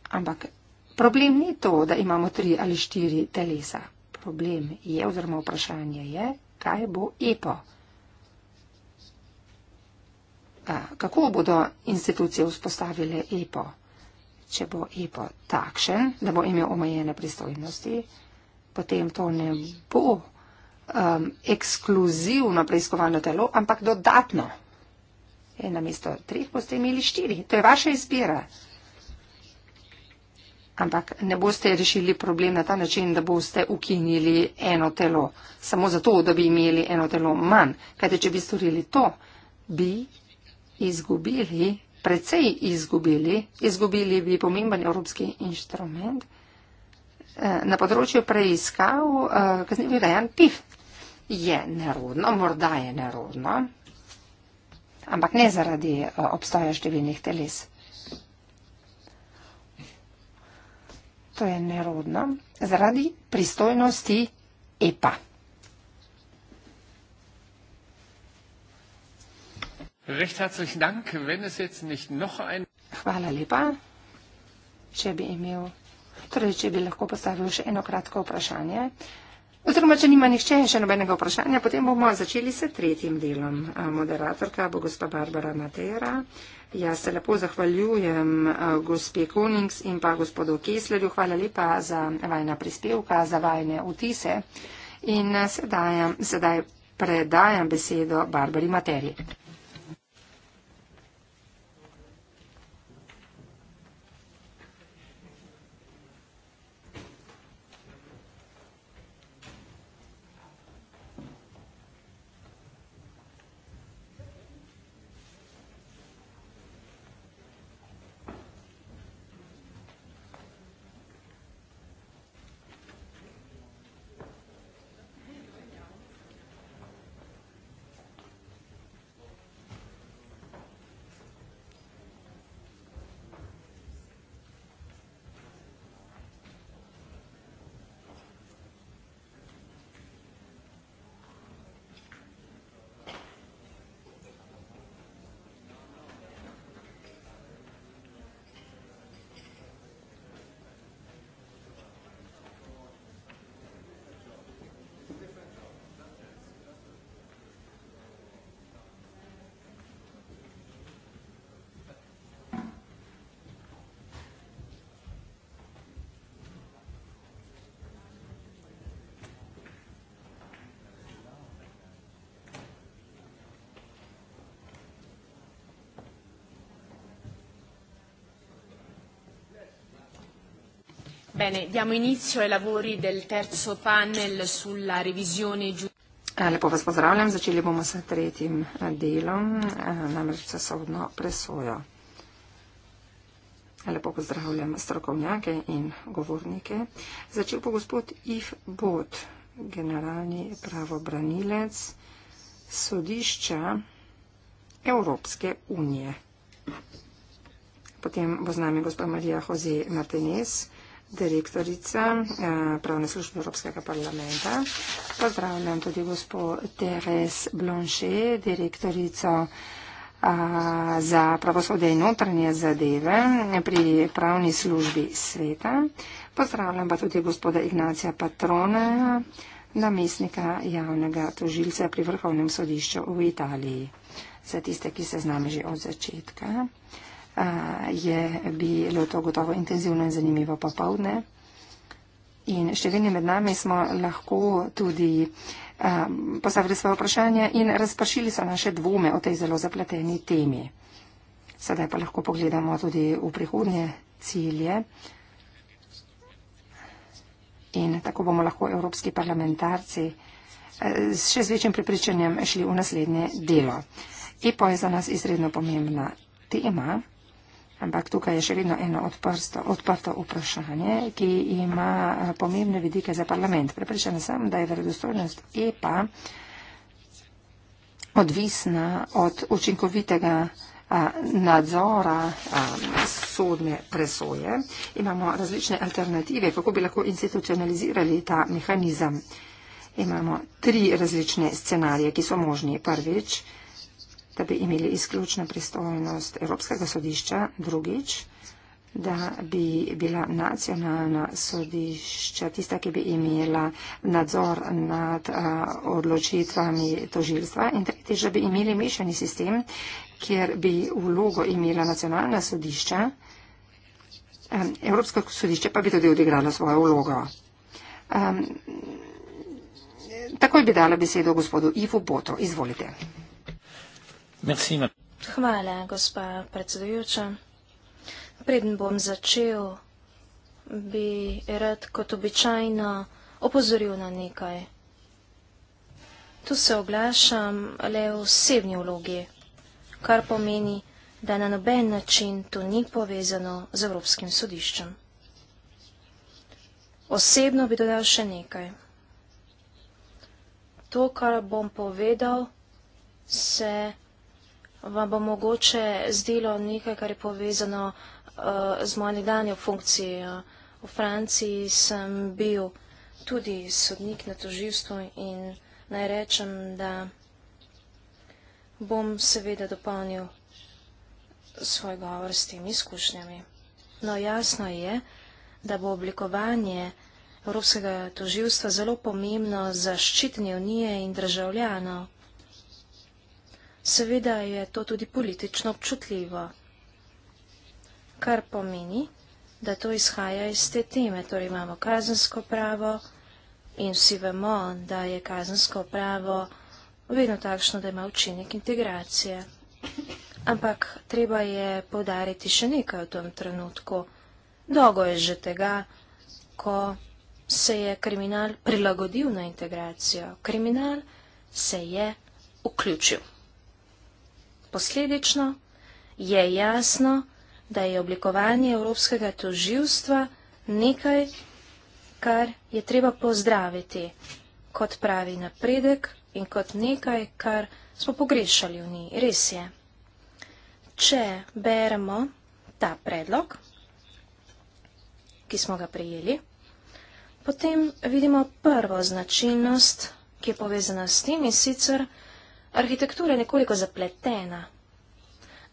Ampak Problem ni to, da imamo tri ali štiri telesa. Problem je oziroma vprašanje je, kaj bo epo. A, kako bodo institucije vzpostavile epo, če bo epo takšen, da bo imel omejene pristojnosti, potem to ne bo um, ekskluzivno preiskovalno telo, ampak dodatno. In e, namesto treh boste imeli štiri. To je vaša izbira. Ampak ne boste rešili problem na ta način, da boste ukinili eno telo, samo zato, da bi imeli eno telo manj. Kajte, če bi storili to, bi izgubili, precej izgubili, izgubili bi pomemben evropski inštrument eh, na področju preiskav eh, kaznivih dejanj PIF. Je nerodno, morda je nerodno, ampak ne zaradi eh, obstoja številnih teles. zašto je nerodna? Zaradi pristojnosti EPA. Hvala lepa. Če bi imel, torej, če bi lahko postavil še eno kratko vprašanje. Oziroma, če nima nihče še nobenega vprašanja, potem bomo začeli s tretjim delom. Moderatorka bo gospa Barbara Matera. Jaz se lepo zahvaljujem gospe Konings in pa gospodu Kesledu. Hvala lepa za vajna prispevka, za vajne vtise. In sedaj, sedaj predajam besedo Barbari Materi. Bene, diamo inizio ai lavori del terzo panel sulla revisione giudiziaria. Eh, lepo vas pozdravljam, začeli bomo s tretjim eh, delom, eh, namreč časovno presojo. Lepo pozdravljam strokovnjake in govornike. Začel bo gospod If Bot, generalni pravobranilec sodišča Evropske unije. Potem bo z nami gospod Marija Hoze Martinez, direktorica eh, Pravne službe Evropskega parlamenta. Pozdravljam tudi gospod Teres Blanchet, direktorico eh, za pravosodje in notranje zadeve pri Pravni službi sveta. Pozdravljam pa tudi gospoda Ignacija Patrone, namestnika javnega tožilca pri Vrhovnem sodišču v Italiji. Za tiste, ki se z nami že od začetka je bilo to gotovo intenzivno in zanimivo popovdne. In številni med nami smo lahko tudi um, postavili svoje vprašanje in razpršili so naše dvome o tej zelo zapleteni temi. Sedaj pa lahko pogledamo tudi v prihodnje cilje. In tako bomo lahko evropski parlamentarci s še z večjim pripričanjem šli v naslednje delo. EPO je za nas izredno pomembna tema ampak tukaj je še vedno eno odprsto, odprto vprašanje, ki ima eh, pomembne vidike za parlament. Prepričana sem, da je verodostojnost EPA odvisna od učinkovitega eh, nadzora eh, sodne presoje. Imamo različne alternative, kako bi lahko institucionalizirali ta mehanizem. Imamo tri različne scenarije, ki so možni. Prvič, da bi imeli izključno pristojnost Evropskega sodišča, drugič, da bi bila nacionalna sodišča tista, ki bi imela nadzor nad uh, odločitvami tožilstva in tretjič, da bi imeli mešani sistem, kjer bi vlogo imela nacionalna sodišča, um, Evropsko sodišče pa bi tudi odigralo svojo vlogo. Um, takoj bi dala besedo gospodu Ivu Boto. Izvolite. Merci, ma... Hvala, gospa predsedujoča. Preden bom začel, bi rad kot običajno opozoril na nekaj. Tu se oglašam le v osebni vlogi, kar pomeni, da na noben način to ni povezano z Evropskim sodiščem. Osebno bi dodal še nekaj. To, kar bom povedal, se vam bo mogoče zdelo nekaj, kar je povezano uh, z mojo nedanjo funkcijo. V Franciji sem bil tudi sodnik na toživstvu in naj rečem, da bom seveda dopolnil svoj govor s temi izkušnjami. No jasno je, da bo oblikovanje Evropskega toživstva zelo pomembno za ščitnje unije in državljanov. Seveda je to tudi politično občutljivo, kar pomeni, da to izhaja iz te teme. Torej imamo kazensko pravo in vsi vemo, da je kazensko pravo vedno takšno, da ima učinek integracije. Ampak treba je podariti še nekaj v tem trenutku. Dolgo je že tega, ko se je kriminal prilagodil na integracijo. Kriminal se je vključil. Posledično je jasno, da je oblikovanje Evropskega toživstva nekaj, kar je treba pozdraviti kot pravi napredek in kot nekaj, kar smo pogrešali v njih. Res je. Če beremo ta predlog, ki smo ga prijeli, potem vidimo prvo značilnost, ki je povezana s tem in sicer vsega, Arhitektura je nekoliko zapletena,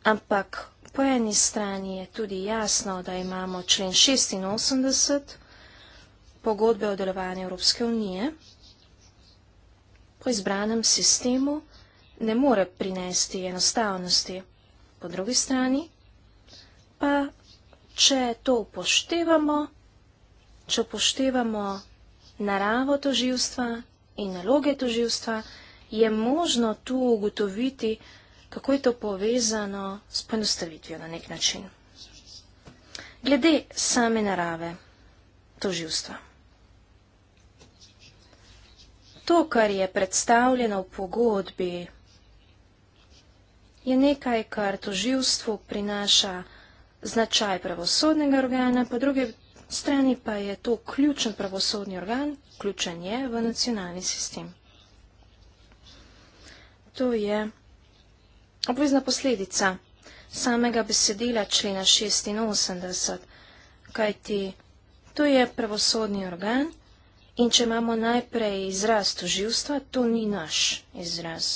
ampak po eni strani je tudi jasno, da imamo člen 86 pogodbe o delovanju Evropske unije. Po izbranem sistemu ne more prinesti enostavnosti. Po drugi strani pa, če to upoštevamo, če upoštevamo naravo toživstva in naloge toživstva, je možno tu ugotoviti, kako je to povezano s poenostavitvijo na nek način. Glede same narave toživstva. To, kar je predstavljeno v pogodbi, je nekaj, kar toživstvu prinaša značaj pravosodnega organa, po druge strani pa je to ključen pravosodni organ, ključen je v nacionalni sistem. To je obvezna posledica samega besedila člena 86, kajti to je pravosodni organ in če imamo najprej izraz toživstva, to ni naš izraz.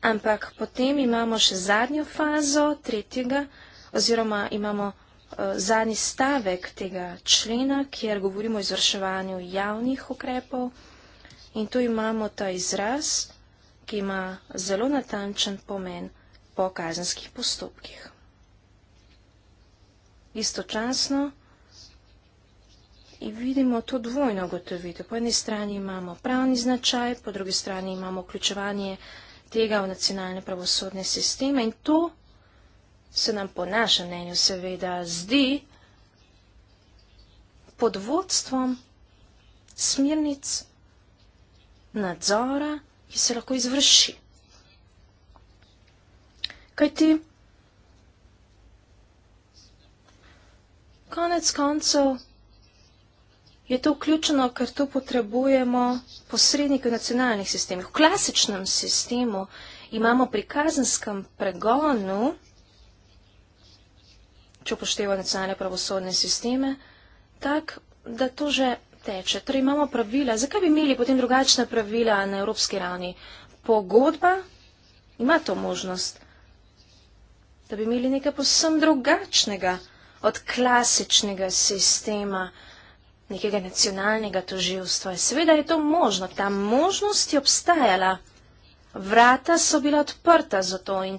Ampak potem imamo še zadnjo fazo tretjega oziroma imamo uh, zadnji stavek tega člena, kjer govorimo o izvrševanju javnih ukrepov in tu imamo ta izraz ki ima zelo natančen pomen po kazenskih postopkih. Istočasno in vidimo to dvojno ugotovitev. Po eni strani imamo pravni značaj, po drugi strani imamo vključevanje tega v nacionalne pravosodne sisteme in to se nam po našem mnenju seveda zdi pod vodstvom smernic nadzora ki se lahko izvrši. Kaj ti? Konec koncev je to vključeno, ker to potrebujemo posrednike v nacionalnih sistemih. V klasičnem sistemu imamo pri kazenskem pregonu, če upošteva nacionalne pravosodne sisteme, tak, da to že teče. Torej imamo pravila. Zakaj bi imeli potem drugačna pravila na evropski ravni? Pogodba ima to možnost, da bi imeli nekaj posem drugačnega od klasičnega sistema nekega nacionalnega toživstva. Seveda je to možno. Ta možnost je obstajala. Vrata so bila odprta za to in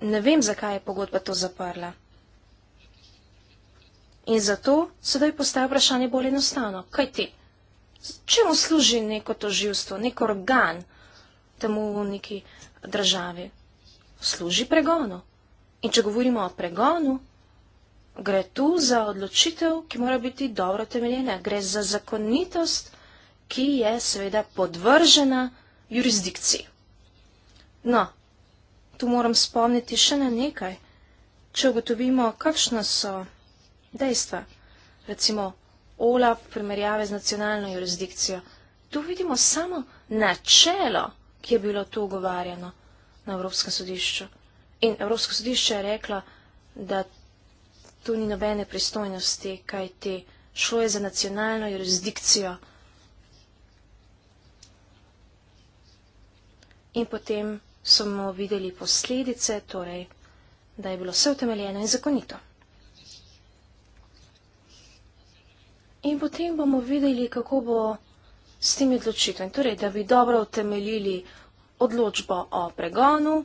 ne vem, zakaj je pogodba to zaprla. In zato sedaj postaje vprašanje bolj enostavno. Kaj ti? Čemu služi neko toživstvo, nek organ temu v neki državi? Služi pregonu. In če govorimo o pregonu, gre tu za odločitev, ki mora biti dobro temeljena. Gre za zakonitost, ki je seveda podvržena jurisdikciji. No, tu moram spomniti še na nekaj. Če ugotovimo, kakšna so dejstva. Recimo, Ola primerjave z nacionalno jurisdikcijo. Tu vidimo samo načelo, ki je bilo tu ogovarjeno na Evropskem sodišču. In Evropsko sodišče je reklo, da tu ni nobene pristojnosti, kaj ti šlo je za nacionalno jurisdikcijo. In potem smo videli posledice, torej, da je bilo vse utemeljeno in zakonito. in potem bomo videli, kako bo s temi odločitvami. Torej, da bi dobro utemeljili odločbo o pregonu,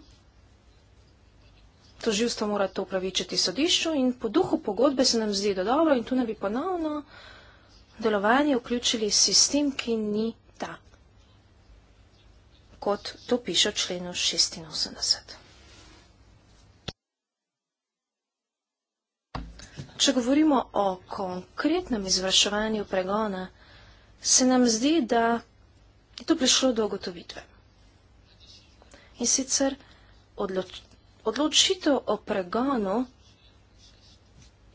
toživstvo mora to upravičiti sodišču in po duhu pogodbe se nam zdi, da dobro in tu ne bi ponovno delovanje vključili sistem, ki ni ta, kot to piše v členu 86. Če govorimo o konkretnem izvrševanju pregona, se nam zdi, da je tu prišlo do ugotovitve. In sicer odloč, odločitev o pregonu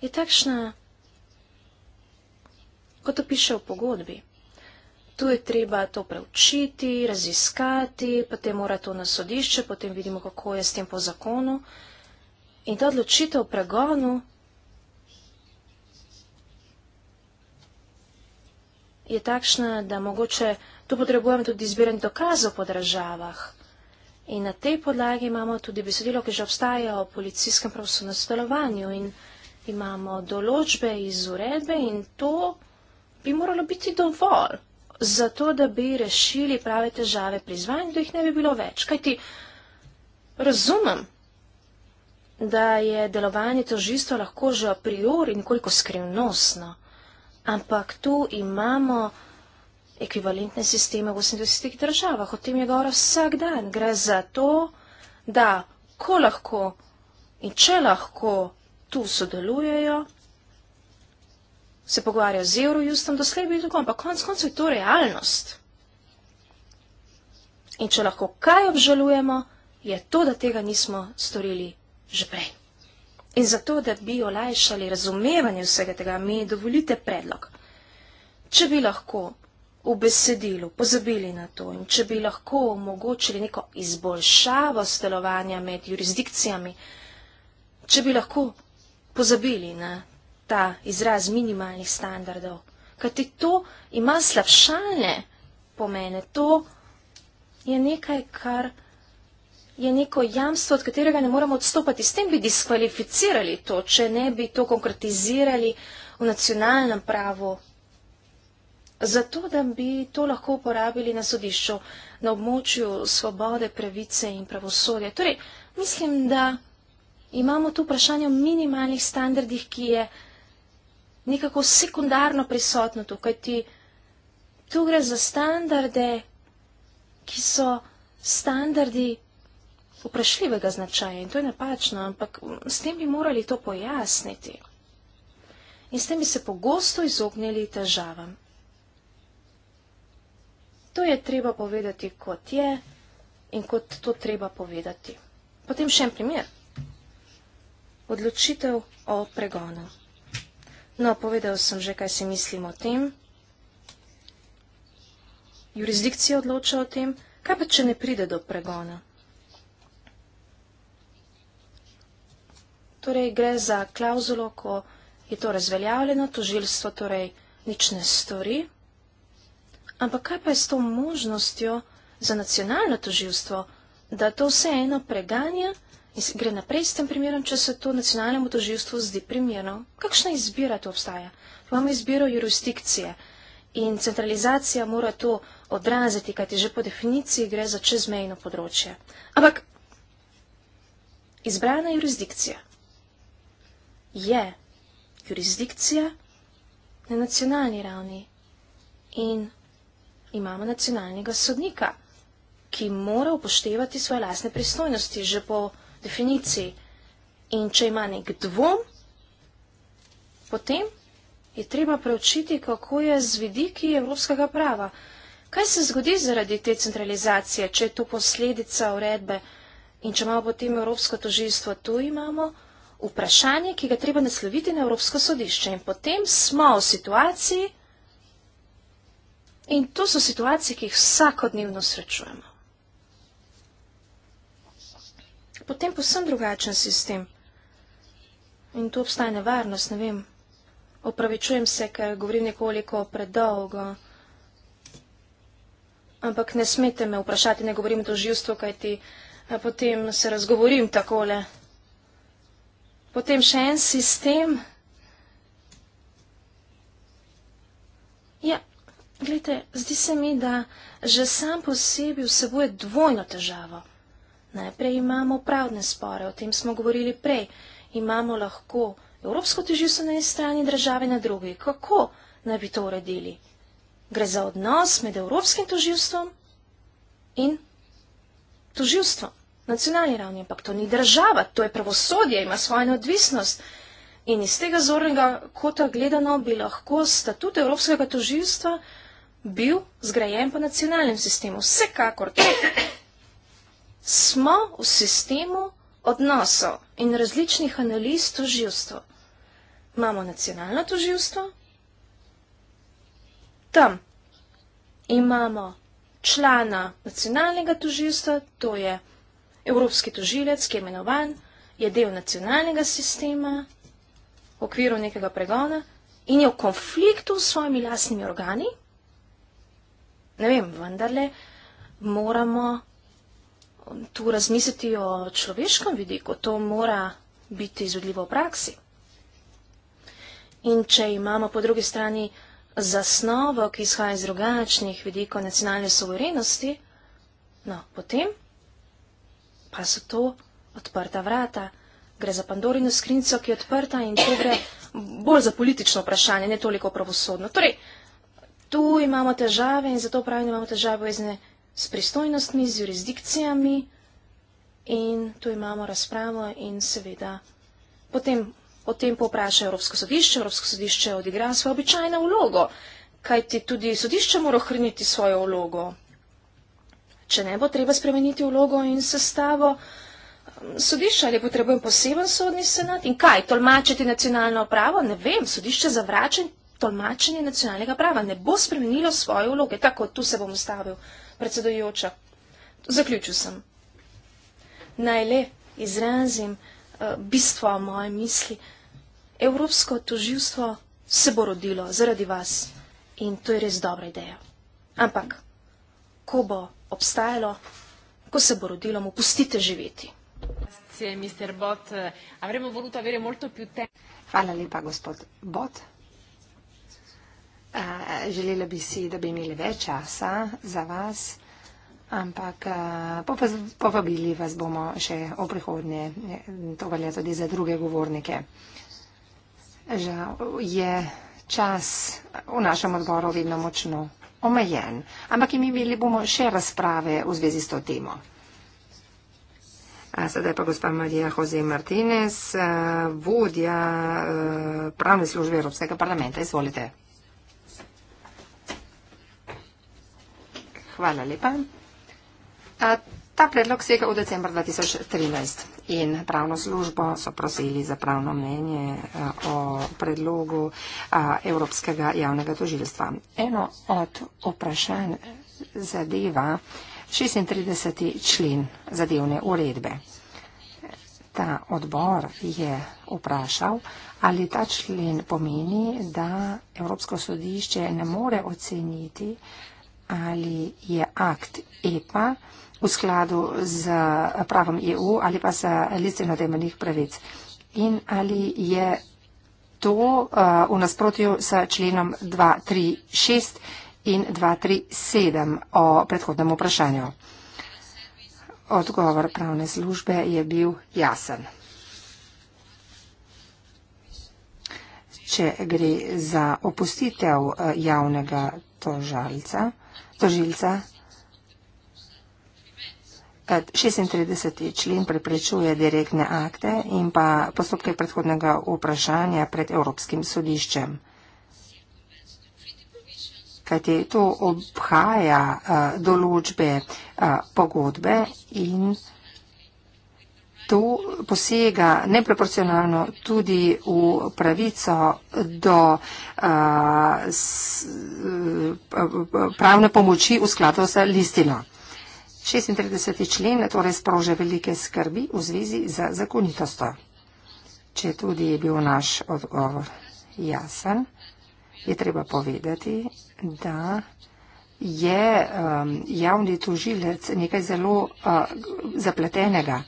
je takšna, kot to piše v pogodbi. Tu je treba to preučiti, raziskati, potem mora to na sodišče, potem vidimo, kako je s tem po zakonu. In ta odločitev o pregonu je takšna, da mogoče tu potrebujemo tudi izbiren dokaz o državah. In na tej podlagi imamo tudi besedilo, ki že obstaja o policijskem pravosodnem sodelovanju in imamo določbe iz uredbe in to bi moralo biti dovolj za to, da bi rešili prave težave pri izvajanju, da jih ne bi bilo več. Kaj ti razumem, da je delovanje tožistva lahko že a priori nekoliko skrivnostno. Ampak tu imamo ekvivalentne sisteme v 28 državah, o tem je govora vsak dan. Gre za to, da ko lahko in če lahko tu sodelujejo, se pogovarjajo z Eurojustom, doslej bi tako, ampak konc koncev je to realnost. In če lahko kaj obžalujemo, je to, da tega nismo storili že prej. In zato, da bi olajšali razumevanje vsega tega, mi dovolite predlog. Če bi lahko v besedilu pozabili na to in če bi lahko omogočili neko izboljšavo stelovanja med jurisdikcijami, če bi lahko pozabili na ta izraz minimalnih standardov, kajti to ima slabšalne pomene, to je nekaj, kar je neko jamstvo, od katerega ne moramo odstopati. S tem bi diskvalificirali to, če ne bi to konkretizirali v nacionalnem pravu. Zato, da bi to lahko uporabili na sodišču, na območju svobode, pravice in pravosodja. Torej, mislim, da imamo tu vprašanje o minimalnih standardih, ki je nekako sekundarno prisotno tukaj. Tu gre za standarde, ki so standardi vprašljivega značaja in to je napačno, ampak s tem bi morali to pojasniti. In s tem bi se pogosto izognili težavam. To je treba povedati, kot je in kot to treba povedati. Potem še en primer. Odločitev o pregonu. No, povedal sem že, kaj si mislim o tem. Jurisdikcija odloča o tem. Kaj pa, če ne pride do pregona? torej gre za klauzulo, ko je to razveljavljeno, tožilstvo torej nič ne stori. Ampak kaj pa je s to možnostjo za nacionalno tožilstvo, da to vseeno preganja in gre naprej s tem primerom, če se to nacionalnemu tožilstvu zdi primerno? Kakšna izbira tu obstaja? Imamo izbiro jurisdikcije in centralizacija mora to odraziti, kajti že po definiciji gre za čezmejno področje. Ampak izbrana jurisdikcija je jurisdikcija na nacionalni ravni in imamo nacionalnega sodnika, ki mora upoštevati svoje lastne pristojnosti, že po definiciji. In če ima nek dvom, potem je treba preučiti, kako je z vidiki evropskega prava. Kaj se zgodi zaradi te centralizacije, če je to posledica uredbe in če imamo potem evropsko tožilstvo, tu imamo vprašanje, ki ga treba nasloviti na Evropsko sodišče. In potem smo v situaciji, in to so situacije, ki jih vsakodnevno srečujemo. Potem posem drugačen sistem. In tu obstaja nevarnost, ne vem. Opravičujem se, ker govorim nekoliko predolgo. Ampak ne smete me vprašati, ne govorim to živstvo, kaj ti eh, potem se razgovorim takole. Potem še en sistem. Ja, gledajte, zdi se mi, da že sam po sebi vsebuje dvojno težavo. Najprej imamo pravne spore, o tem smo govorili prej. Imamo lahko evropsko težavo na eni strani, države na drugi. Kako naj bi to uredili? Gre za odnos med evropskim tožilstvom in tožilstvom nacionalni ravni, ampak to ni država, to je pravosodje, ima svojo neodvisnost. In iz tega zornega kota gledano bi lahko statut Evropskega toživstva bil zgrajen po nacionalnem sistemu. Vsekakor to smo v sistemu odnosov in različnih analiz toživstva. Imamo nacionalno toživstvo, tam imamo člana nacionalnega toživstva, to je Evropski tožilec, ki je imenovan, je del nacionalnega sistema v okviru nekega pregona in je v konfliktu s svojimi lastnimi organi. Ne vem, vendarle moramo tu razmisliti o človeškem vidiku. To mora biti izvedljivo v praksi. In če imamo po drugi strani zasnovo, ki izhaja iz drugačnih vidikov nacionalne soverenosti, no, potem Pa so to odprta vrata. Gre za Pandorino skrinjico, ki je odprta in tu gre bolj za politično vprašanje, ne toliko pravosodno. Torej, tu imamo težave in zato pravim, da imamo težave vezne s pristojnostmi, z jurisdikcijami in tu imamo razpravo in seveda potem o tem povpraša Evropsko sodišče. Evropsko sodišče odigra svojo običajno vlogo, kajti tudi sodišče mora ohraniti svojo vlogo če ne bo treba spremeniti vlogo in sestavo um, sodišča, ali potrebujem poseben sodni senat in kaj, tolmačiti nacionalno pravo, ne vem, sodišče zavračen tolmačenje nacionalnega prava, ne bo spremenilo svoje vloge, tako tu se bom ustavil, predsedojoča. Zaključil sem. Naj le izrazim uh, bistvo moje misli. Evropsko toživstvo se bo rodilo zaradi vas in to je res dobra ideja. Ampak, ko bo obstajalo, ko se bo rodilo, mu pustite živeti. Hvala lepa, gospod Bot. Eh, želela bi si, da bi imeli več časa za vas, ampak eh, popabili vas bomo še o prihodnje, eh, to velja tudi za druge govornike. Žal je čas v našem odboru vedno močno omejen. Ampak imeli bomo še razprave v zvezi s to temo. A sedaj pa gospa Marija Jose Martinez, vodja pravne službe Evropskega parlamenta. Izvolite. Hvala lepa. A ta predlog sega v decembr 2013 in pravno službo so prosili za pravno mnenje eh, o predlogu eh, Evropskega javnega tožilstva. Eno od vprašanj zadeva 36. člen zadevne uredbe. Ta odbor je vprašal, ali ta člen pomeni, da Evropsko sodišče ne more oceniti, ali je akt EPA v skladu z pravom EU ali pa z listino temeljnih pravic. In ali je to uh, v nasprotju s členom 236 in 237 o predhodnem vprašanju. Odgovor pravne službe je bil jasen. Če gre za opustitev eh, javnega tožalca, tožilca, 36. člen preprečuje direktne akte in pa postopke predhodnega vprašanja pred Evropskim sodiščem. Kajti to obhaja uh, določbe uh, pogodbe in to posega neproporcionalno tudi v pravico do uh, s, pravne pomoči v skladu z listino. 36. člen torej sprože velike skrbi v zvezi z zakonitostjo. Če tudi je bil naš odgovor jasen, je treba povedati, da je um, javni tožilec nekaj zelo uh, zapletenega,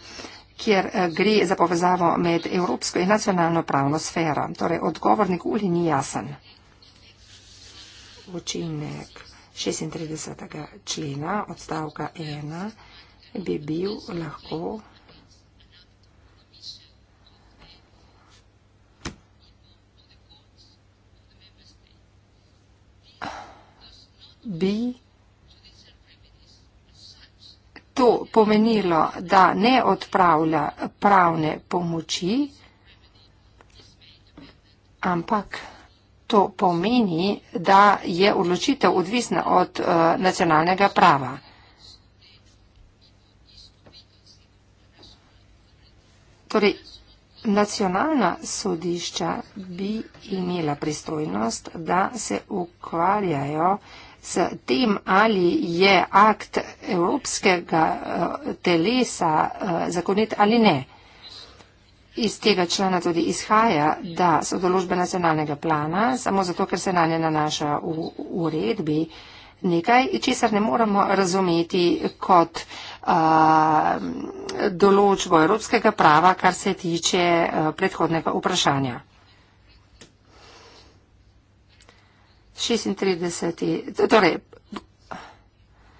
kjer uh, gre za povezavo med evropsko in nacionalno pravno sfero. Torej, odgovor nikoli ni jasen. Učinek 36. člena odstavka 1 bi bil lahko bi to pomenilo, da ne odpravlja pravne pomoči, ampak To pomeni, da je odločitev odvisna od uh, nacionalnega prava. Torej, nacionalna sodišča bi imela pristojnost, da se ukvarjajo s tem, ali je akt evropskega uh, telesa uh, zakonit ali ne. Iz tega člena tudi izhaja, da so določbe nacionalnega plana, samo zato, ker se na nje nanaša v uredbi, nekaj, česar ne moremo razumeti kot a, določbo evropskega prava, kar se tiče a, predhodnega vprašanja. 36. Torej,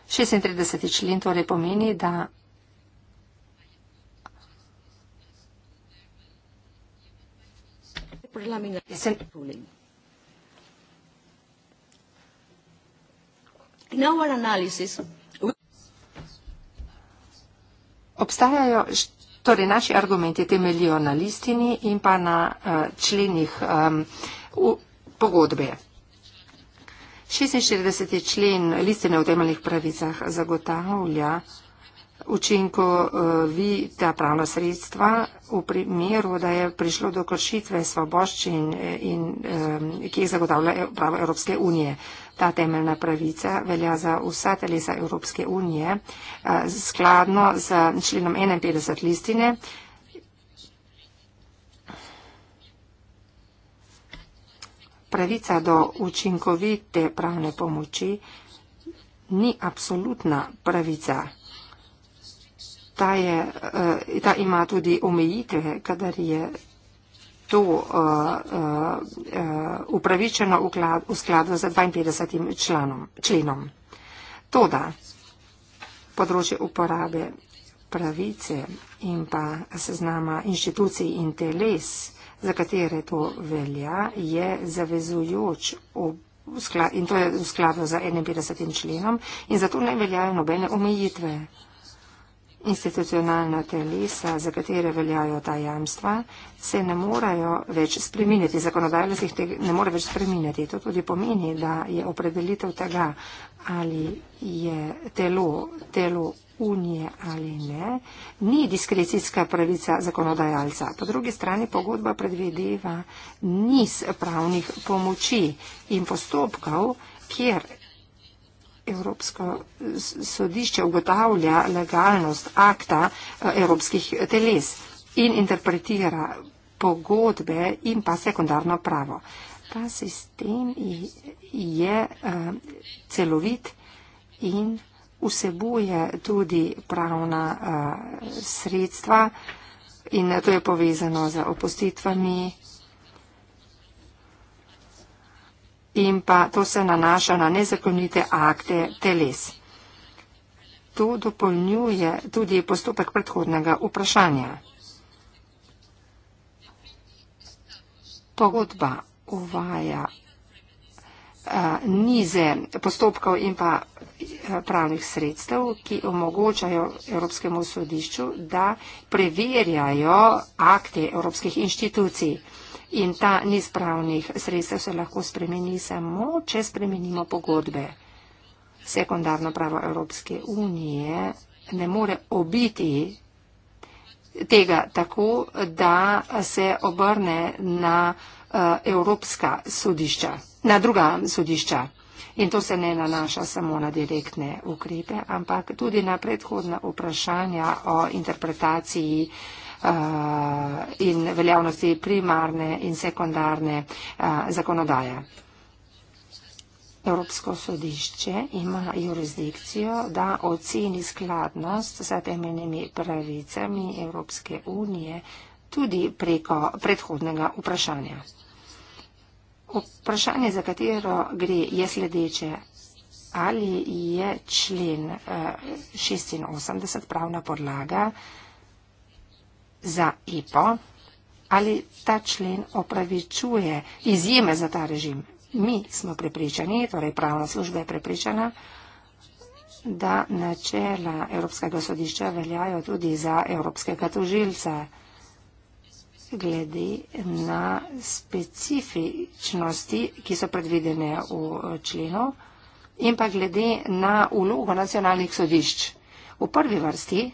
36. člen torej pomeni, da preliminary consent ruling. In our analysis, we Obstajajo torej naši argumenti temeljijo na listini in pa na uh, členih um, ehm, v pogodbe. 46. člen listine o temeljnih pravicah zagotavlja, učinko eh, vi ta pravna sredstva v primeru, da je prišlo do kršitve svoboščin, eh, in, eh, ki jih zagotavlja e, pravo Evropske unije. Ta temeljna pravica velja za vsa telesa Evropske unije skladno z členom 51 listine. Pravica do učinkovite pravne pomoči ni absolutna pravica ta, je, eh, ta ima tudi omejitve, kadar je to eh, eh, upravičeno v skladu z 52 članom, členom. Toda področje uporabe pravice in pa seznama inštitucij in teles, za katere to velja, je zavezujoč in to je v skladu z 51 členom in zato ne veljajo nobene omejitve institucionalna telesa, za katere veljajo ta jamstva, se ne morejo več spreminjati. Zakonodajalec jih ne more več spreminjati. To tudi pomeni, da je opredelitev tega, ali je telo, telo unije ali ne, ni diskrecijska pravica zakonodajalca. Po drugi strani pogodba predvedeva niz pravnih pomoči in postopkov, kjer Evropsko sodišče ugotavlja legalnost akta eh, evropskih teles in interpretira pogodbe in pa sekundarno pravo. Ta sistem je eh, celovit in vsebuje tudi pravna eh, sredstva in to je povezano z opustitvami in pa to se nanaša na nezakonite akte teles. To dopolnjuje tudi postopek predhodnega vprašanja. Pogodba uvaja nize postopkov in pa pravnih sredstev, ki omogočajo Evropskemu sodišču, da preverjajo akte evropskih inštitucij. In ta nizpravnih sredstev se lahko spremeni samo, če spremenimo pogodbe. Sekundarno pravo Evropske unije ne more obiti tega tako, da se obrne na eh, evropska sodišča, na druga sodišča. In to se ne nanaša samo na direktne ukrepe, ampak tudi na predhodna vprašanja o interpretaciji uh, Eh, in veljavnosti primarne in sekundarne eh, zakonodaje. Evropsko sodišče ima jurisdikcijo, da oceni skladnost s temeljnimi pravicami Evropske unije tudi preko predhodnega vprašanja. Vprašanje, za katero gre, je sledeče. Ali je člen 86 eh, pravna podlaga? za IPO, e ali ta člen opravičuje izjeme za ta režim. Mi smo prepričani, torej pravna služba je prepričana, da načela Evropskega sodišča veljajo tudi za Evropskega tužilca glede na specifičnosti, ki so predvidene v členu in pa glede na ulogo nacionalnih sodišč. V prvi vrsti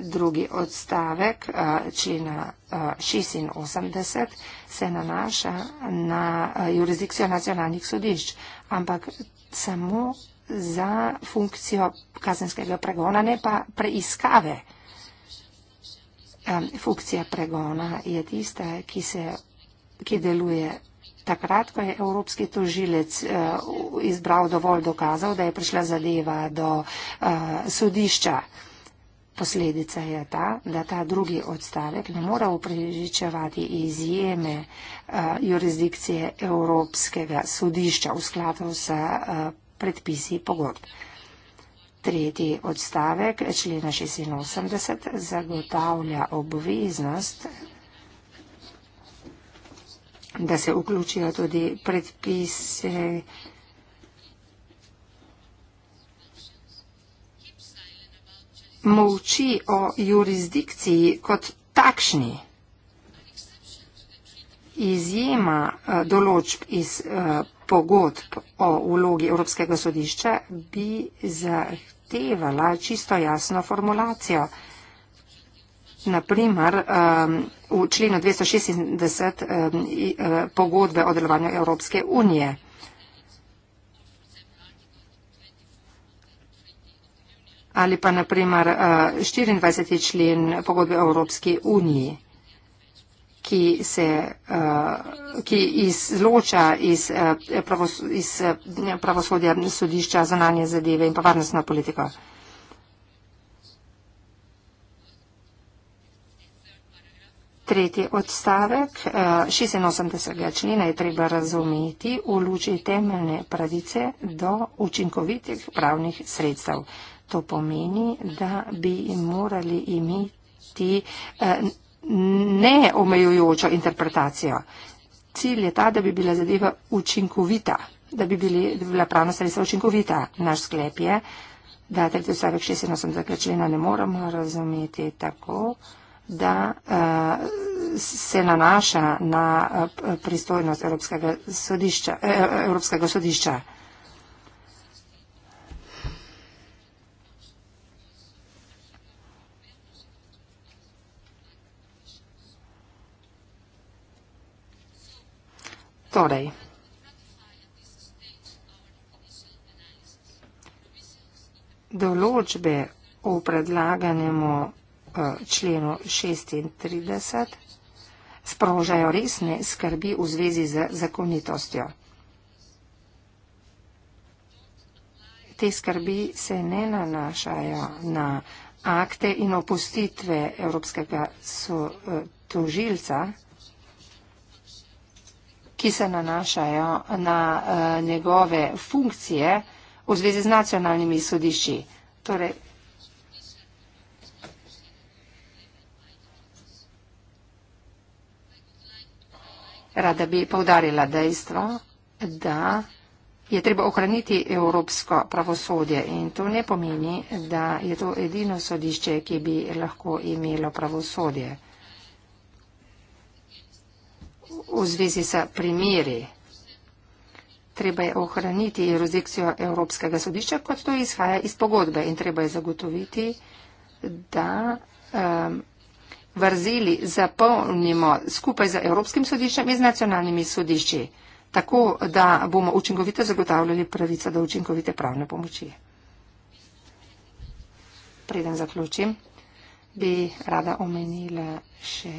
drugi odstavek eh, člena 86 eh, se nanaša na eh, jurisdikcijo nacionalnih sodišč, ampak samo za funkcijo kazenskega pregona, ne pa preiskave. Funkcija pregona je tista, ki, se, ki deluje takrat, ko je evropski tožilec izbral dovolj dokazov, da je prišla zadeva do sodišča. Posledica je ta, da ta drugi odstavek ne mora upravičevati izjeme uh, jurisdikcije Evropskega sodišča v skladu s uh, predpisi pogodb. Tretji odstavek člena 86 zagotavlja obveznost, da se vključijo tudi predpise. Uh, molči o jurisdikciji kot takšni. Izjema eh, določb iz eh, pogodb o vlogi Evropskega sodišča bi zahtevala čisto jasno formulacijo. Naprimer, v členu 260 eh, pogodbe o delovanju Evropske unije. ali pa naprimer 24. Eh, člen pogodbe Evropske unije, ki, se, eh, ki izloča iz, eh, iz pravosodja sodišča zunanje zadeve in pa varnostna politika. Tretji odstavek 86. člena je treba razumeti v luči temeljne pravice do učinkovitih pravnih sredstev. To pomeni, da bi morali imeti eh, neomejujočo interpretacijo. Cilj je ta, da bi bila zadeva učinkovita, da bi, bili, da bi bila pravna sredstva učinkovita. Naš sklep je, da tretji odstavek 86. člena ne moramo razumeti tako, da eh, se nanaša na eh, pristojnost Evropskega sodišča. Evropskega sodišča. Torej, določbe v predlaganemu eh, členu 36 sprožajo resne skrbi v zvezi z zakonitostjo. Te skrbi se ne nanašajo na akte in opustitve Evropskega eh, tožilca, ki se nanašajo na uh, njegove funkcije v zvezi z nacionalnimi sodišči. Torej, rada bi povdarila dejstvo, da je treba ohraniti evropsko pravosodje in to ne pomeni, da je to edino sodišče, ki bi lahko imelo pravosodje v zvezi sa primeri. Treba je ohraniti jurisdikcijo Evropskega sodišča, kot to izhaja iz pogodbe in treba je zagotoviti, da um, vrzeli zapolnimo skupaj z Evropskim sodiščem in z nacionalnimi sodišči, tako da bomo učinkovito zagotavljali pravico do učinkovite pravne pomoči. Preden zaključim, bi rada omenila še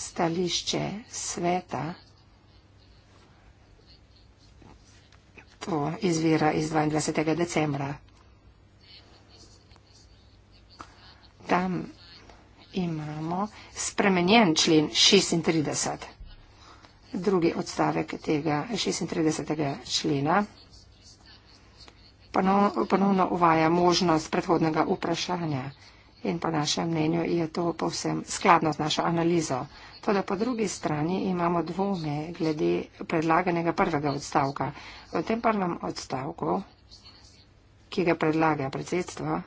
stališče sveta. To izvira iz 22. decembra. Tam imamo spremenjen člen 36. Drugi odstavek tega 36. člena ponovno uvaja možnost predhodnega vprašanja in po našem mnenju je to povsem skladno z našo analizo. Toda po drugi strani imamo dvome glede predlaganega prvega odstavka. V tem prvem odstavku, ki ga predlaga predsedstvo,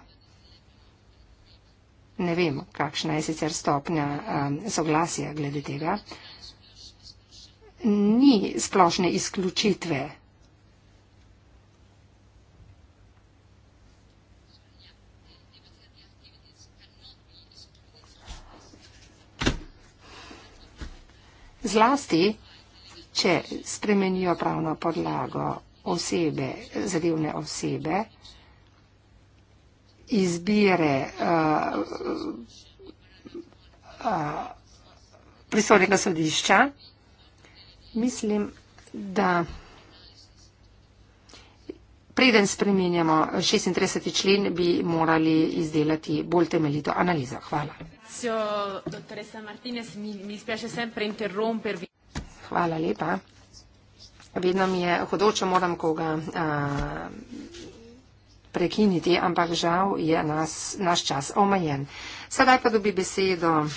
ne vem, kakšna je sicer stopnja um, soglasja glede tega, ni splošne izključitve Zlasti, če spremenijo pravno podlago osebe, zadevne osebe, izbire uh, uh, pristojnega sodišča, mislim, da preden spremenjamo 36. člen, bi morali izdelati bolj temeljito analizo. Hvala. Hvala lepa. Vedno mi je hodoče, moram koga a, prekiniti, ampak žal je nas, naš čas omejen. Sedaj pa dobi besedo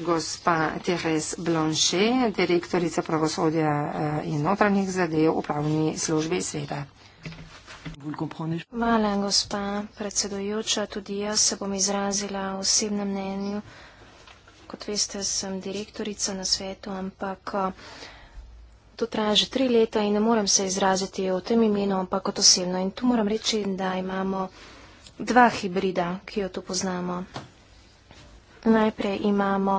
gospa Therese Blanchet, direktorica pravosodja in notranjih zadev upravni službi sveta. Hvala, gospa predsedujoča. Tudi jaz se bom izrazila v osebnem mnenju. Kot veste, sem direktorica na svetu, ampak eh, to traja že tri leta in ne morem se izraziti v tem imenu, ampak kot osebno. In tu moram reči, da imamo dva hibrida, ki jo tu poznamo. Najprej imamo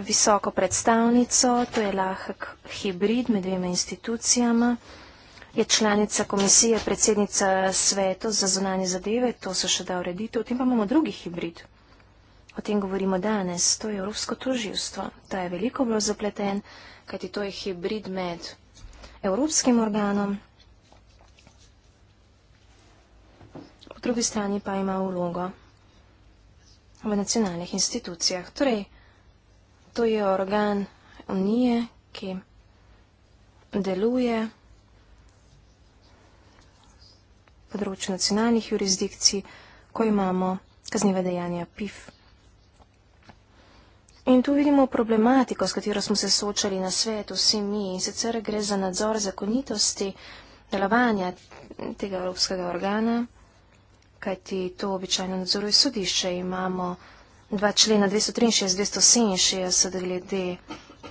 visoko predstavnico, to je lahek hibrid med dvema institucijama je članica komisije, predsednica sveta za zunanje zadeve, to se še da urediti, o tem pa imamo drugi hibrid. O tem govorimo danes, to je Evropsko toživstvo. Ta je veliko bilo zapleten, kajti to je hibrid med Evropskim organom, po drugi strani pa ima vlogo v nacionalnih institucijah. Torej, to je organ Unije, ki deluje. področju nacionalnih jurisdikcij, ko imamo kazniva dejanja PIF. In tu vidimo problematiko, s katero smo se soočali na svetu, vsi mi, in sicer gre za nadzor zakonitosti delovanja tega evropskega organa, kajti to običajno nadzoruje sodišče. Imamo dva člena 263-267 glede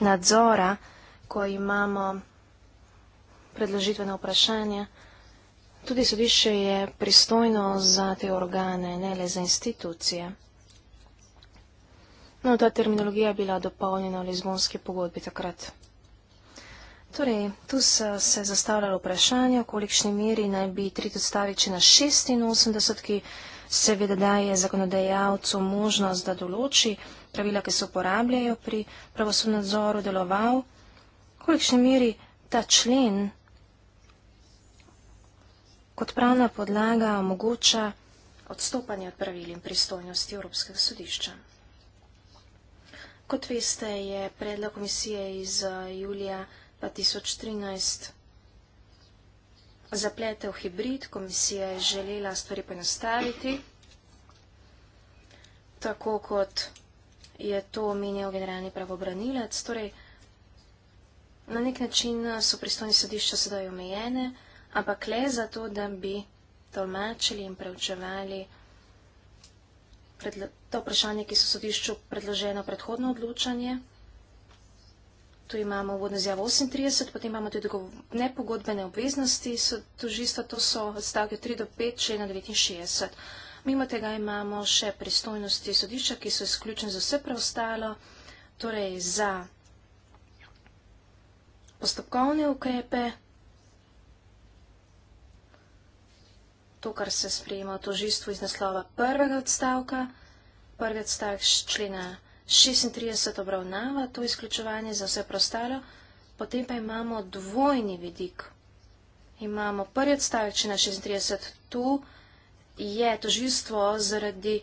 nadzora, ko imamo predložitvene vprašanja. Tudi sodišče je pristojno za te organe, ne le za institucije. No, ta terminologija je bila dopolnjena v Lizbonski pogodbi takrat. Torej, tu so se zastavljalo vprašanje, v kolikšni meri naj bi tretji odstavek če na 86, ki seveda daje zakonodajalcu možnost, da določi pravila, ki se uporabljajo pri pravosodnem nadzoru, deloval. V kolikšni meri ta člen kot pravna podlaga omogoča odstopanje od pravil in pristojnosti Evropskega sodišča. Kot veste, je predlog komisije iz eh, julija 2013 zapletel hibrid, komisija je želela stvari poenostaviti, tako kot je to omenjal generalni pravobranilec. Torej, na nek način eh, so pristojni sodišča sedaj omejene ampak le zato, da bi tolmačili in preučevali to vprašanje, ki so sodišču predloženo predhodno odločanje. Tu imamo vodne zjave 38, potem imamo tudi nepogodbene obveznosti, so to žisto, to so odstavke 3 do 5 člena 69. Mimo tega imamo še pristojnosti sodišča, ki so izključene za vse preostalo, torej za postopkovne ukrepe, to, kar se sprejema v tožistvu iz naslova prvega odstavka, prvi odstavek člena 36 obravnava to izključevanje za vse prostalo, potem pa imamo dvojni vidik. Imamo prvi odstavek člena 36, tu je tožistvo zaradi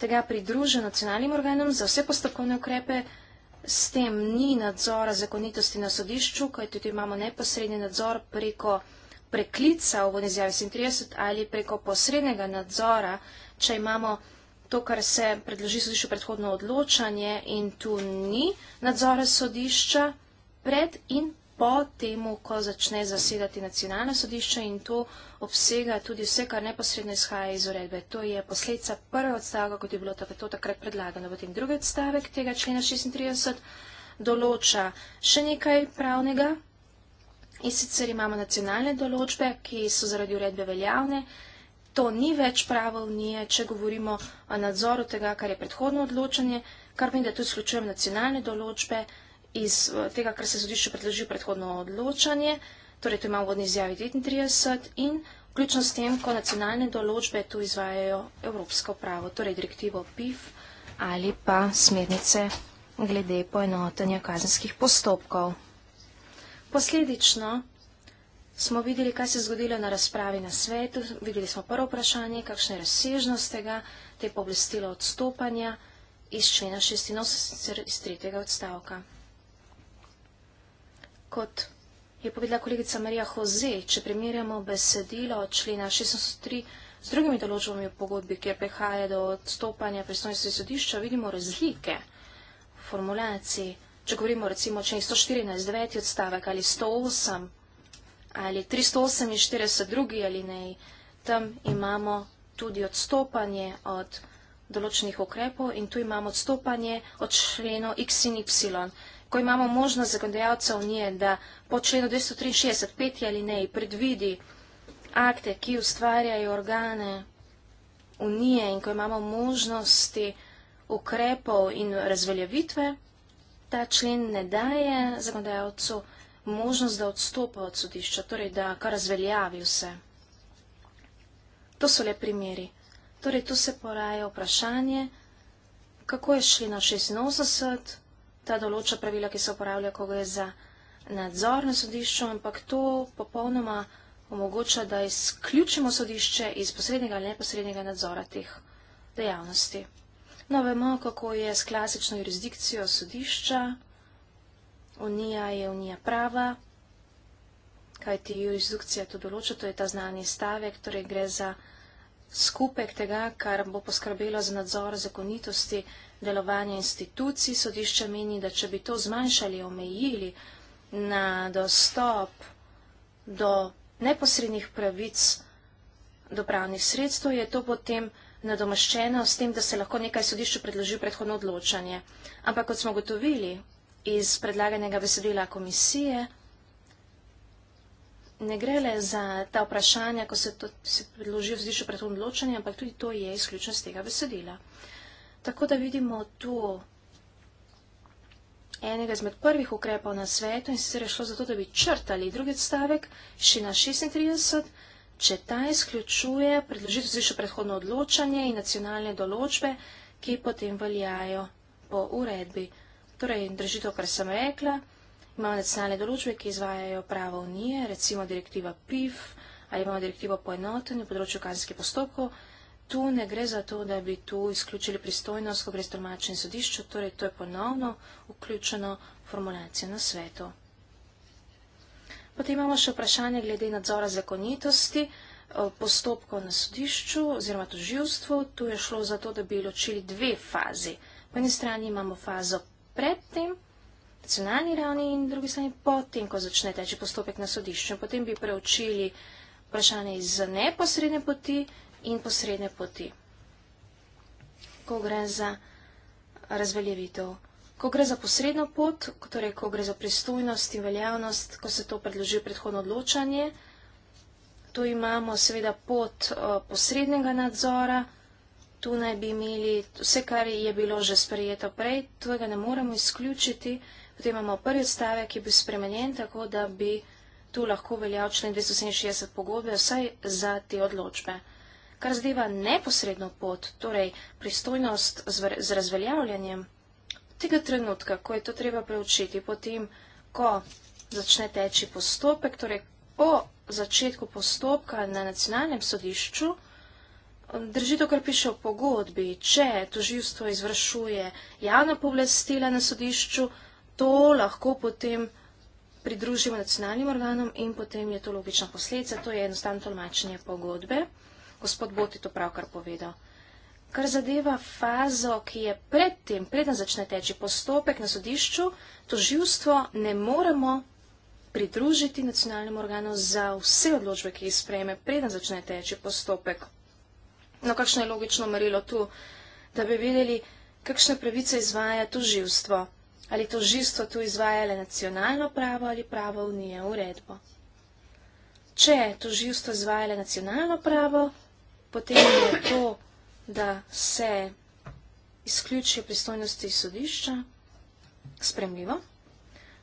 tega pridruženo nacionalnim organom za vse postopkovne ukrepe, s tem ni nadzora zakonitosti na sodišču, kajti tudi imamo neposredni nadzor preko preklical v izjavi 37 ali preko posrednega nadzora, če imamo to, kar se predloži sodišče predhodno odločanje in tu ni nadzora sodišča pred in po temu, ko začne zasedati nacionalno sodišče in to obsega tudi vse, kar neposredno izhaja iz uredbe. To je posledica prve odstavka, kot je bilo to takrat predlagano. V tem drugi odstavek tega člena 36 določa še nekaj pravnega In sicer imamo nacionalne določbe, ki so zaradi uredbe veljavne. To ni več pravo unije, če govorimo o nadzoru tega, kar je predhodno odločanje, kar pomeni, da tu izključujem nacionalne določbe iz eh, tega, kar se sodišče predloži predhodno odločanje, torej to imamo v vodni izjavi 39 in vključno s tem, ko nacionalne določbe tu izvajajo evropsko pravo, torej direktivo PIF ali pa smernice glede poenotanja kazenskih postopkov. Posledično smo videli, kaj se je zgodilo na razpravi na svetu, videli smo prvo vprašanje, kakšne razsežnost tega, te poblestilo odstopanja iz člena 86 iz tretjega odstavka. Kot je povedala kolegica Marija Hoze, če primerjamo besedilo od člena 63 z drugimi določbami v pogodbi, kjer prihaja do odstopanja pristojnosti sodišča, vidimo razlike v formulaciji Če govorimo recimo o členu 114, 9 odstavek ali 108 ali 348 drugi ali ne, tam imamo tudi odstopanje od določenih ukrepov in tu imamo odstopanje od členov x in y. Ko imamo možnost zakonodajalca unije, da po členu 263, 5 ali ne, predvidi akte, ki ustvarjajo organe unije in ko imamo možnosti ukrepov in razveljavitve, ta člen ne daje zakonodajalcu možnost, da odstopa od sodišča, torej da kar razveljavi vse. To so le primeri. Torej, tu se poraja vprašanje, kako je šli na 86, ta določa pravila, ki se uporablja, ko gre za nadzor na sodišču, ampak to popolnoma omogoča, da izključimo sodišče iz posrednjega ali neposrednjega nadzora teh dejavnosti. No, vemo, kako je s klasično jurisdikcijo sodišča. Unija je unija prava, kaj ti jurisdikcija to določa, to je ta znani stavek, torej gre za skupek tega, kar bo poskrbelo za nadzor zakonitosti delovanja institucij. Sodišče meni, da če bi to zmanjšali, omejili na dostop do neposrednih pravic do pravnih sredstev, je to potem nadomaščeno s tem, da se lahko nekaj sodišču predloži predhodno odločanje. Ampak kot smo gotovili iz predlaganega besedila komisije, ne gre le za ta vprašanja, ko se, to, se predloži v sodišču predhodno odločanje, ampak tudi to je izključno z tega besedila. Tako da vidimo tu enega izmed prvih ukrepov na svetu in se je šlo za to, da bi črtali drugi stavek, šina 36, če ta izključuje predložitev za predhodno odločanje in nacionalne določbe, ki potem veljajo po uredbi. Torej, drži to, kar sem rekla, imamo nacionalne določbe, ki izvajajo pravo unije, recimo direktiva PIF ali imamo direktivo poenotenje v področju kazenskih postopkov. Tu ne gre za to, da bi tu izključili pristojnost, ko gre za tolmačenje sodišča, torej to je ponovno vključeno formulacijo na svetu. Potem imamo še vprašanje glede nadzora zakonitosti eh, postopkov na sodišču oziroma toživstvu. Tu je šlo za to, da bi ločili dve fazi. Po eni strani imamo fazo predtem, nacionalni ravni in drugi strani potem, ko začne teči postopek na sodišču. Potem bi preučili vprašanje iz neposredne poti in posredne poti, ko gre za razveljevitev. Ko gre za posredno pot, torej ko gre za pristojnost in veljavnost, ko se to predloži predhodno odločanje, tu imamo seveda pot eh, posrednega nadzora, tu naj bi imeli vse, kar je bilo že sprejeto prej, tega ne moremo izključiti. Potem imamo prvi odstavek, ki je bil spremenjen tako, da bi tu lahko veljal člen 267 pogodbe vsaj za te odločbe. Kar zadeva neposredno pot, torej pristojnost z razveljavljanjem tega trenutka, ko je to treba preučiti, potem, ko začne teči postopek, torej po začetku postopka na nacionalnem sodišču, drži to, kar piše v pogodbi, če toživstvo izvršuje javna povlastila na sodišču, to lahko potem pridružimo nacionalnim organom in potem je to logična posledica, to je enostavno tolmačenje pogodbe. Gospod Boti to pravkar povedal. Kar zadeva fazo, ki je predtem, preden začne teči postopek na sodišču, to živstvo ne moremo pridružiti nacionalnemu organu za vse odločbe, ki jih sprejme, preden začne teči postopek. No, kakšno je logično merilo tu, da bi vedeli, kakšne pravice izvaja to živstvo. Ali to živstvo tu izvaja le nacionalno pravo ali pravo unije uredbo. Če to živstvo izvaja le nacionalno pravo, potem je to da se izključijo pristojnosti sodišča, spremljivo.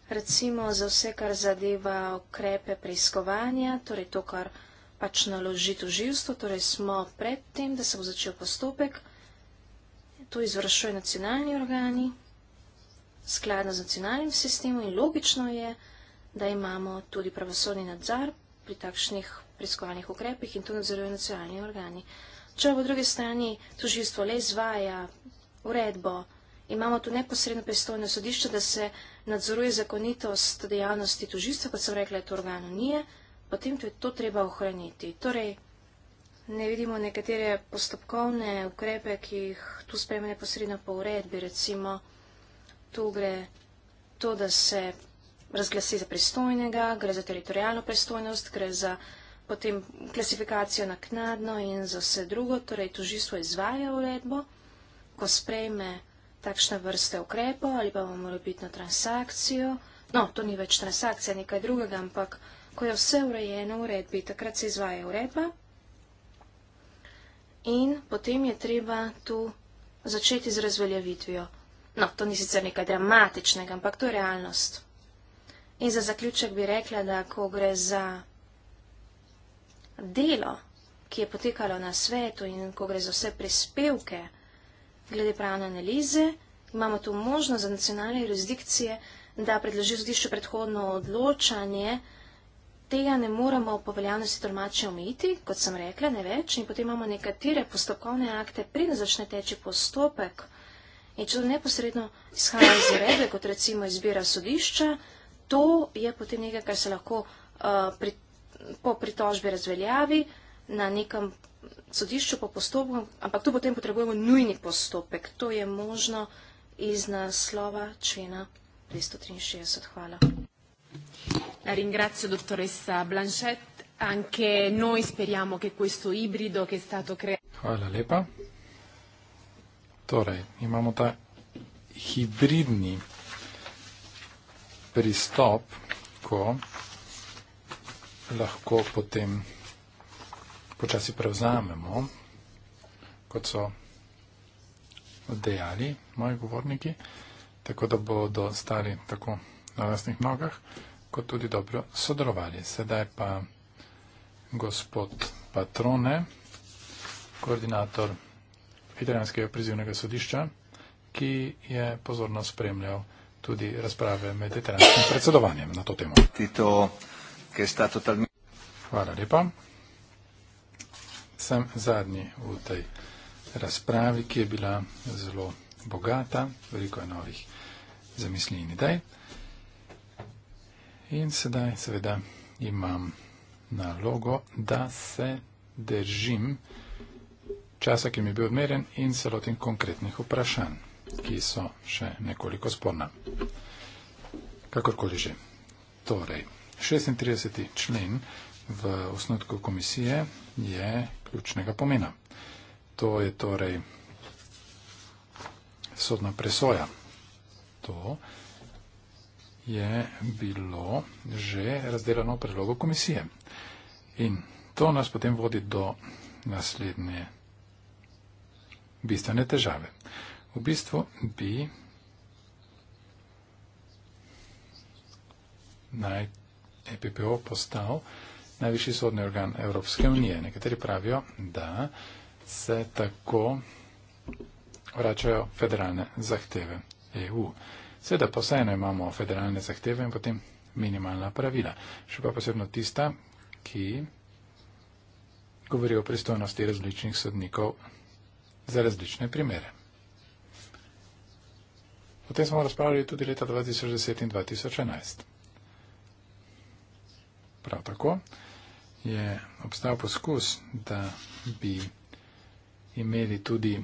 Recimo za vse, kar zadeva ukrepe preiskovanja, torej to, kar pač naloži tožilstvo, torej smo pred tem, da se bo začel postopek, to izvršuje nacionalni organi, skladno z nacionalnim sistemom in logično je, da imamo tudi pravosodni nadzor pri takšnih preiskovanih ukrepih in to nadzorujejo nacionalni organi. Uh, Če po drugi strani tužilstvo le izvaja uredbo, imamo tu neposredno pristojno sodišče, da se nadzoruje zakonitost dejavnosti tužilstva, kot sem rekla, je to organ unije, potem to je to treba ohraniti. Torej, ne vidimo nekatere postopkovne ukrepe, ki jih tu sprejme neposredno po uredbi, recimo tu gre to, da se razglasi za pristojnega, gre za teritorijalno pristojnost, gre za potem klasifikacijo naknadno in za vse drugo, torej tožistvo izvaja uredbo, ko sprejme takšne vrste ukrepov ali pa mora biti na transakcijo, no, to ni več transakcija, nekaj drugega, ampak ko je vse urejeno v uredbi, takrat se izvaja uredba in potem je treba tu začeti z razveljavitvijo. No, to ni sicer nekaj dramatičnega, ampak to je realnost. In za zaključek bi rekla, da ko gre za delo, ki je potekalo na svetu in ko gre za vse prispevke glede pravne analize, imamo tu možnost za nacionalne jurisdikcije, da predloži zdišče predhodno odločanje. Tega ne moremo po veljavnosti tolmače omejiti, kot sem rekla, ne več. In potem imamo nekatere postopkovne akte, preden začne teči postopek. In če to neposredno izhaja iz urebe, kot recimo izbira sodišča, to je potem nekaj, kar se lahko uh, eh, pritrdi po pritožbi razveljavi na nekem sodišču po postopku, ampak tu potem potrebujemo nujni postopek. To je možno iz naslova člena 263. Hvala. Ringrazio dottoressa Blanchet, anche noi speriamo che questo ibrido che è stato creato. Hvala lepa. Torej, imamo ta hibridni pristop, ko lahko potem počasi prevzamemo, kot so dejali moji govorniki, tako da bodo stali tako na vlastnih nogah, kot tudi dobro sodelovali. Sedaj pa gospod Patrone, koordinator Italijanskega prizivnega sodišča, ki je pozorno spremljal tudi razprave med italijanskim predsedovanjem na to temo. Tito ki sta totalmente. Hvala lepa. Sem zadnji v tej razpravi, ki je bila zelo bogata, veliko je novih zamisli in idej. In sedaj seveda imam nalogo, da se držim časa, ki mi je bil odmeren in celotin konkretnih vprašanj, ki so še nekoliko sporna. Kakorkoli že. Torej. 36. člen v osnutku komisije je ključnega pomena. To je torej sodna presoja. To je bilo že razdeljeno v predlogu komisije. In to nas potem vodi do naslednje bistvene težave. V bistvu bi naj EPPO postal najvišji sodni organ Evropske unije. Nekateri pravijo, da se tako vračajo federalne zahteve EU. Seveda pa vseeno imamo federalne zahteve in potem minimalna pravila. Še pa posebno tista, ki govori o pristojnosti različnih sodnikov za različne primere. Potem smo razpravljali tudi leta 2010 in 2011. Prav tako je obstajal poskus, da bi imeli tudi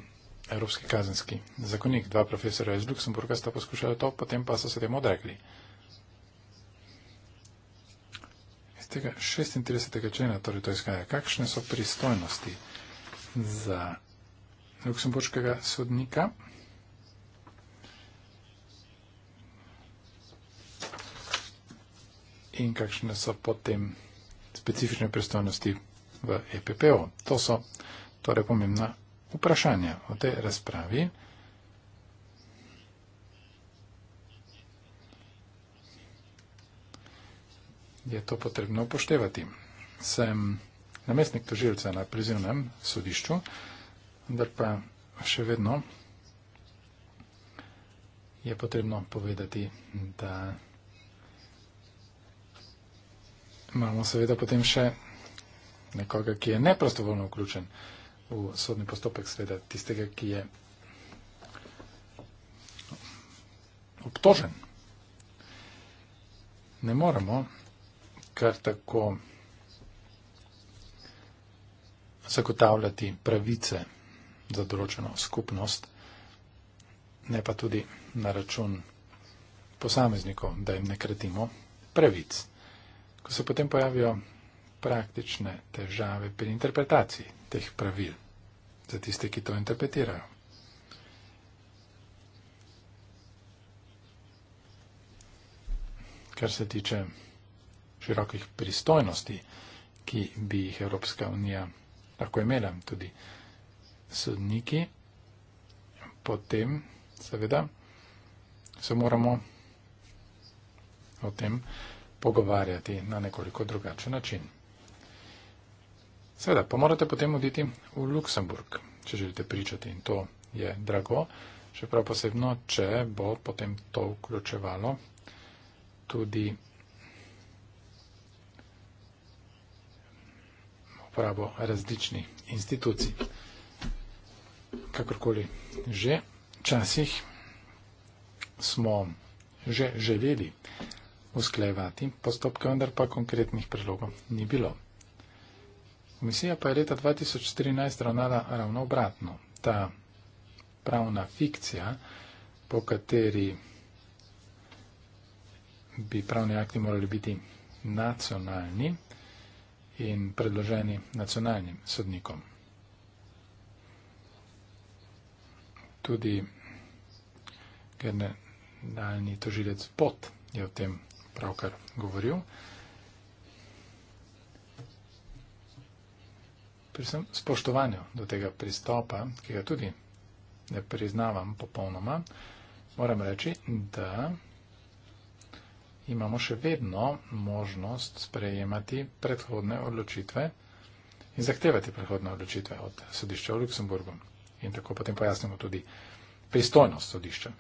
Evropski kazenski zakonik. Dva profesora iz Luksemburga sta poskušala to, potem pa so se temu odrekli. Iz tega 36. člena torej to izhaja. Kakšne so pristojnosti za luksemburškega sodnika? in kakšne so potem specifične pristojnosti v EPPO. To so torej pomembna vprašanja o tej razpravi. Je to potrebno upoštevati. Sem namestnik tožilca na prizivnem sodišču, vendar pa še vedno je potrebno povedati, da imamo seveda potem še nekoga, ki je neprostovoljno vključen v sodni postopek, seveda tistega, ki je obtožen. Ne moremo kar tako zagotavljati pravice za določeno skupnost, ne pa tudi na račun posameznikov, da jim ne kratimo pravic ko se potem pojavijo praktične težave pri interpretaciji teh pravil za tiste, ki to interpretirajo. Kar se tiče širokih pristojnosti, ki bi jih Evropska unija lahko imela, tudi sodniki, potem seveda se moramo o tem pripraviti pogovarjati na nekoliko drugačen način. Seveda, pa morate potem oditi v Luksemburg, če želite pričati in to je drago, še prav posebno, če bo potem to vključevalo tudi uporabo različnih institucij. Kakorkoli že, včasih smo že želeli usklejevati postopke, vendar pa konkretnih predlogov ni bilo. Komisija pa je leta 2013 ravnala ravno obratno. Ta pravna fikcija, po kateri bi pravni akti morali biti nacionalni in predloženi nacionalnim sodnikom. Tudi generalni tožilec Pot je v tem pravkar govoril. Pri vsem spoštovanju do tega pristopa, ki ga tudi ne priznavam popolnoma, moram reči, da imamo še vedno možnost sprejemati predhodne odločitve in zahtevati predhodne odločitve od sodišča v Luksemburgu. In tako potem pojasnimo tudi pristojnost sodišča.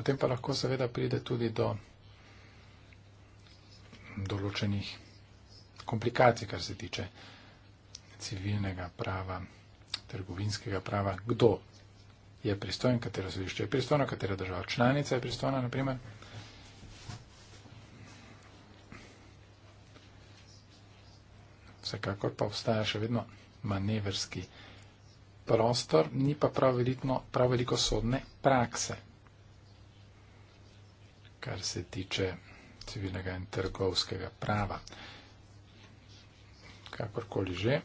Potem pa lahko seveda pride tudi do določenih komplikacij, kar se tiče civilnega prava, trgovinskega prava, kdo je pristojen, katero sodišče je pristojno, katera država članica je pristojna, naprimer. Vsekakor pa obstaja še vedno manevrski prostor, ni pa prav, veritno, prav veliko sodne prakse kar se tiče civilnega in trgovskega prava. Kakorkoli že,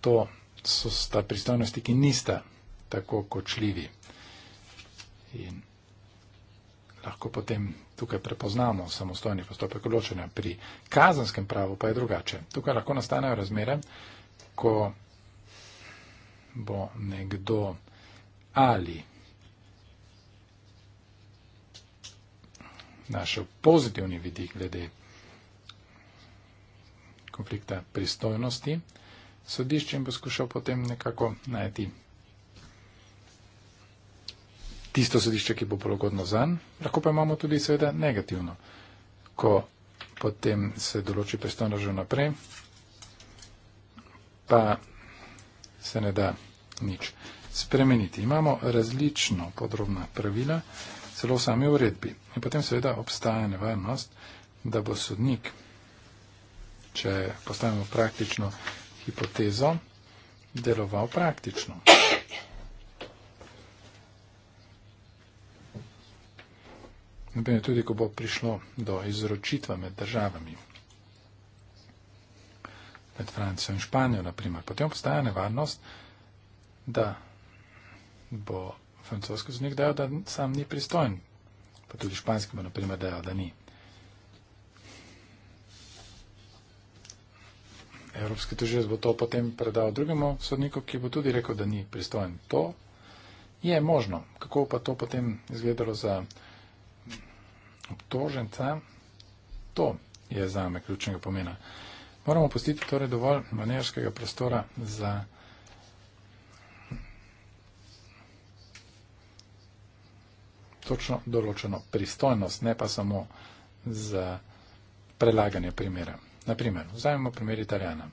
to so sta pristojnosti, ki nista tako kočljivi. In lahko potem tukaj prepoznamo samostojni postopek odločanja. Pri kazanskem pravu pa je drugače. Tukaj lahko nastanejo razmere, ko bo nekdo ali našel pozitivni vidik glede konflikta pristojnosti, sodišče in bo skušal potem nekako najti tisto sodišče, ki bo pologodno zanj. Lahko pa imamo tudi seveda negativno, ko potem se določi pristojnost že naprej, pa se ne da nič spremeniti. Imamo različno podrobna pravila celo v sami uredbi. In potem seveda obstaja nevarnost, da bo sodnik, če postavimo praktično hipotezo, deloval praktično. Naprimer, tudi ko bo prišlo do izročitva med državami, med Francijo in Španijo, naprimer, potem obstaja nevarnost, da bo francoski zunik dejal, da sam ni pristojen. Pa tudi španski mu naprimer dejal, da ni. Evropski tožilec bo to potem predal drugemu sodniku, ki bo tudi rekel, da ni pristojen. To je možno. Kako pa to potem izgledalo za obtoženca, to je za me ključnega pomena. Moramo postiti torej dovolj manevrskega prostora za obtoženca. točno določeno pristojnost, ne pa samo za prelaganje primera. Naprimer, vzajemo primer Italijana.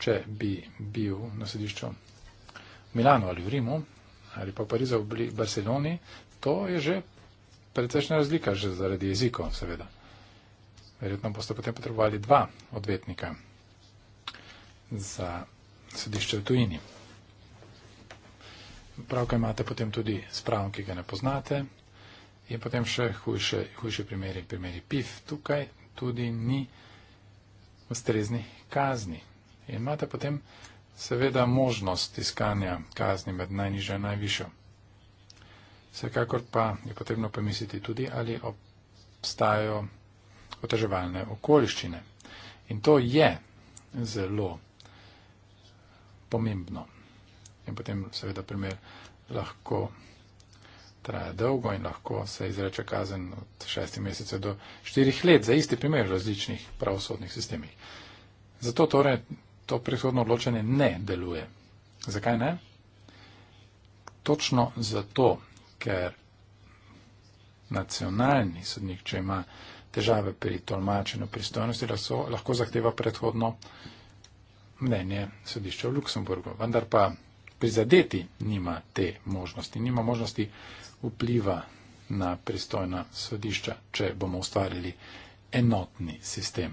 Če bi bil na sodišču v Milano ali v Rimu ali pa v Parizu v Barceloni, to je že precejšnja razlika, že zaradi jezikov, seveda. Verjetno boste potem potrebovali dva odvetnika za sodišče v tujini pravkar imate potem tudi spravnik, ki ga ne poznate. In potem še hujše, hujše primere, primere PIF. Tukaj tudi ni ustreznih kazni. In imate potem seveda možnost iskanja kazni med najnižjo in najvišjo. Vsekakor pa je potrebno pomisliti tudi, ali obstajajo oteževalne okoliščine. In to je zelo pomembno in potem seveda primer lahko traja dolgo in lahko se izreče kazen od šestih mesecev do štirih let za isti primer v različnih pravosodnih sistemih. Zato torej to prihodno odločanje ne deluje. Zakaj ne? Točno zato, ker nacionalni sodnik, če ima težave pri tolmačenju pristojnosti, lahko, lahko zahteva predhodno mnenje sodišča v Luksemburgu. Vendar pa prizadeti nima te možnosti, nima možnosti vpliva na pristojna sodišča, če bomo ustvarili enotni sistem.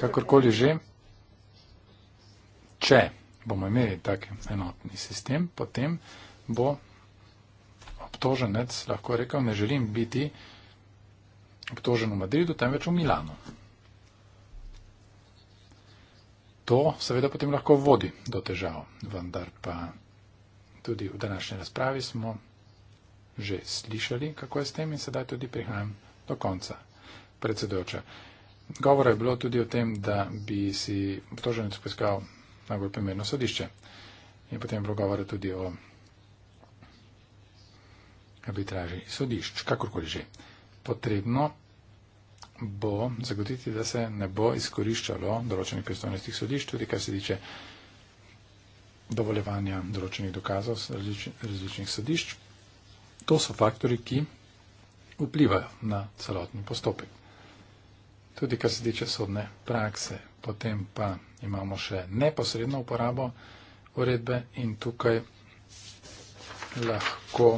Kakorkoli že, če bomo imeli tak enotni sistem, potem bo obtoženec lahko rekel, ne želim biti obtožen v Madridu, temveč v Milano. To seveda potem lahko vodi do težav, vendar pa tudi v današnji razpravi smo že slišali, kako je s tem in sedaj tudi prihajam do konca. Predsedujoča, govora je bilo tudi o tem, da bi si obtoženec poiskal najbolj primerno sodišče. In potem je bilo govora tudi o arbitraži sodišč, kakorkoli že. Potrebno bo zagotoviti, da se ne bo izkoriščalo določenih pristojnosti sodišč, tudi kar se tiče dovoljevanja določenih dokazov različnih sodišč. To so faktori, ki vplivajo na celoten postopek. Tudi kar se tiče sodne prakse, potem pa imamo še neposredno uporabo uredbe in tukaj lahko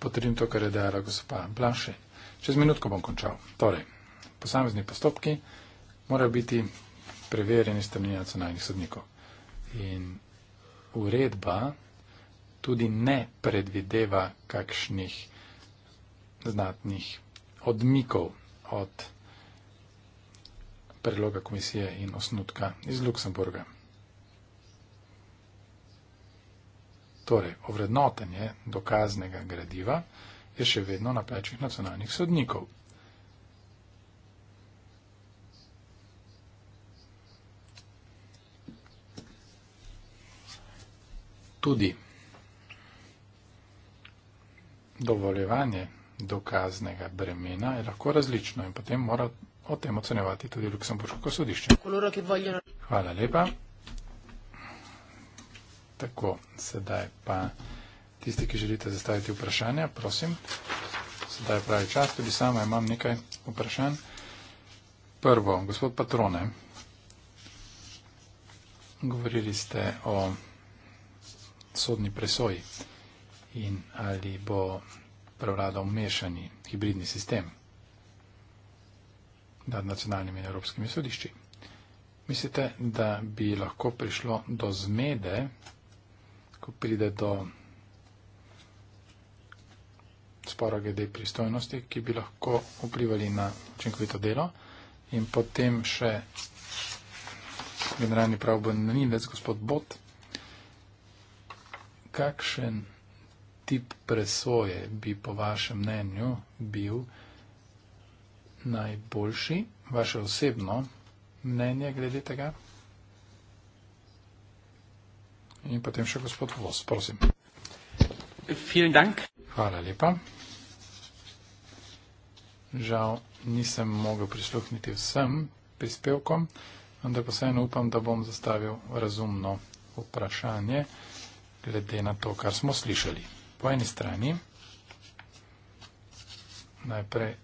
potrdim to, kar je dejala gospa Blaše Čez minutko bom končal. Torej, posamezni postopki morajo biti preverjeni strani nacionalnih sodnikov. In uredba tudi ne predvideva kakšnih znatnih odmikov od predloga komisije in osnutka iz Luksemburga. Torej, ovrednotenje dokaznega gradiva je še vedno na plečih nacionalnih sodnikov. Tudi dovoljevanje dokaznega bremena je lahko različno in potem mora o tem ocenjevati tudi Luksemburško sodišče. Hvala lepa. Tako, sedaj pa. Tisti, ki želite zastaviti vprašanja, prosim. Sedaj je pravi čas, tudi sama imam nekaj vprašanj. Prvo, gospod Patrone, govorili ste o sodni presoji in ali bo prevladal mešani hibridni sistem nad nacionalnimi in evropskimi sodišči. Mislite, da bi lahko prišlo do zmede, ko pride do spora glede pristojnosti, ki bi lahko vplivali na učinkovito delo. In potem še generalni pravobranilec gospod Bot. Kakšen tip presoje bi po vašem mnenju bil najboljši, vaše osebno mnenje glede tega? In potem še gospod Vos, prosim. Vielen Dank. Hvala lepa. Žal nisem mogel prisluhniti vsem prispevkom, vendar pa vseeno upam, da bom zastavil razumno vprašanje glede na to, kar smo slišali. Po eni strani najprej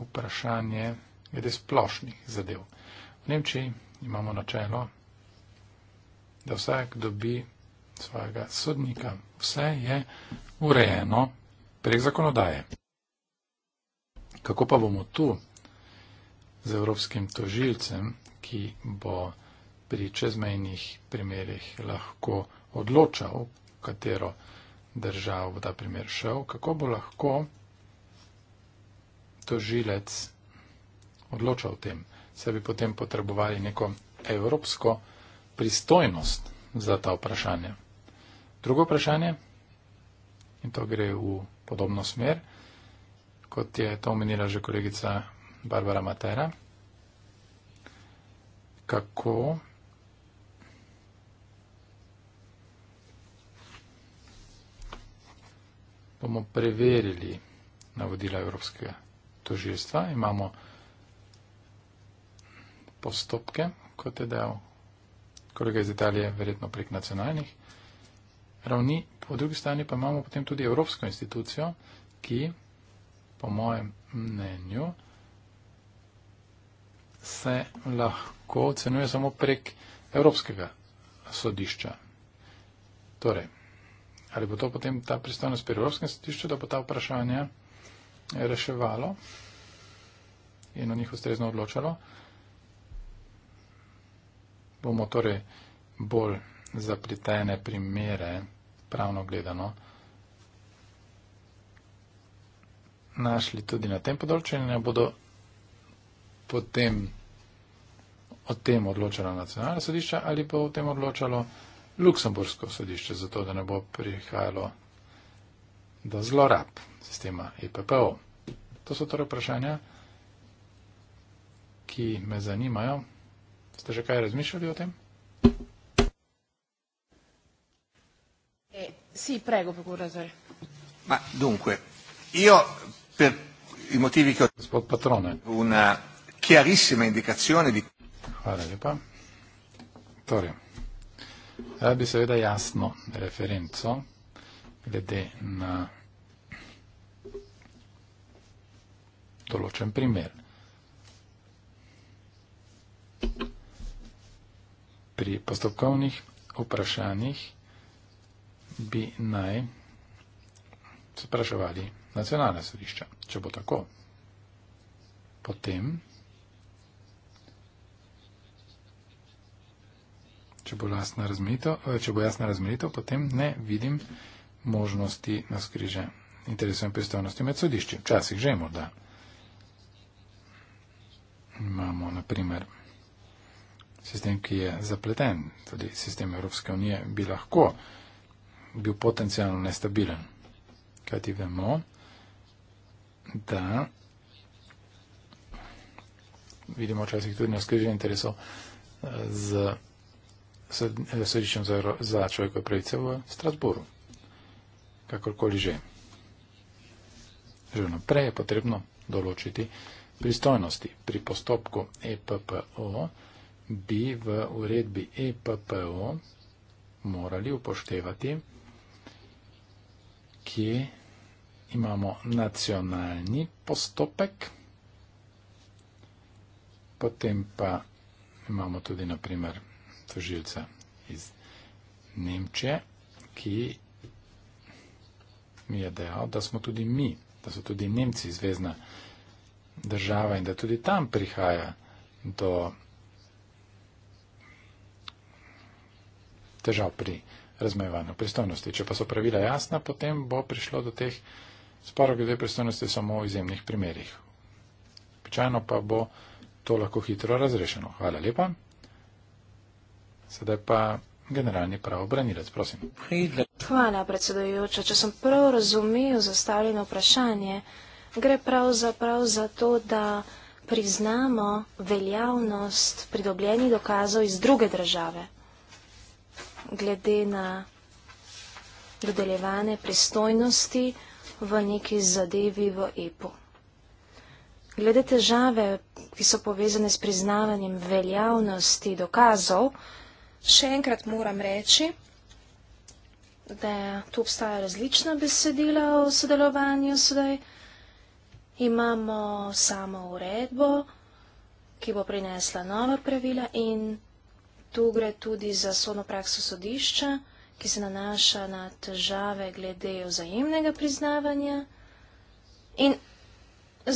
vprašanje glede splošnih zadev. V Nemčiji imamo načelo, da vsak dobi svojega sodnika. Vse je urejeno prek zakonodaje. Kako pa bomo tu z evropskim tožilcem, ki bo pri čezmejnih primerjih lahko odločal, katero državo bo ta primer šel, kako bo lahko tožilec odločal o tem. Se bi potem potrebovali neko evropsko pristojnost za ta vprašanja. Drugo vprašanje, in to gre v podobno smer, kot je to omenila že kolegica Barbara Matera. Kako? bomo preverili navodila Evropskega tožilstva. Imamo postopke, kot je dejal kolega iz Italije, verjetno prek nacionalnih ravni, po drugi strani pa imamo potem tudi Evropsko institucijo, ki, po mojem mnenju, se lahko ocenuje samo prek Evropskega sodišča. Torej, ali bo to potem ta pristojnost pri Evropskem sodišču, da bo ta vprašanja reševalo in o njih ustrezno odločalo? Bomo torej bolj zapletene primere pravno gledano, našli tudi na tem področju in bodo potem o tem odločala nacionalna sodišča ali pa o tem odločalo Luksemburgsko sodišče, zato da ne bo prihajalo do zlorab sistema EPPO. To so torej vprašanja, ki me zanimajo. Ste že kaj razmišljali o tem? Sì, prego, procuratore. Ma dunque, io per i motivi che ho dato, una chiarissima indicazione di. Hvala lepa. Torej, rad bi seveda jasno referenco glede na določen primer. Pri postopkovnih vprašanjih bi naj spraševali nacionalne sodišča. Če bo tako, potem, če bo, če bo jasna razmeritev, potem ne vidim možnosti na skriže interesov in pristojnosti med sodišči. Včasih že morda. Imamo, na primer, sistem, ki je zapleten, tudi sistem Evropske unije bi lahko uh, bil potencijalno nestabilen. Kaj ti vemo, da vidimo včasih tudi na skrižen interesov eh, z eh, središčem za, za človekove pravice v Strasburu. Kakorkoli že. Že naprej je potrebno določiti pristojnosti. Pri postopku EPPO bi v uredbi EPPO morali upoštevati kje imamo nacionalni postopek, potem pa imamo tudi naprimer tožilca iz Nemčije, ki mi je dejal, da smo tudi mi, da so tudi Nemci zvezdna država in da tudi tam prihaja do težav pri državi razmejevanju pristojnosti. Če pa so pravila jasna, potem bo prišlo do teh sporov glede pristojnosti samo v izjemnih primerjih. Običajno pa bo to lahko hitro razrešeno. Hvala lepa. Sedaj pa generalni pravobranilec, prosim. Hvala, predsedojoča. Če sem prav razumel zastavljeno vprašanje, gre pravzaprav za to, da priznamo veljavnost pridobljenih dokazov iz druge države glede na dodeljevane pristojnosti v neki zadevi v EPO. Glede težave, ki so povezane s priznavanjem veljavnosti dokazov, še enkrat moram reči, da tu obstajajo različna besedila o sodelovanju sedaj. Imamo samo uredbo, ki bo prinesla nova pravila in Tu gre tudi za sodno prakso sodišča, ki se nanaša na težave glede vzajemnega priznavanja. In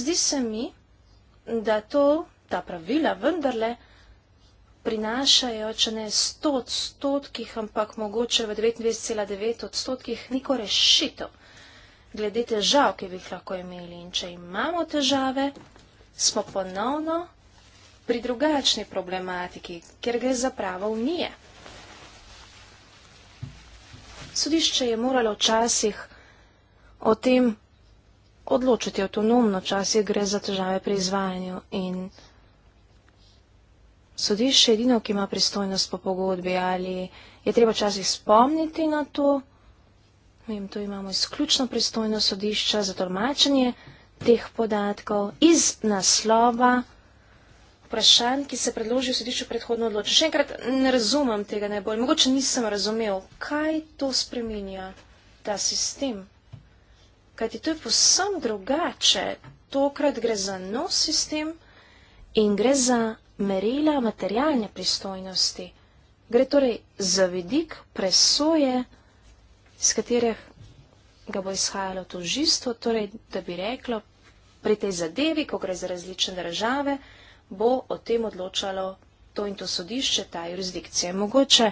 zdi se mi, da to, ta pravila vendarle prinašajo, če ne 100 odstotkih, ampak mogoče v 29,9 odstotkih neko rešitev glede težav, ki bi jih lahko imeli. In če imamo težave, smo ponovno pri drugačni problematiki, ker gre za pravo unije. Sodišče je moralo včasih o tem odločiti avtonomno, včasih gre za težave pri izvajanju in sodišče je edino, ki ima pristojnost po pogodbi ali je treba včasih spomniti na to. Vem, tu imamo izključno pristojnost sodišča za tolmačenje teh podatkov iz naslova vprašanj, ki se predloži v središču predhodno odločitev. Še enkrat ne razumem tega najbolj, mogoče nisem razumel, kaj to spreminja, ta sistem. Kajti to je posem drugače. Tokrat gre za nov sistem in gre za merila materialne pristojnosti. Gre torej za vidik presoje, iz katerih ga bo izhajalo tožistvo, torej da bi reklo pri tej zadevi, ko gre za različne države, bo o tem odločalo to in to sodišče, ta jurisdikcija. Mogoče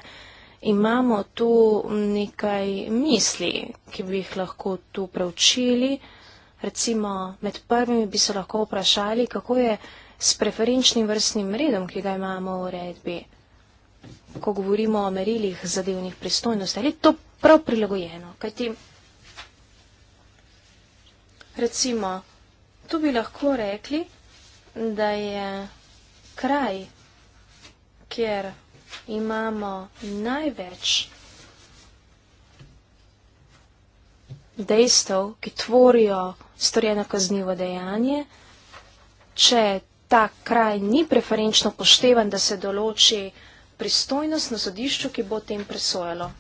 imamo tu nekaj misli, ki bi jih lahko tu preučili. Recimo, med prvimi bi se lahko vprašali, kako je s preferenčnim vrstnim redom, ki ga imamo v redbi, ko govorimo o merilih zadevnih pristojnosti. Ali je to prav prilagojeno? Kajti, recimo, tu bi lahko rekli, da je kraj, kjer imamo največ dejstev, ki tvorijo storjeno kaznivo dejanje, če ta kraj ni preferenčno poštevan, da se določi pristojnost na sodišču, ki bo tem presojalo.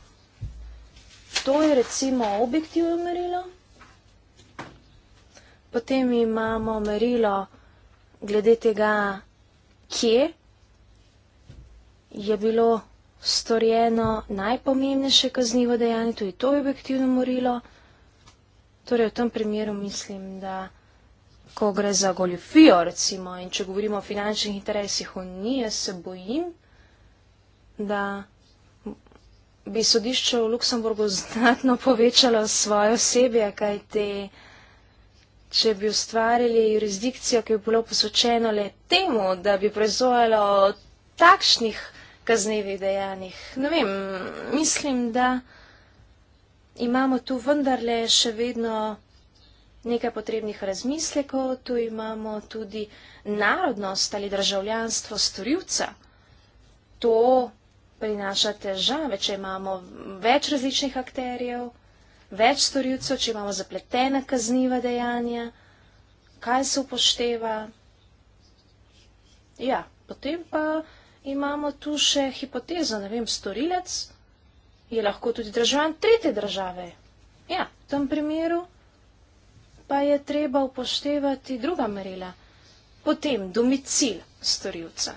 To je recimo objektivno merilo. Potem imamo merilo, glede tega, kje je bilo storjeno najpomembnejše kaznivo dejanje, tudi to je objektivno morilo. Torej, v tem primeru mislim, da ko gre za goljofijo, recimo, in če govorimo o finančnih interesih Unije, se bojim, da bi sodišče v Luksemburgu znatno povečalo svojo osebje, kaj te če bi ustvarili jurisdikcijo, ki bi bilo posvečeno le temu, da bi prezojalo takšnih kaznevih dejanjih. Ne vem, mislim, da imamo tu vendarle še vedno nekaj potrebnih razmislekov, tu imamo tudi narodnost ali državljanstvo storilca. To prinaša težave, če imamo več različnih akterjev več storilcev, če imamo zapletena kazniva dejanja, kaj se upošteva. Ja, potem pa imamo tu še hipotezo, ne vem, storilec je lahko tudi državljan tretje države. Ja, v tem primeru pa je treba upoštevati druga merila. Potem domicil storilca.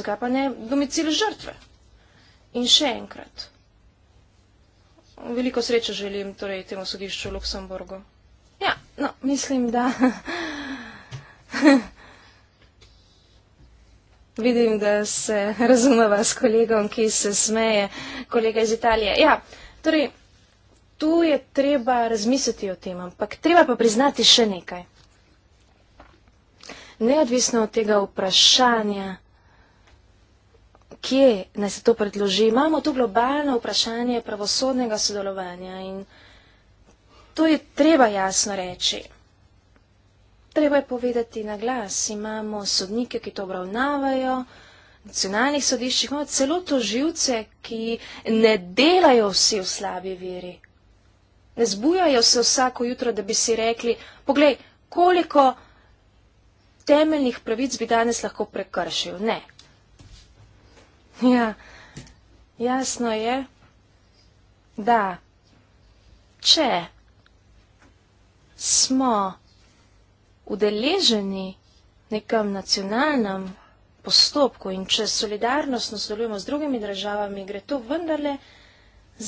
Zakaj pa ne domicil žrtve? In še enkrat, veliko sreče želim torej, temu sodišču v Luksemburgu. Ja, no, mislim, da. Vidim, da se razumeva s kolegom, ki se smeje, kolega iz Italije. Ja, torej, tu je treba razmisliti o tem, ampak treba pa priznati še nekaj. Neodvisno od tega vprašanja, kje naj se to predloži. Imamo tu globalno vprašanje pravosodnega sodelovanja in to je treba jasno reči. Treba je povedati na glas. Imamo sodnike, ki to obravnavajo, nacionalnih sodiščih, imamo celo to živce, ki ne delajo vsi v slabi veri. Ne zbujajo se vsako jutro, da bi si rekli, poglej, koliko temeljnih pravic bi danes lahko prekršil. Ne, Ja, jasno je, da če smo udeleženi nekem nacionalnem postopku in če solidarnostno sodelujemo s drugimi državami, gre to vendarle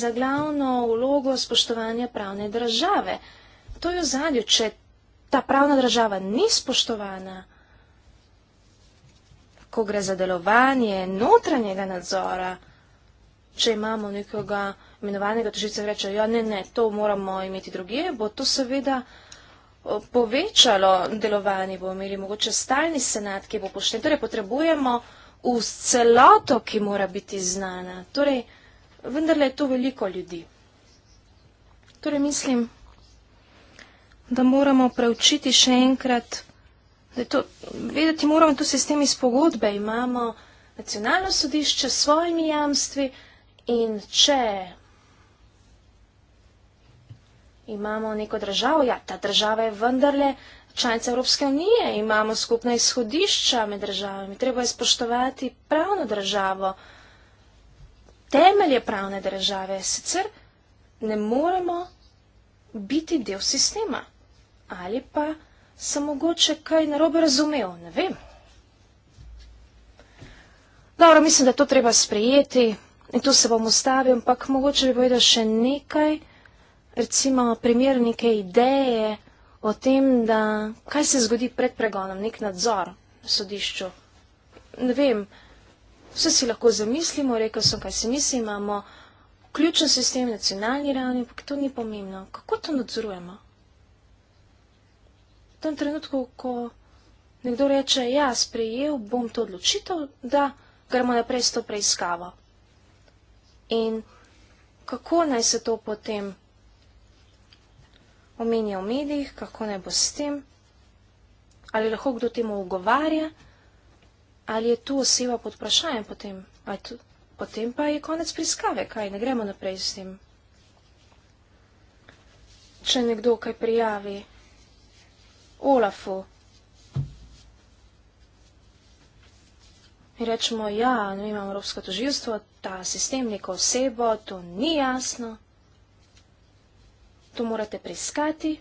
za glavno vlogo spoštovanja pravne države. To je v zadju, če ta pravna država ni spoštovana, ko gre za delovanje notranjega nadzora, če imamo nekoga imenovanega tožilca in reče, ja, ne, ne, to moramo imeti druge, bo to seveda povečalo delovanje, bo imeli mogoče stalni senat, ki bo pošten. Torej, potrebujemo vz celoto, ki mora biti znana. Torej, vendarle je to veliko ljudi. Torej, mislim, da moramo preučiti še enkrat To, vedeti moramo, tu se s temi spogodbe imamo nacionalno sodišče s svojimi jamstvi in če imamo neko državo, ja, ta država je vendarle članica Evropske unije, imamo skupna izhodišča med državami, treba je spoštovati pravno državo, temelje pravne države, sicer ne moremo biti del sistema ali pa sem mogoče kaj narobe razumel, ne vem. Dobro, mislim, da to treba sprejeti in tu se bom ustavil, ampak mogoče bi povedal še nekaj, recimo primer neke ideje o tem, da kaj se zgodi pred pregonom, nek nadzor v sodišču. Ne vem, vse si lahko zamislimo, rekel sem, kaj si mislimo, imamo ključen sistem, nacionalni ravni, ampak to ni pomembno. Kako to nadzorujemo? tem trenutku, ko nekdo reče, ja, sprejel bom to odločitev, da gremo naprej s to preiskavo. In kako naj se to potem omenja v medijih, kako naj bo s tem, ali lahko kdo temu ugovarja, ali je tu oseba pod vprašanjem potem, tu, potem pa je konec preiskave, kaj ne gremo naprej s tem. Če nekdo kaj prijavi, Olafu. Mi rečemo, ja, mi imamo evropsko toživstvo, ta sistem neko osebo, to ni jasno. To morate preiskati.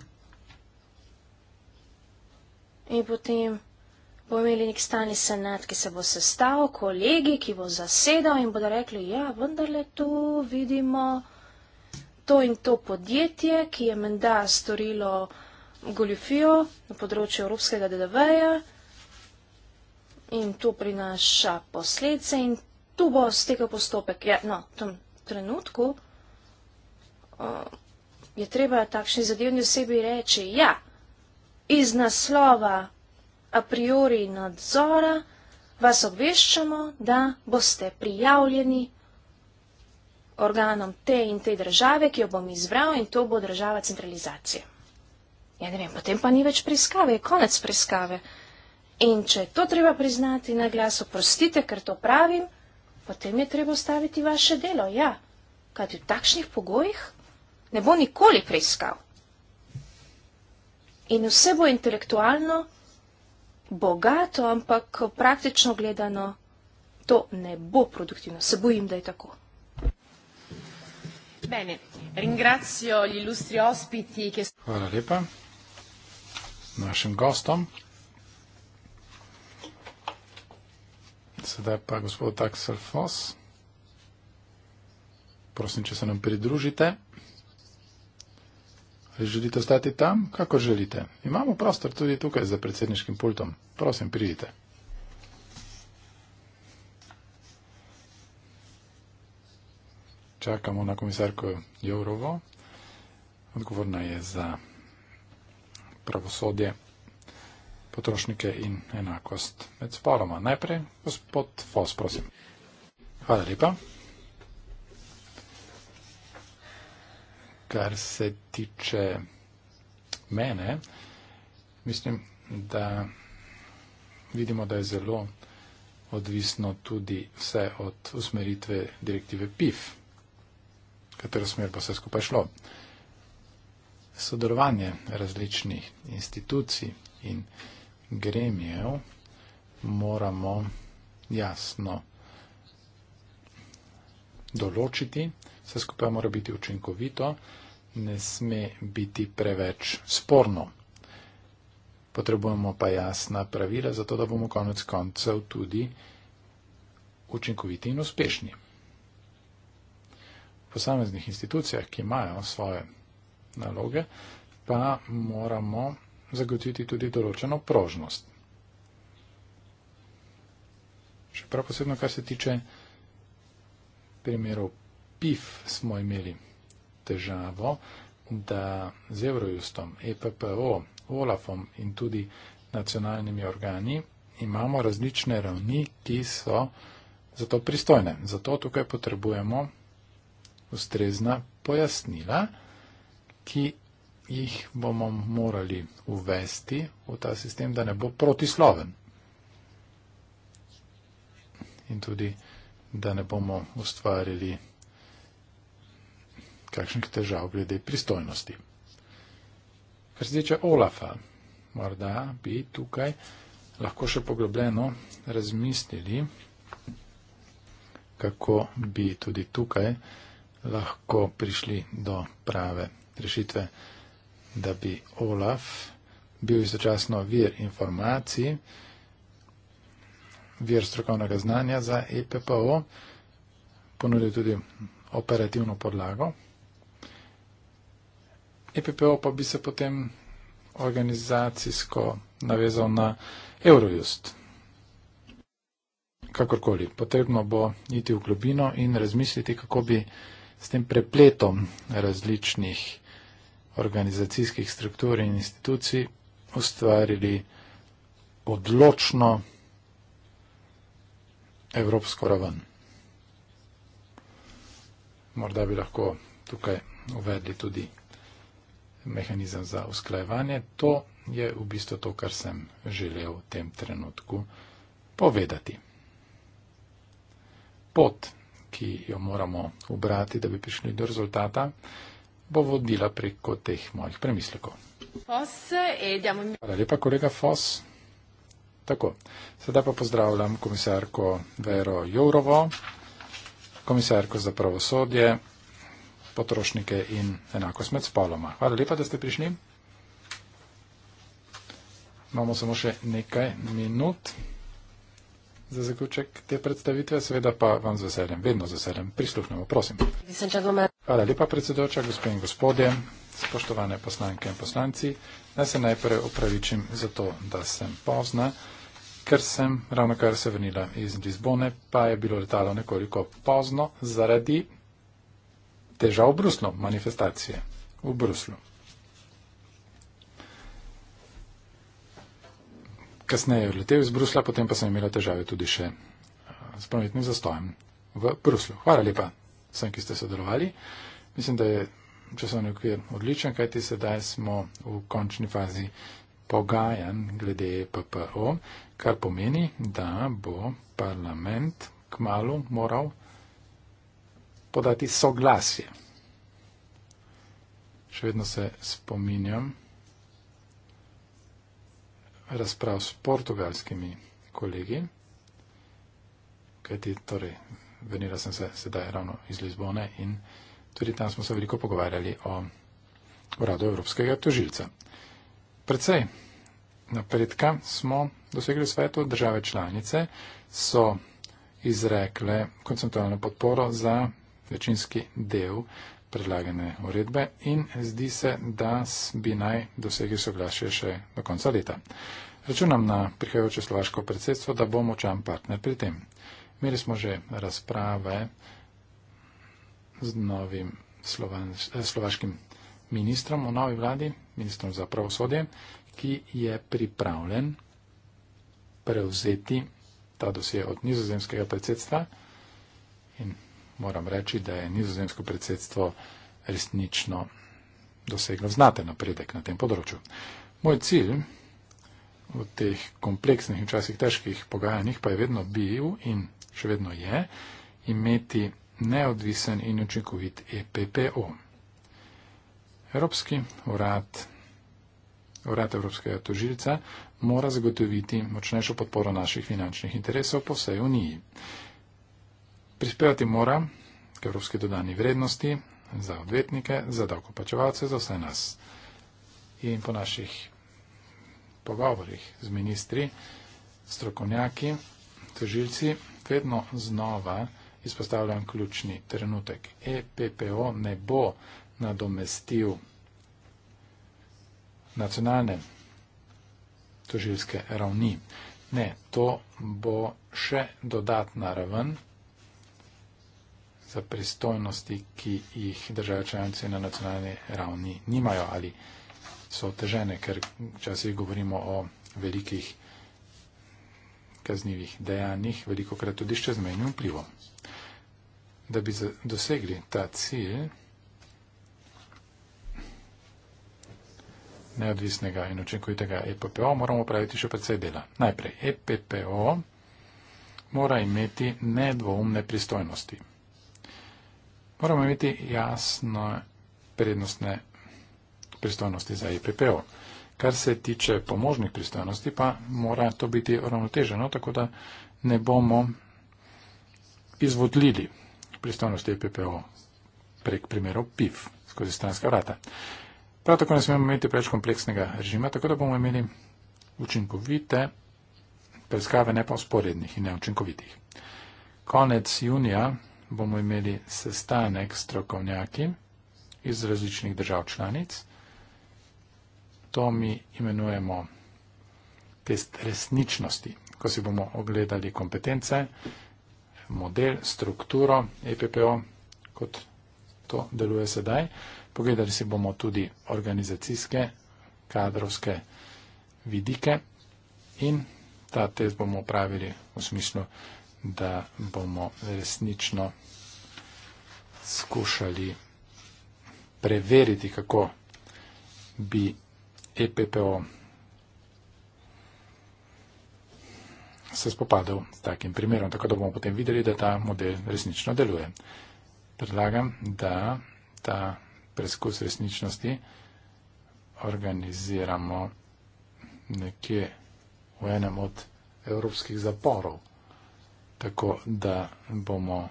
In potem bo imeli nek stani senat, ki se bo sestavil, kolegi, ki bo zasedal in bodo rekli, ja, vendarle tu vidimo to in to podjetje, ki je menda storilo goljofijo na področju evropskega DDV-ja in to prinaša posledce in tu bo stekel postopek. Ja, no, v tem trenutku uh, je treba takšni zadevni osebi reči, ja, iz naslova a priori nadzora vas obveščamo, da boste prijavljeni organom te in te države, ki jo bom izbral in to bo država centralizacije. Ja ne vem, potem pa ni več preiskave, je konec preiskave. In če je to treba priznati na glas, oprostite, ker to pravim, potem je treba ustaviti vaše delo, ja. Kajti v takšnih pogojih ne bo nikoli preiskal. In vse bo intelektualno bogato, ampak praktično gledano to ne bo produktivno. Se bojim, da je tako. Bene, ringrazio gli illustri ospiti che... Hvala lepa našim gostom. Sedaj pa gospod Axel Foss. Prosim, če se nam pridružite. Ali želite ostati tam, kako želite? Imamo prostor tudi tukaj za predsedniškim pultom. Prosim, pridite. Čakamo na komisarko Jourovo. Odgovorna je za pravosodje, potrošnike in enakost med sporoma. Najprej gospod Fos, prosim. Hvala lepa. Kar se tiče mene, mislim, da vidimo, da je zelo odvisno tudi vse od usmeritve direktive PIF, katero smer bo vse skupaj šlo. Uh, sodelovanje različnih institucij in gremijev moramo jasno določiti, vse skupaj mora biti učinkovito, ne sme biti preveč sporno. Potrebujemo pa jasna pravila, zato da bomo konec koncev tudi učinkoviti in uspešni. V posameznih institucijah, ki imajo svoje naloge, pa moramo zagotoviti tudi določeno prožnost. Še prav posebno, kar se tiče primerov PIF, smo imeli težavo, da z Eurojustom, EPPO, OLAFom in tudi nacionalnimi organi imamo različne ravni, ki so zato pristojne. Zato tukaj potrebujemo ustrezna pojasnila ki jih bomo morali uvesti v ta sistem, da ne bo protisloven. In tudi, da ne bomo ustvarili kakšnih težav glede pristojnosti. Kar se tiče Olafa, morda bi tukaj lahko še poglobljeno razmislili, kako bi tudi tukaj lahko prišli do prave rešitve, da bi OLAF bil istočasno vir informacij, vir strokovnega znanja za EPPO, ponudil tudi operativno podlago. EPPO pa bi se potem organizacijsko navezal na Eurojust. Kakorkoli, potrebno bo iti v globino in razmisliti, kako bi s tem prepletom različnih organizacijskih struktur in institucij ustvarili odločno evropsko raven. Morda bi lahko tukaj uvedli tudi mehanizem za usklajevanje. To je v bistvu to, kar sem želel v tem trenutku povedati. Pot, ki jo moramo ubrati, da bi prišli do rezultata, bo vodila preko teh mojih premislekov. Fos, e, eh, Hvala lepa, kolega Fos. Tako, sedaj pa pozdravljam komisarko Vero Jourovo, komisarko za pravosodje, potrošnike in enako smet spoloma. Hvala lepa, da ste prišli. Imamo samo še nekaj minut za zaključek te predstavitve, seveda pa vam z veseljem, vedno z veseljem prisluhnemo, prosim. Hvala lepa predsedoča, gospe in gospodje, spoštovane poslanke in poslanci. Naj se najprej opravičim za to, da sem pozna, ker sem ravno kar se vrnila iz Lizbone, pa je bilo letalo nekoliko pozno zaradi težav v Bruslu, manifestacije v Bruslu. kasneje letel iz Brusla, potem pa sem imela težave tudi še eh, s prometnim zastojem v Bruslu. Hvala lepa vsem, ki ste sodelovali. Mislim, da je časovni okvir odličen, kajti sedaj smo v končni fazi pogajan glede PPO, kar pomeni, da bo parlament kmalo moral podati soglasje. Še vedno se spominjam razprav s portugalskimi kolegi, kajti torej, venila sem se sedaj ravno iz Lizbone in tudi tam smo se veliko pogovarjali o uradu Evropskega tožilca. Predvsej napredka smo dosegli v svetu, države članice so izrekle konceptualno podporo za večinski del predlagane uredbe in zdi se, da bi naj dosegli soglasje še do konca leta. Računam na prihajajoče slovaško predsedstvo, da bo močan partner pri tem. Imeli smo že razprave z novim slovanš, slovaškim ministrom v novi vladi, ministrom za pravosodje, ki je pripravljen prevzeti ta dosje od nizozemskega predsedstva in moram reči, da je nizozemsko predsedstvo resnično doseglo znaten napredek na tem področju. Moj cilj v teh kompleksnih in včasih težkih pogajanjih pa je vedno bil in še vedno je imeti neodvisen in učinkovit EPPO. Evropski urad. Urad Evropskega tožilca mora zagotoviti močnejšo podporo naših finančnih interesov po vsej uniji. Prispevati mora k evropski dodani vrednosti za odvetnike, za davkoplačevalce, za vse nas. In po naših pogovorih z ministri, strokovnjaki, tožilci, vedno znova izpostavljam ključni trenutek. EPPO ne bo nadomestil nacionalne tožilske ravni. Ne, to bo še dodatna raven za pristojnosti, ki jih države članice na nacionalni ravni nimajo ali so otežene, ker včasih govorimo o velikih kaznjivih dejanjih, veliko krat tudi še z menjim vplivom. Da bi dosegli ta cilj neodvisnega in očinkovitega EPPO, moramo praviti še predvsej dela. Najprej, EPPO mora imeti nedvoumne pristojnosti moramo imeti jasno prednostne pristojnosti za IPPO. E Kar se tiče pomožnih pristojnosti, pa mora to biti uravnoteženo, tako da ne bomo izvodlili pristojnosti IPPO e prek primerov PIF skozi stranska vrata. Prav tako ne smemo imeti preveč kompleksnega režima, tako da bomo imeli učinkovite preiskave, ne pa usporednih in neučinkovitih. Konec junija bomo imeli sestanek s strokovnjaki iz različnih držav članic. To mi imenujemo test resničnosti, ko si bomo ogledali kompetence, model, strukturo EPPO, kot to deluje sedaj. Pogledali si bomo tudi organizacijske, kadrovske vidike in ta test bomo upravili v smislu, da bomo resnično skušali preveriti, kako bi EPPO se spopadal s takim primerom, tako da bomo potem videli, da ta model resnično deluje. Predlagam, da ta preskus resničnosti organiziramo nekje v enem od evropskih zaporov, tako da bomo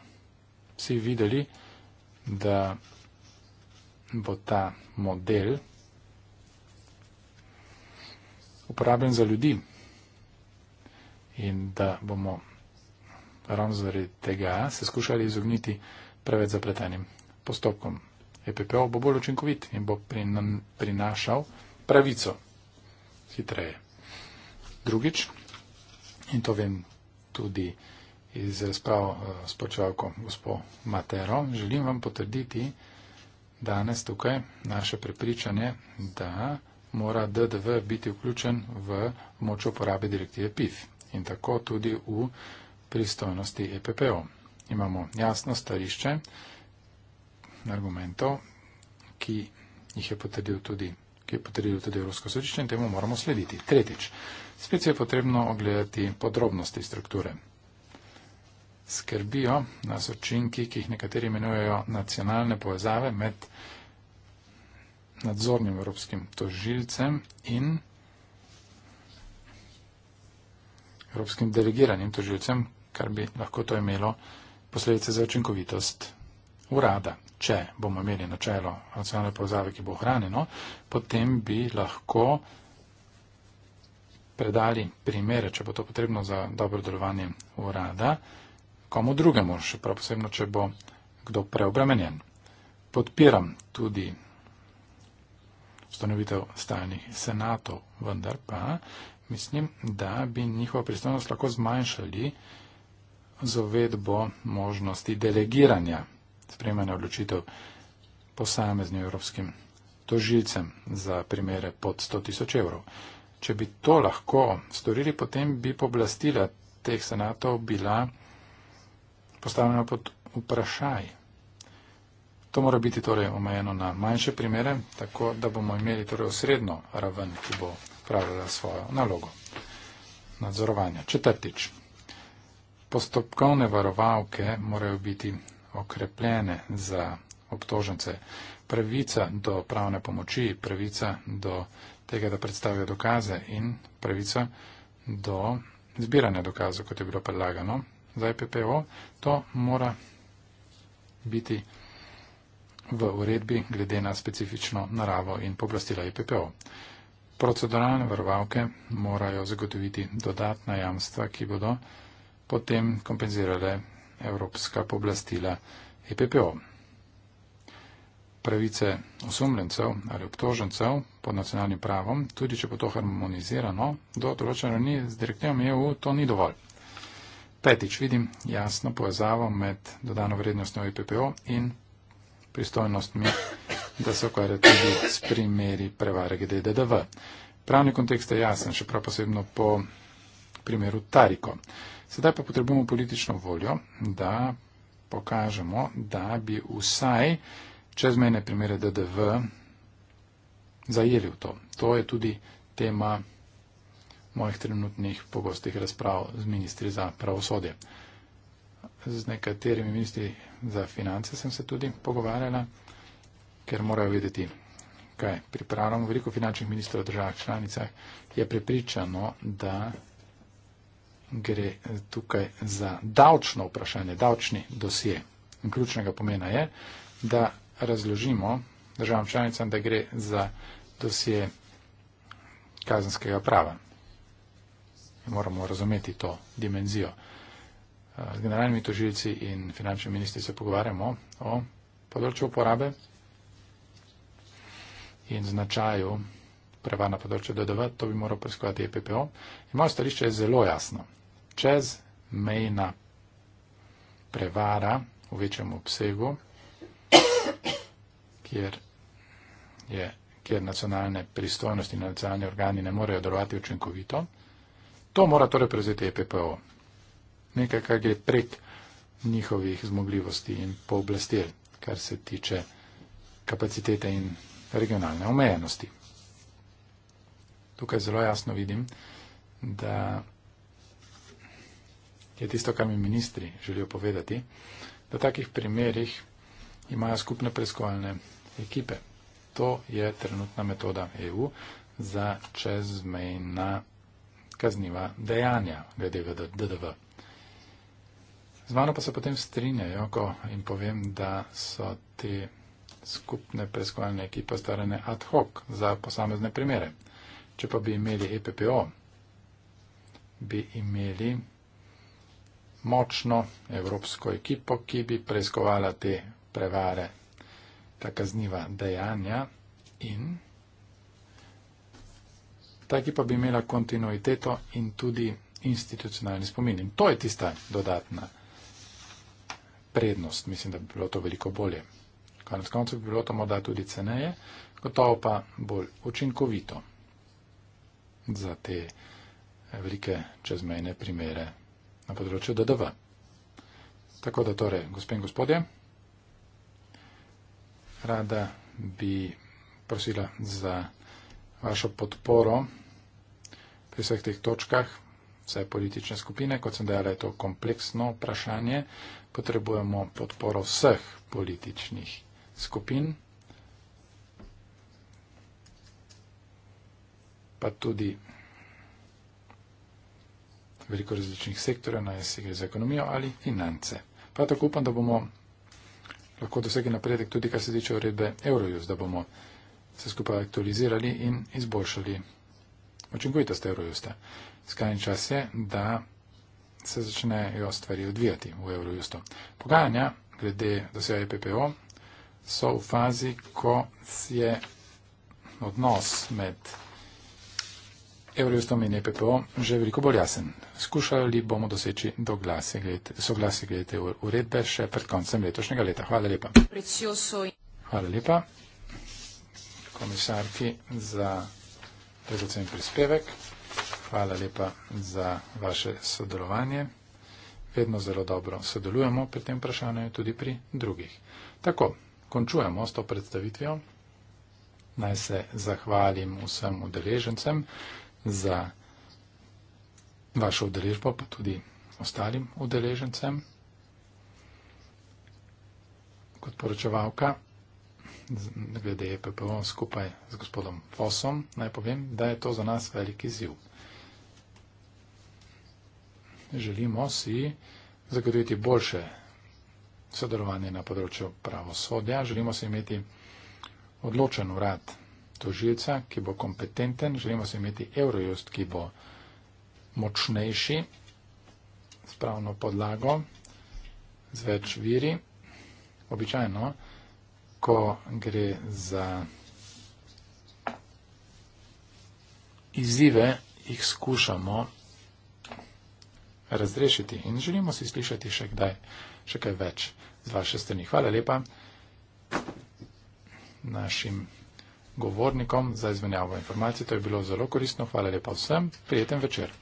vsi videli, da bomo da bo ta model uporabljen za ljudi in da bomo ravno zaradi tega se skušali izogniti preveč zapletenim postopkom. EPPO bo bolj učinkovit in bo prinašal pravico hitreje. Drugič, in to vem tudi, iz razprav eh, s počevalko gospod Matero. Želim vam potrditi danes tukaj naše prepričanje, da mora DDV biti vključen v moč uporabe direktive PIF in tako tudi v pristojnosti EPPO. Imamo jasno starišče argumentov, ki jih je potrdil tudi ki je potrdil tudi Evropsko sodišče in temu moramo slediti. Tretjič, spet je potrebno ogledati podrobnosti strukture skrbijo nas učinki, ki jih nekateri imenujejo nacionalne povezave med nadzornim evropskim tožilcem in evropskim delegiranim tožilcem, kar bi lahko to imelo posledice za učinkovitost urada. Če bomo imeli načelo nacionalne povezave, ki bo ohranjeno, potem bi lahko predali primere, če bo to potrebno za dobro delovanje urada, komu drugemu, še prav posebno, če bo kdo preobremenjen. Podpiram tudi ustanovitev stalnih senatov, vendar pa mislim, da bi njihovo pristojnost lahko zmanjšali z uvedbo možnosti delegiranja sprejmanja odločitev posameznim evropskim tožilcem za primere pod 100 tisoč evrov. Če bi to lahko storili, potem bi poblastila teh senatov bila postavljeno pod vprašaj. To mora biti torej omejeno na manjše primere, tako da bomo imeli torej osredno raven, ki bo pravila svojo nalogo nadzorovanja. Četrtič. Postopkovne varovalke morajo biti okrepljene za obtožence. Pravica do pravne pomoči, pravica do tega, da predstavijo dokaze in pravica do zbiranja dokazov, kot je bilo predlagano, za EPPO, to mora biti v uredbi glede na specifično naravo in poblastila EPPO. Proceduralne varovalke morajo zagotoviti dodatna jamstva, ki bodo potem kompenzirale evropska poblastila EPPO. Pravice osumljencev ali obtožencev pod nacionalnim pravom, tudi če bo to harmonizirano, do določeno ni z direktivom EU, to ni dovolj. Petič vidim jasno povezavo med dodano vrednostjo IPPO in pristojnostmi, da se ukvarja tudi s primeri prevare glede DDV. Pravni kontekst je jasen, še prav posebno po primeru Tariko. Sedaj pa potrebujemo politično voljo, da pokažemo, da bi vsaj čezmejne primere DDV zajeli v to. To je tudi tema mojih trenutnih pogostih razprav z ministri za pravosodje. Z nekaterimi ministri za finance sem se tudi pogovarjala, ker morajo vedeti, kaj pripravljamo. Veliko finančnih ministrov v državah članicah je prepričano, da gre tukaj za davčno vprašanje, davčni dosje. In ključnega pomena je, da razložimo državam članicam, da gre za dosje kazenskega prava moramo razumeti to dimenzijo. Eh, z generalnimi tožilci in finančnimi ministri se pogovarjamo o področju uporabe in značaju prevar na področju DDV, to bi moral preskovati EPPO. In moje stališče je zelo jasno. Čez mejna prevara v večjem obsegu, kjer, je, kjer nacionalne pristojnosti in nacionalni organi ne morejo delovati učinkovito, To mora torej prevzeti EPPO. Nekaj, kar gre prek njihovih zmogljivosti in pooblastil, kar se tiče kapacitete in regionalne omejenosti. Tukaj zelo jasno vidim, da je tisto, kar mi ministri želijo povedati, da v takih primerih imajo skupne preiskovalne ekipe. To je trenutna metoda EU za čezmejna kazniva dejanja glede DDV. Z mano pa se potem strinjajo, ko jim povem, da so te skupne preiskovalne ekipe starane ad hoc za posamezne primere. Če pa bi imeli EPPO, bi imeli močno evropsko ekipo, ki bi preiskovala te prevare, ta kazniva dejanja in taki pa bi imela kontinuiteto in tudi institucionalni spomin. In to je tista dodatna prednost. Mislim, da bi bilo to veliko bolje. Konec koncev bi bilo to morda tudi ceneje, gotovo pa bolj učinkovito za te eh, velike čezmejne primere na področju DDV. Tako da torej, gospe in gospodje, rada bi prosila za vašo podporo pri vseh teh točkah, vse politične skupine, kot sem dejala, je to kompleksno vprašanje, potrebujemo podporo vseh političnih skupin, pa tudi veliko različnih sektorjev, naj se gre za ekonomijo ali finance. Prav tako upam, da bomo lahko dosegli napredek tudi, kar se tiče uredbe Eurojust, da bomo se skupaj aktualizirali in izboljšali. Učinkovito ste v Eurojustu. Skrajni čas je, da se začnejo stvari odvijati v Eurojustu. Pogajanja glede dosega EPPO so v fazi, ko je odnos med Eurojustom in EPPO že veliko bolj jasen. Skušali bomo doseči soglasje glede te uredbe še pred koncem letošnjega leta. Hvala lepa. Hvala lepa komisarki za predvsem prispevek. Hvala lepa za vaše sodelovanje. Vedno zelo dobro sodelujemo pri tem vprašanju in tudi pri drugih. Tako, končujemo s to predstavitvijo. Naj se zahvalim vsem udeležencem za vašo udeležbo, pa tudi ostalim udeležencem. Kot poročevalka glede EPPO skupaj z gospodom Fosom, naj povem, da je to za nas veliki ziv. Želimo si zagotoviti boljše sodelovanje na področju pravosodja, želimo si imeti odločen urad tožilca, ki bo kompetenten, želimo si imeti Eurojust, ki bo močnejši, spravno podlago, z več viri. Običajno ko gre za izzive, jih skušamo razrešiti in želimo si slišati še kdaj, še kaj več z vaše strani. Hvala lepa našim govornikom za izmenjavo informacij. To je bilo zelo koristno. Hvala lepa vsem. Prijeten večer.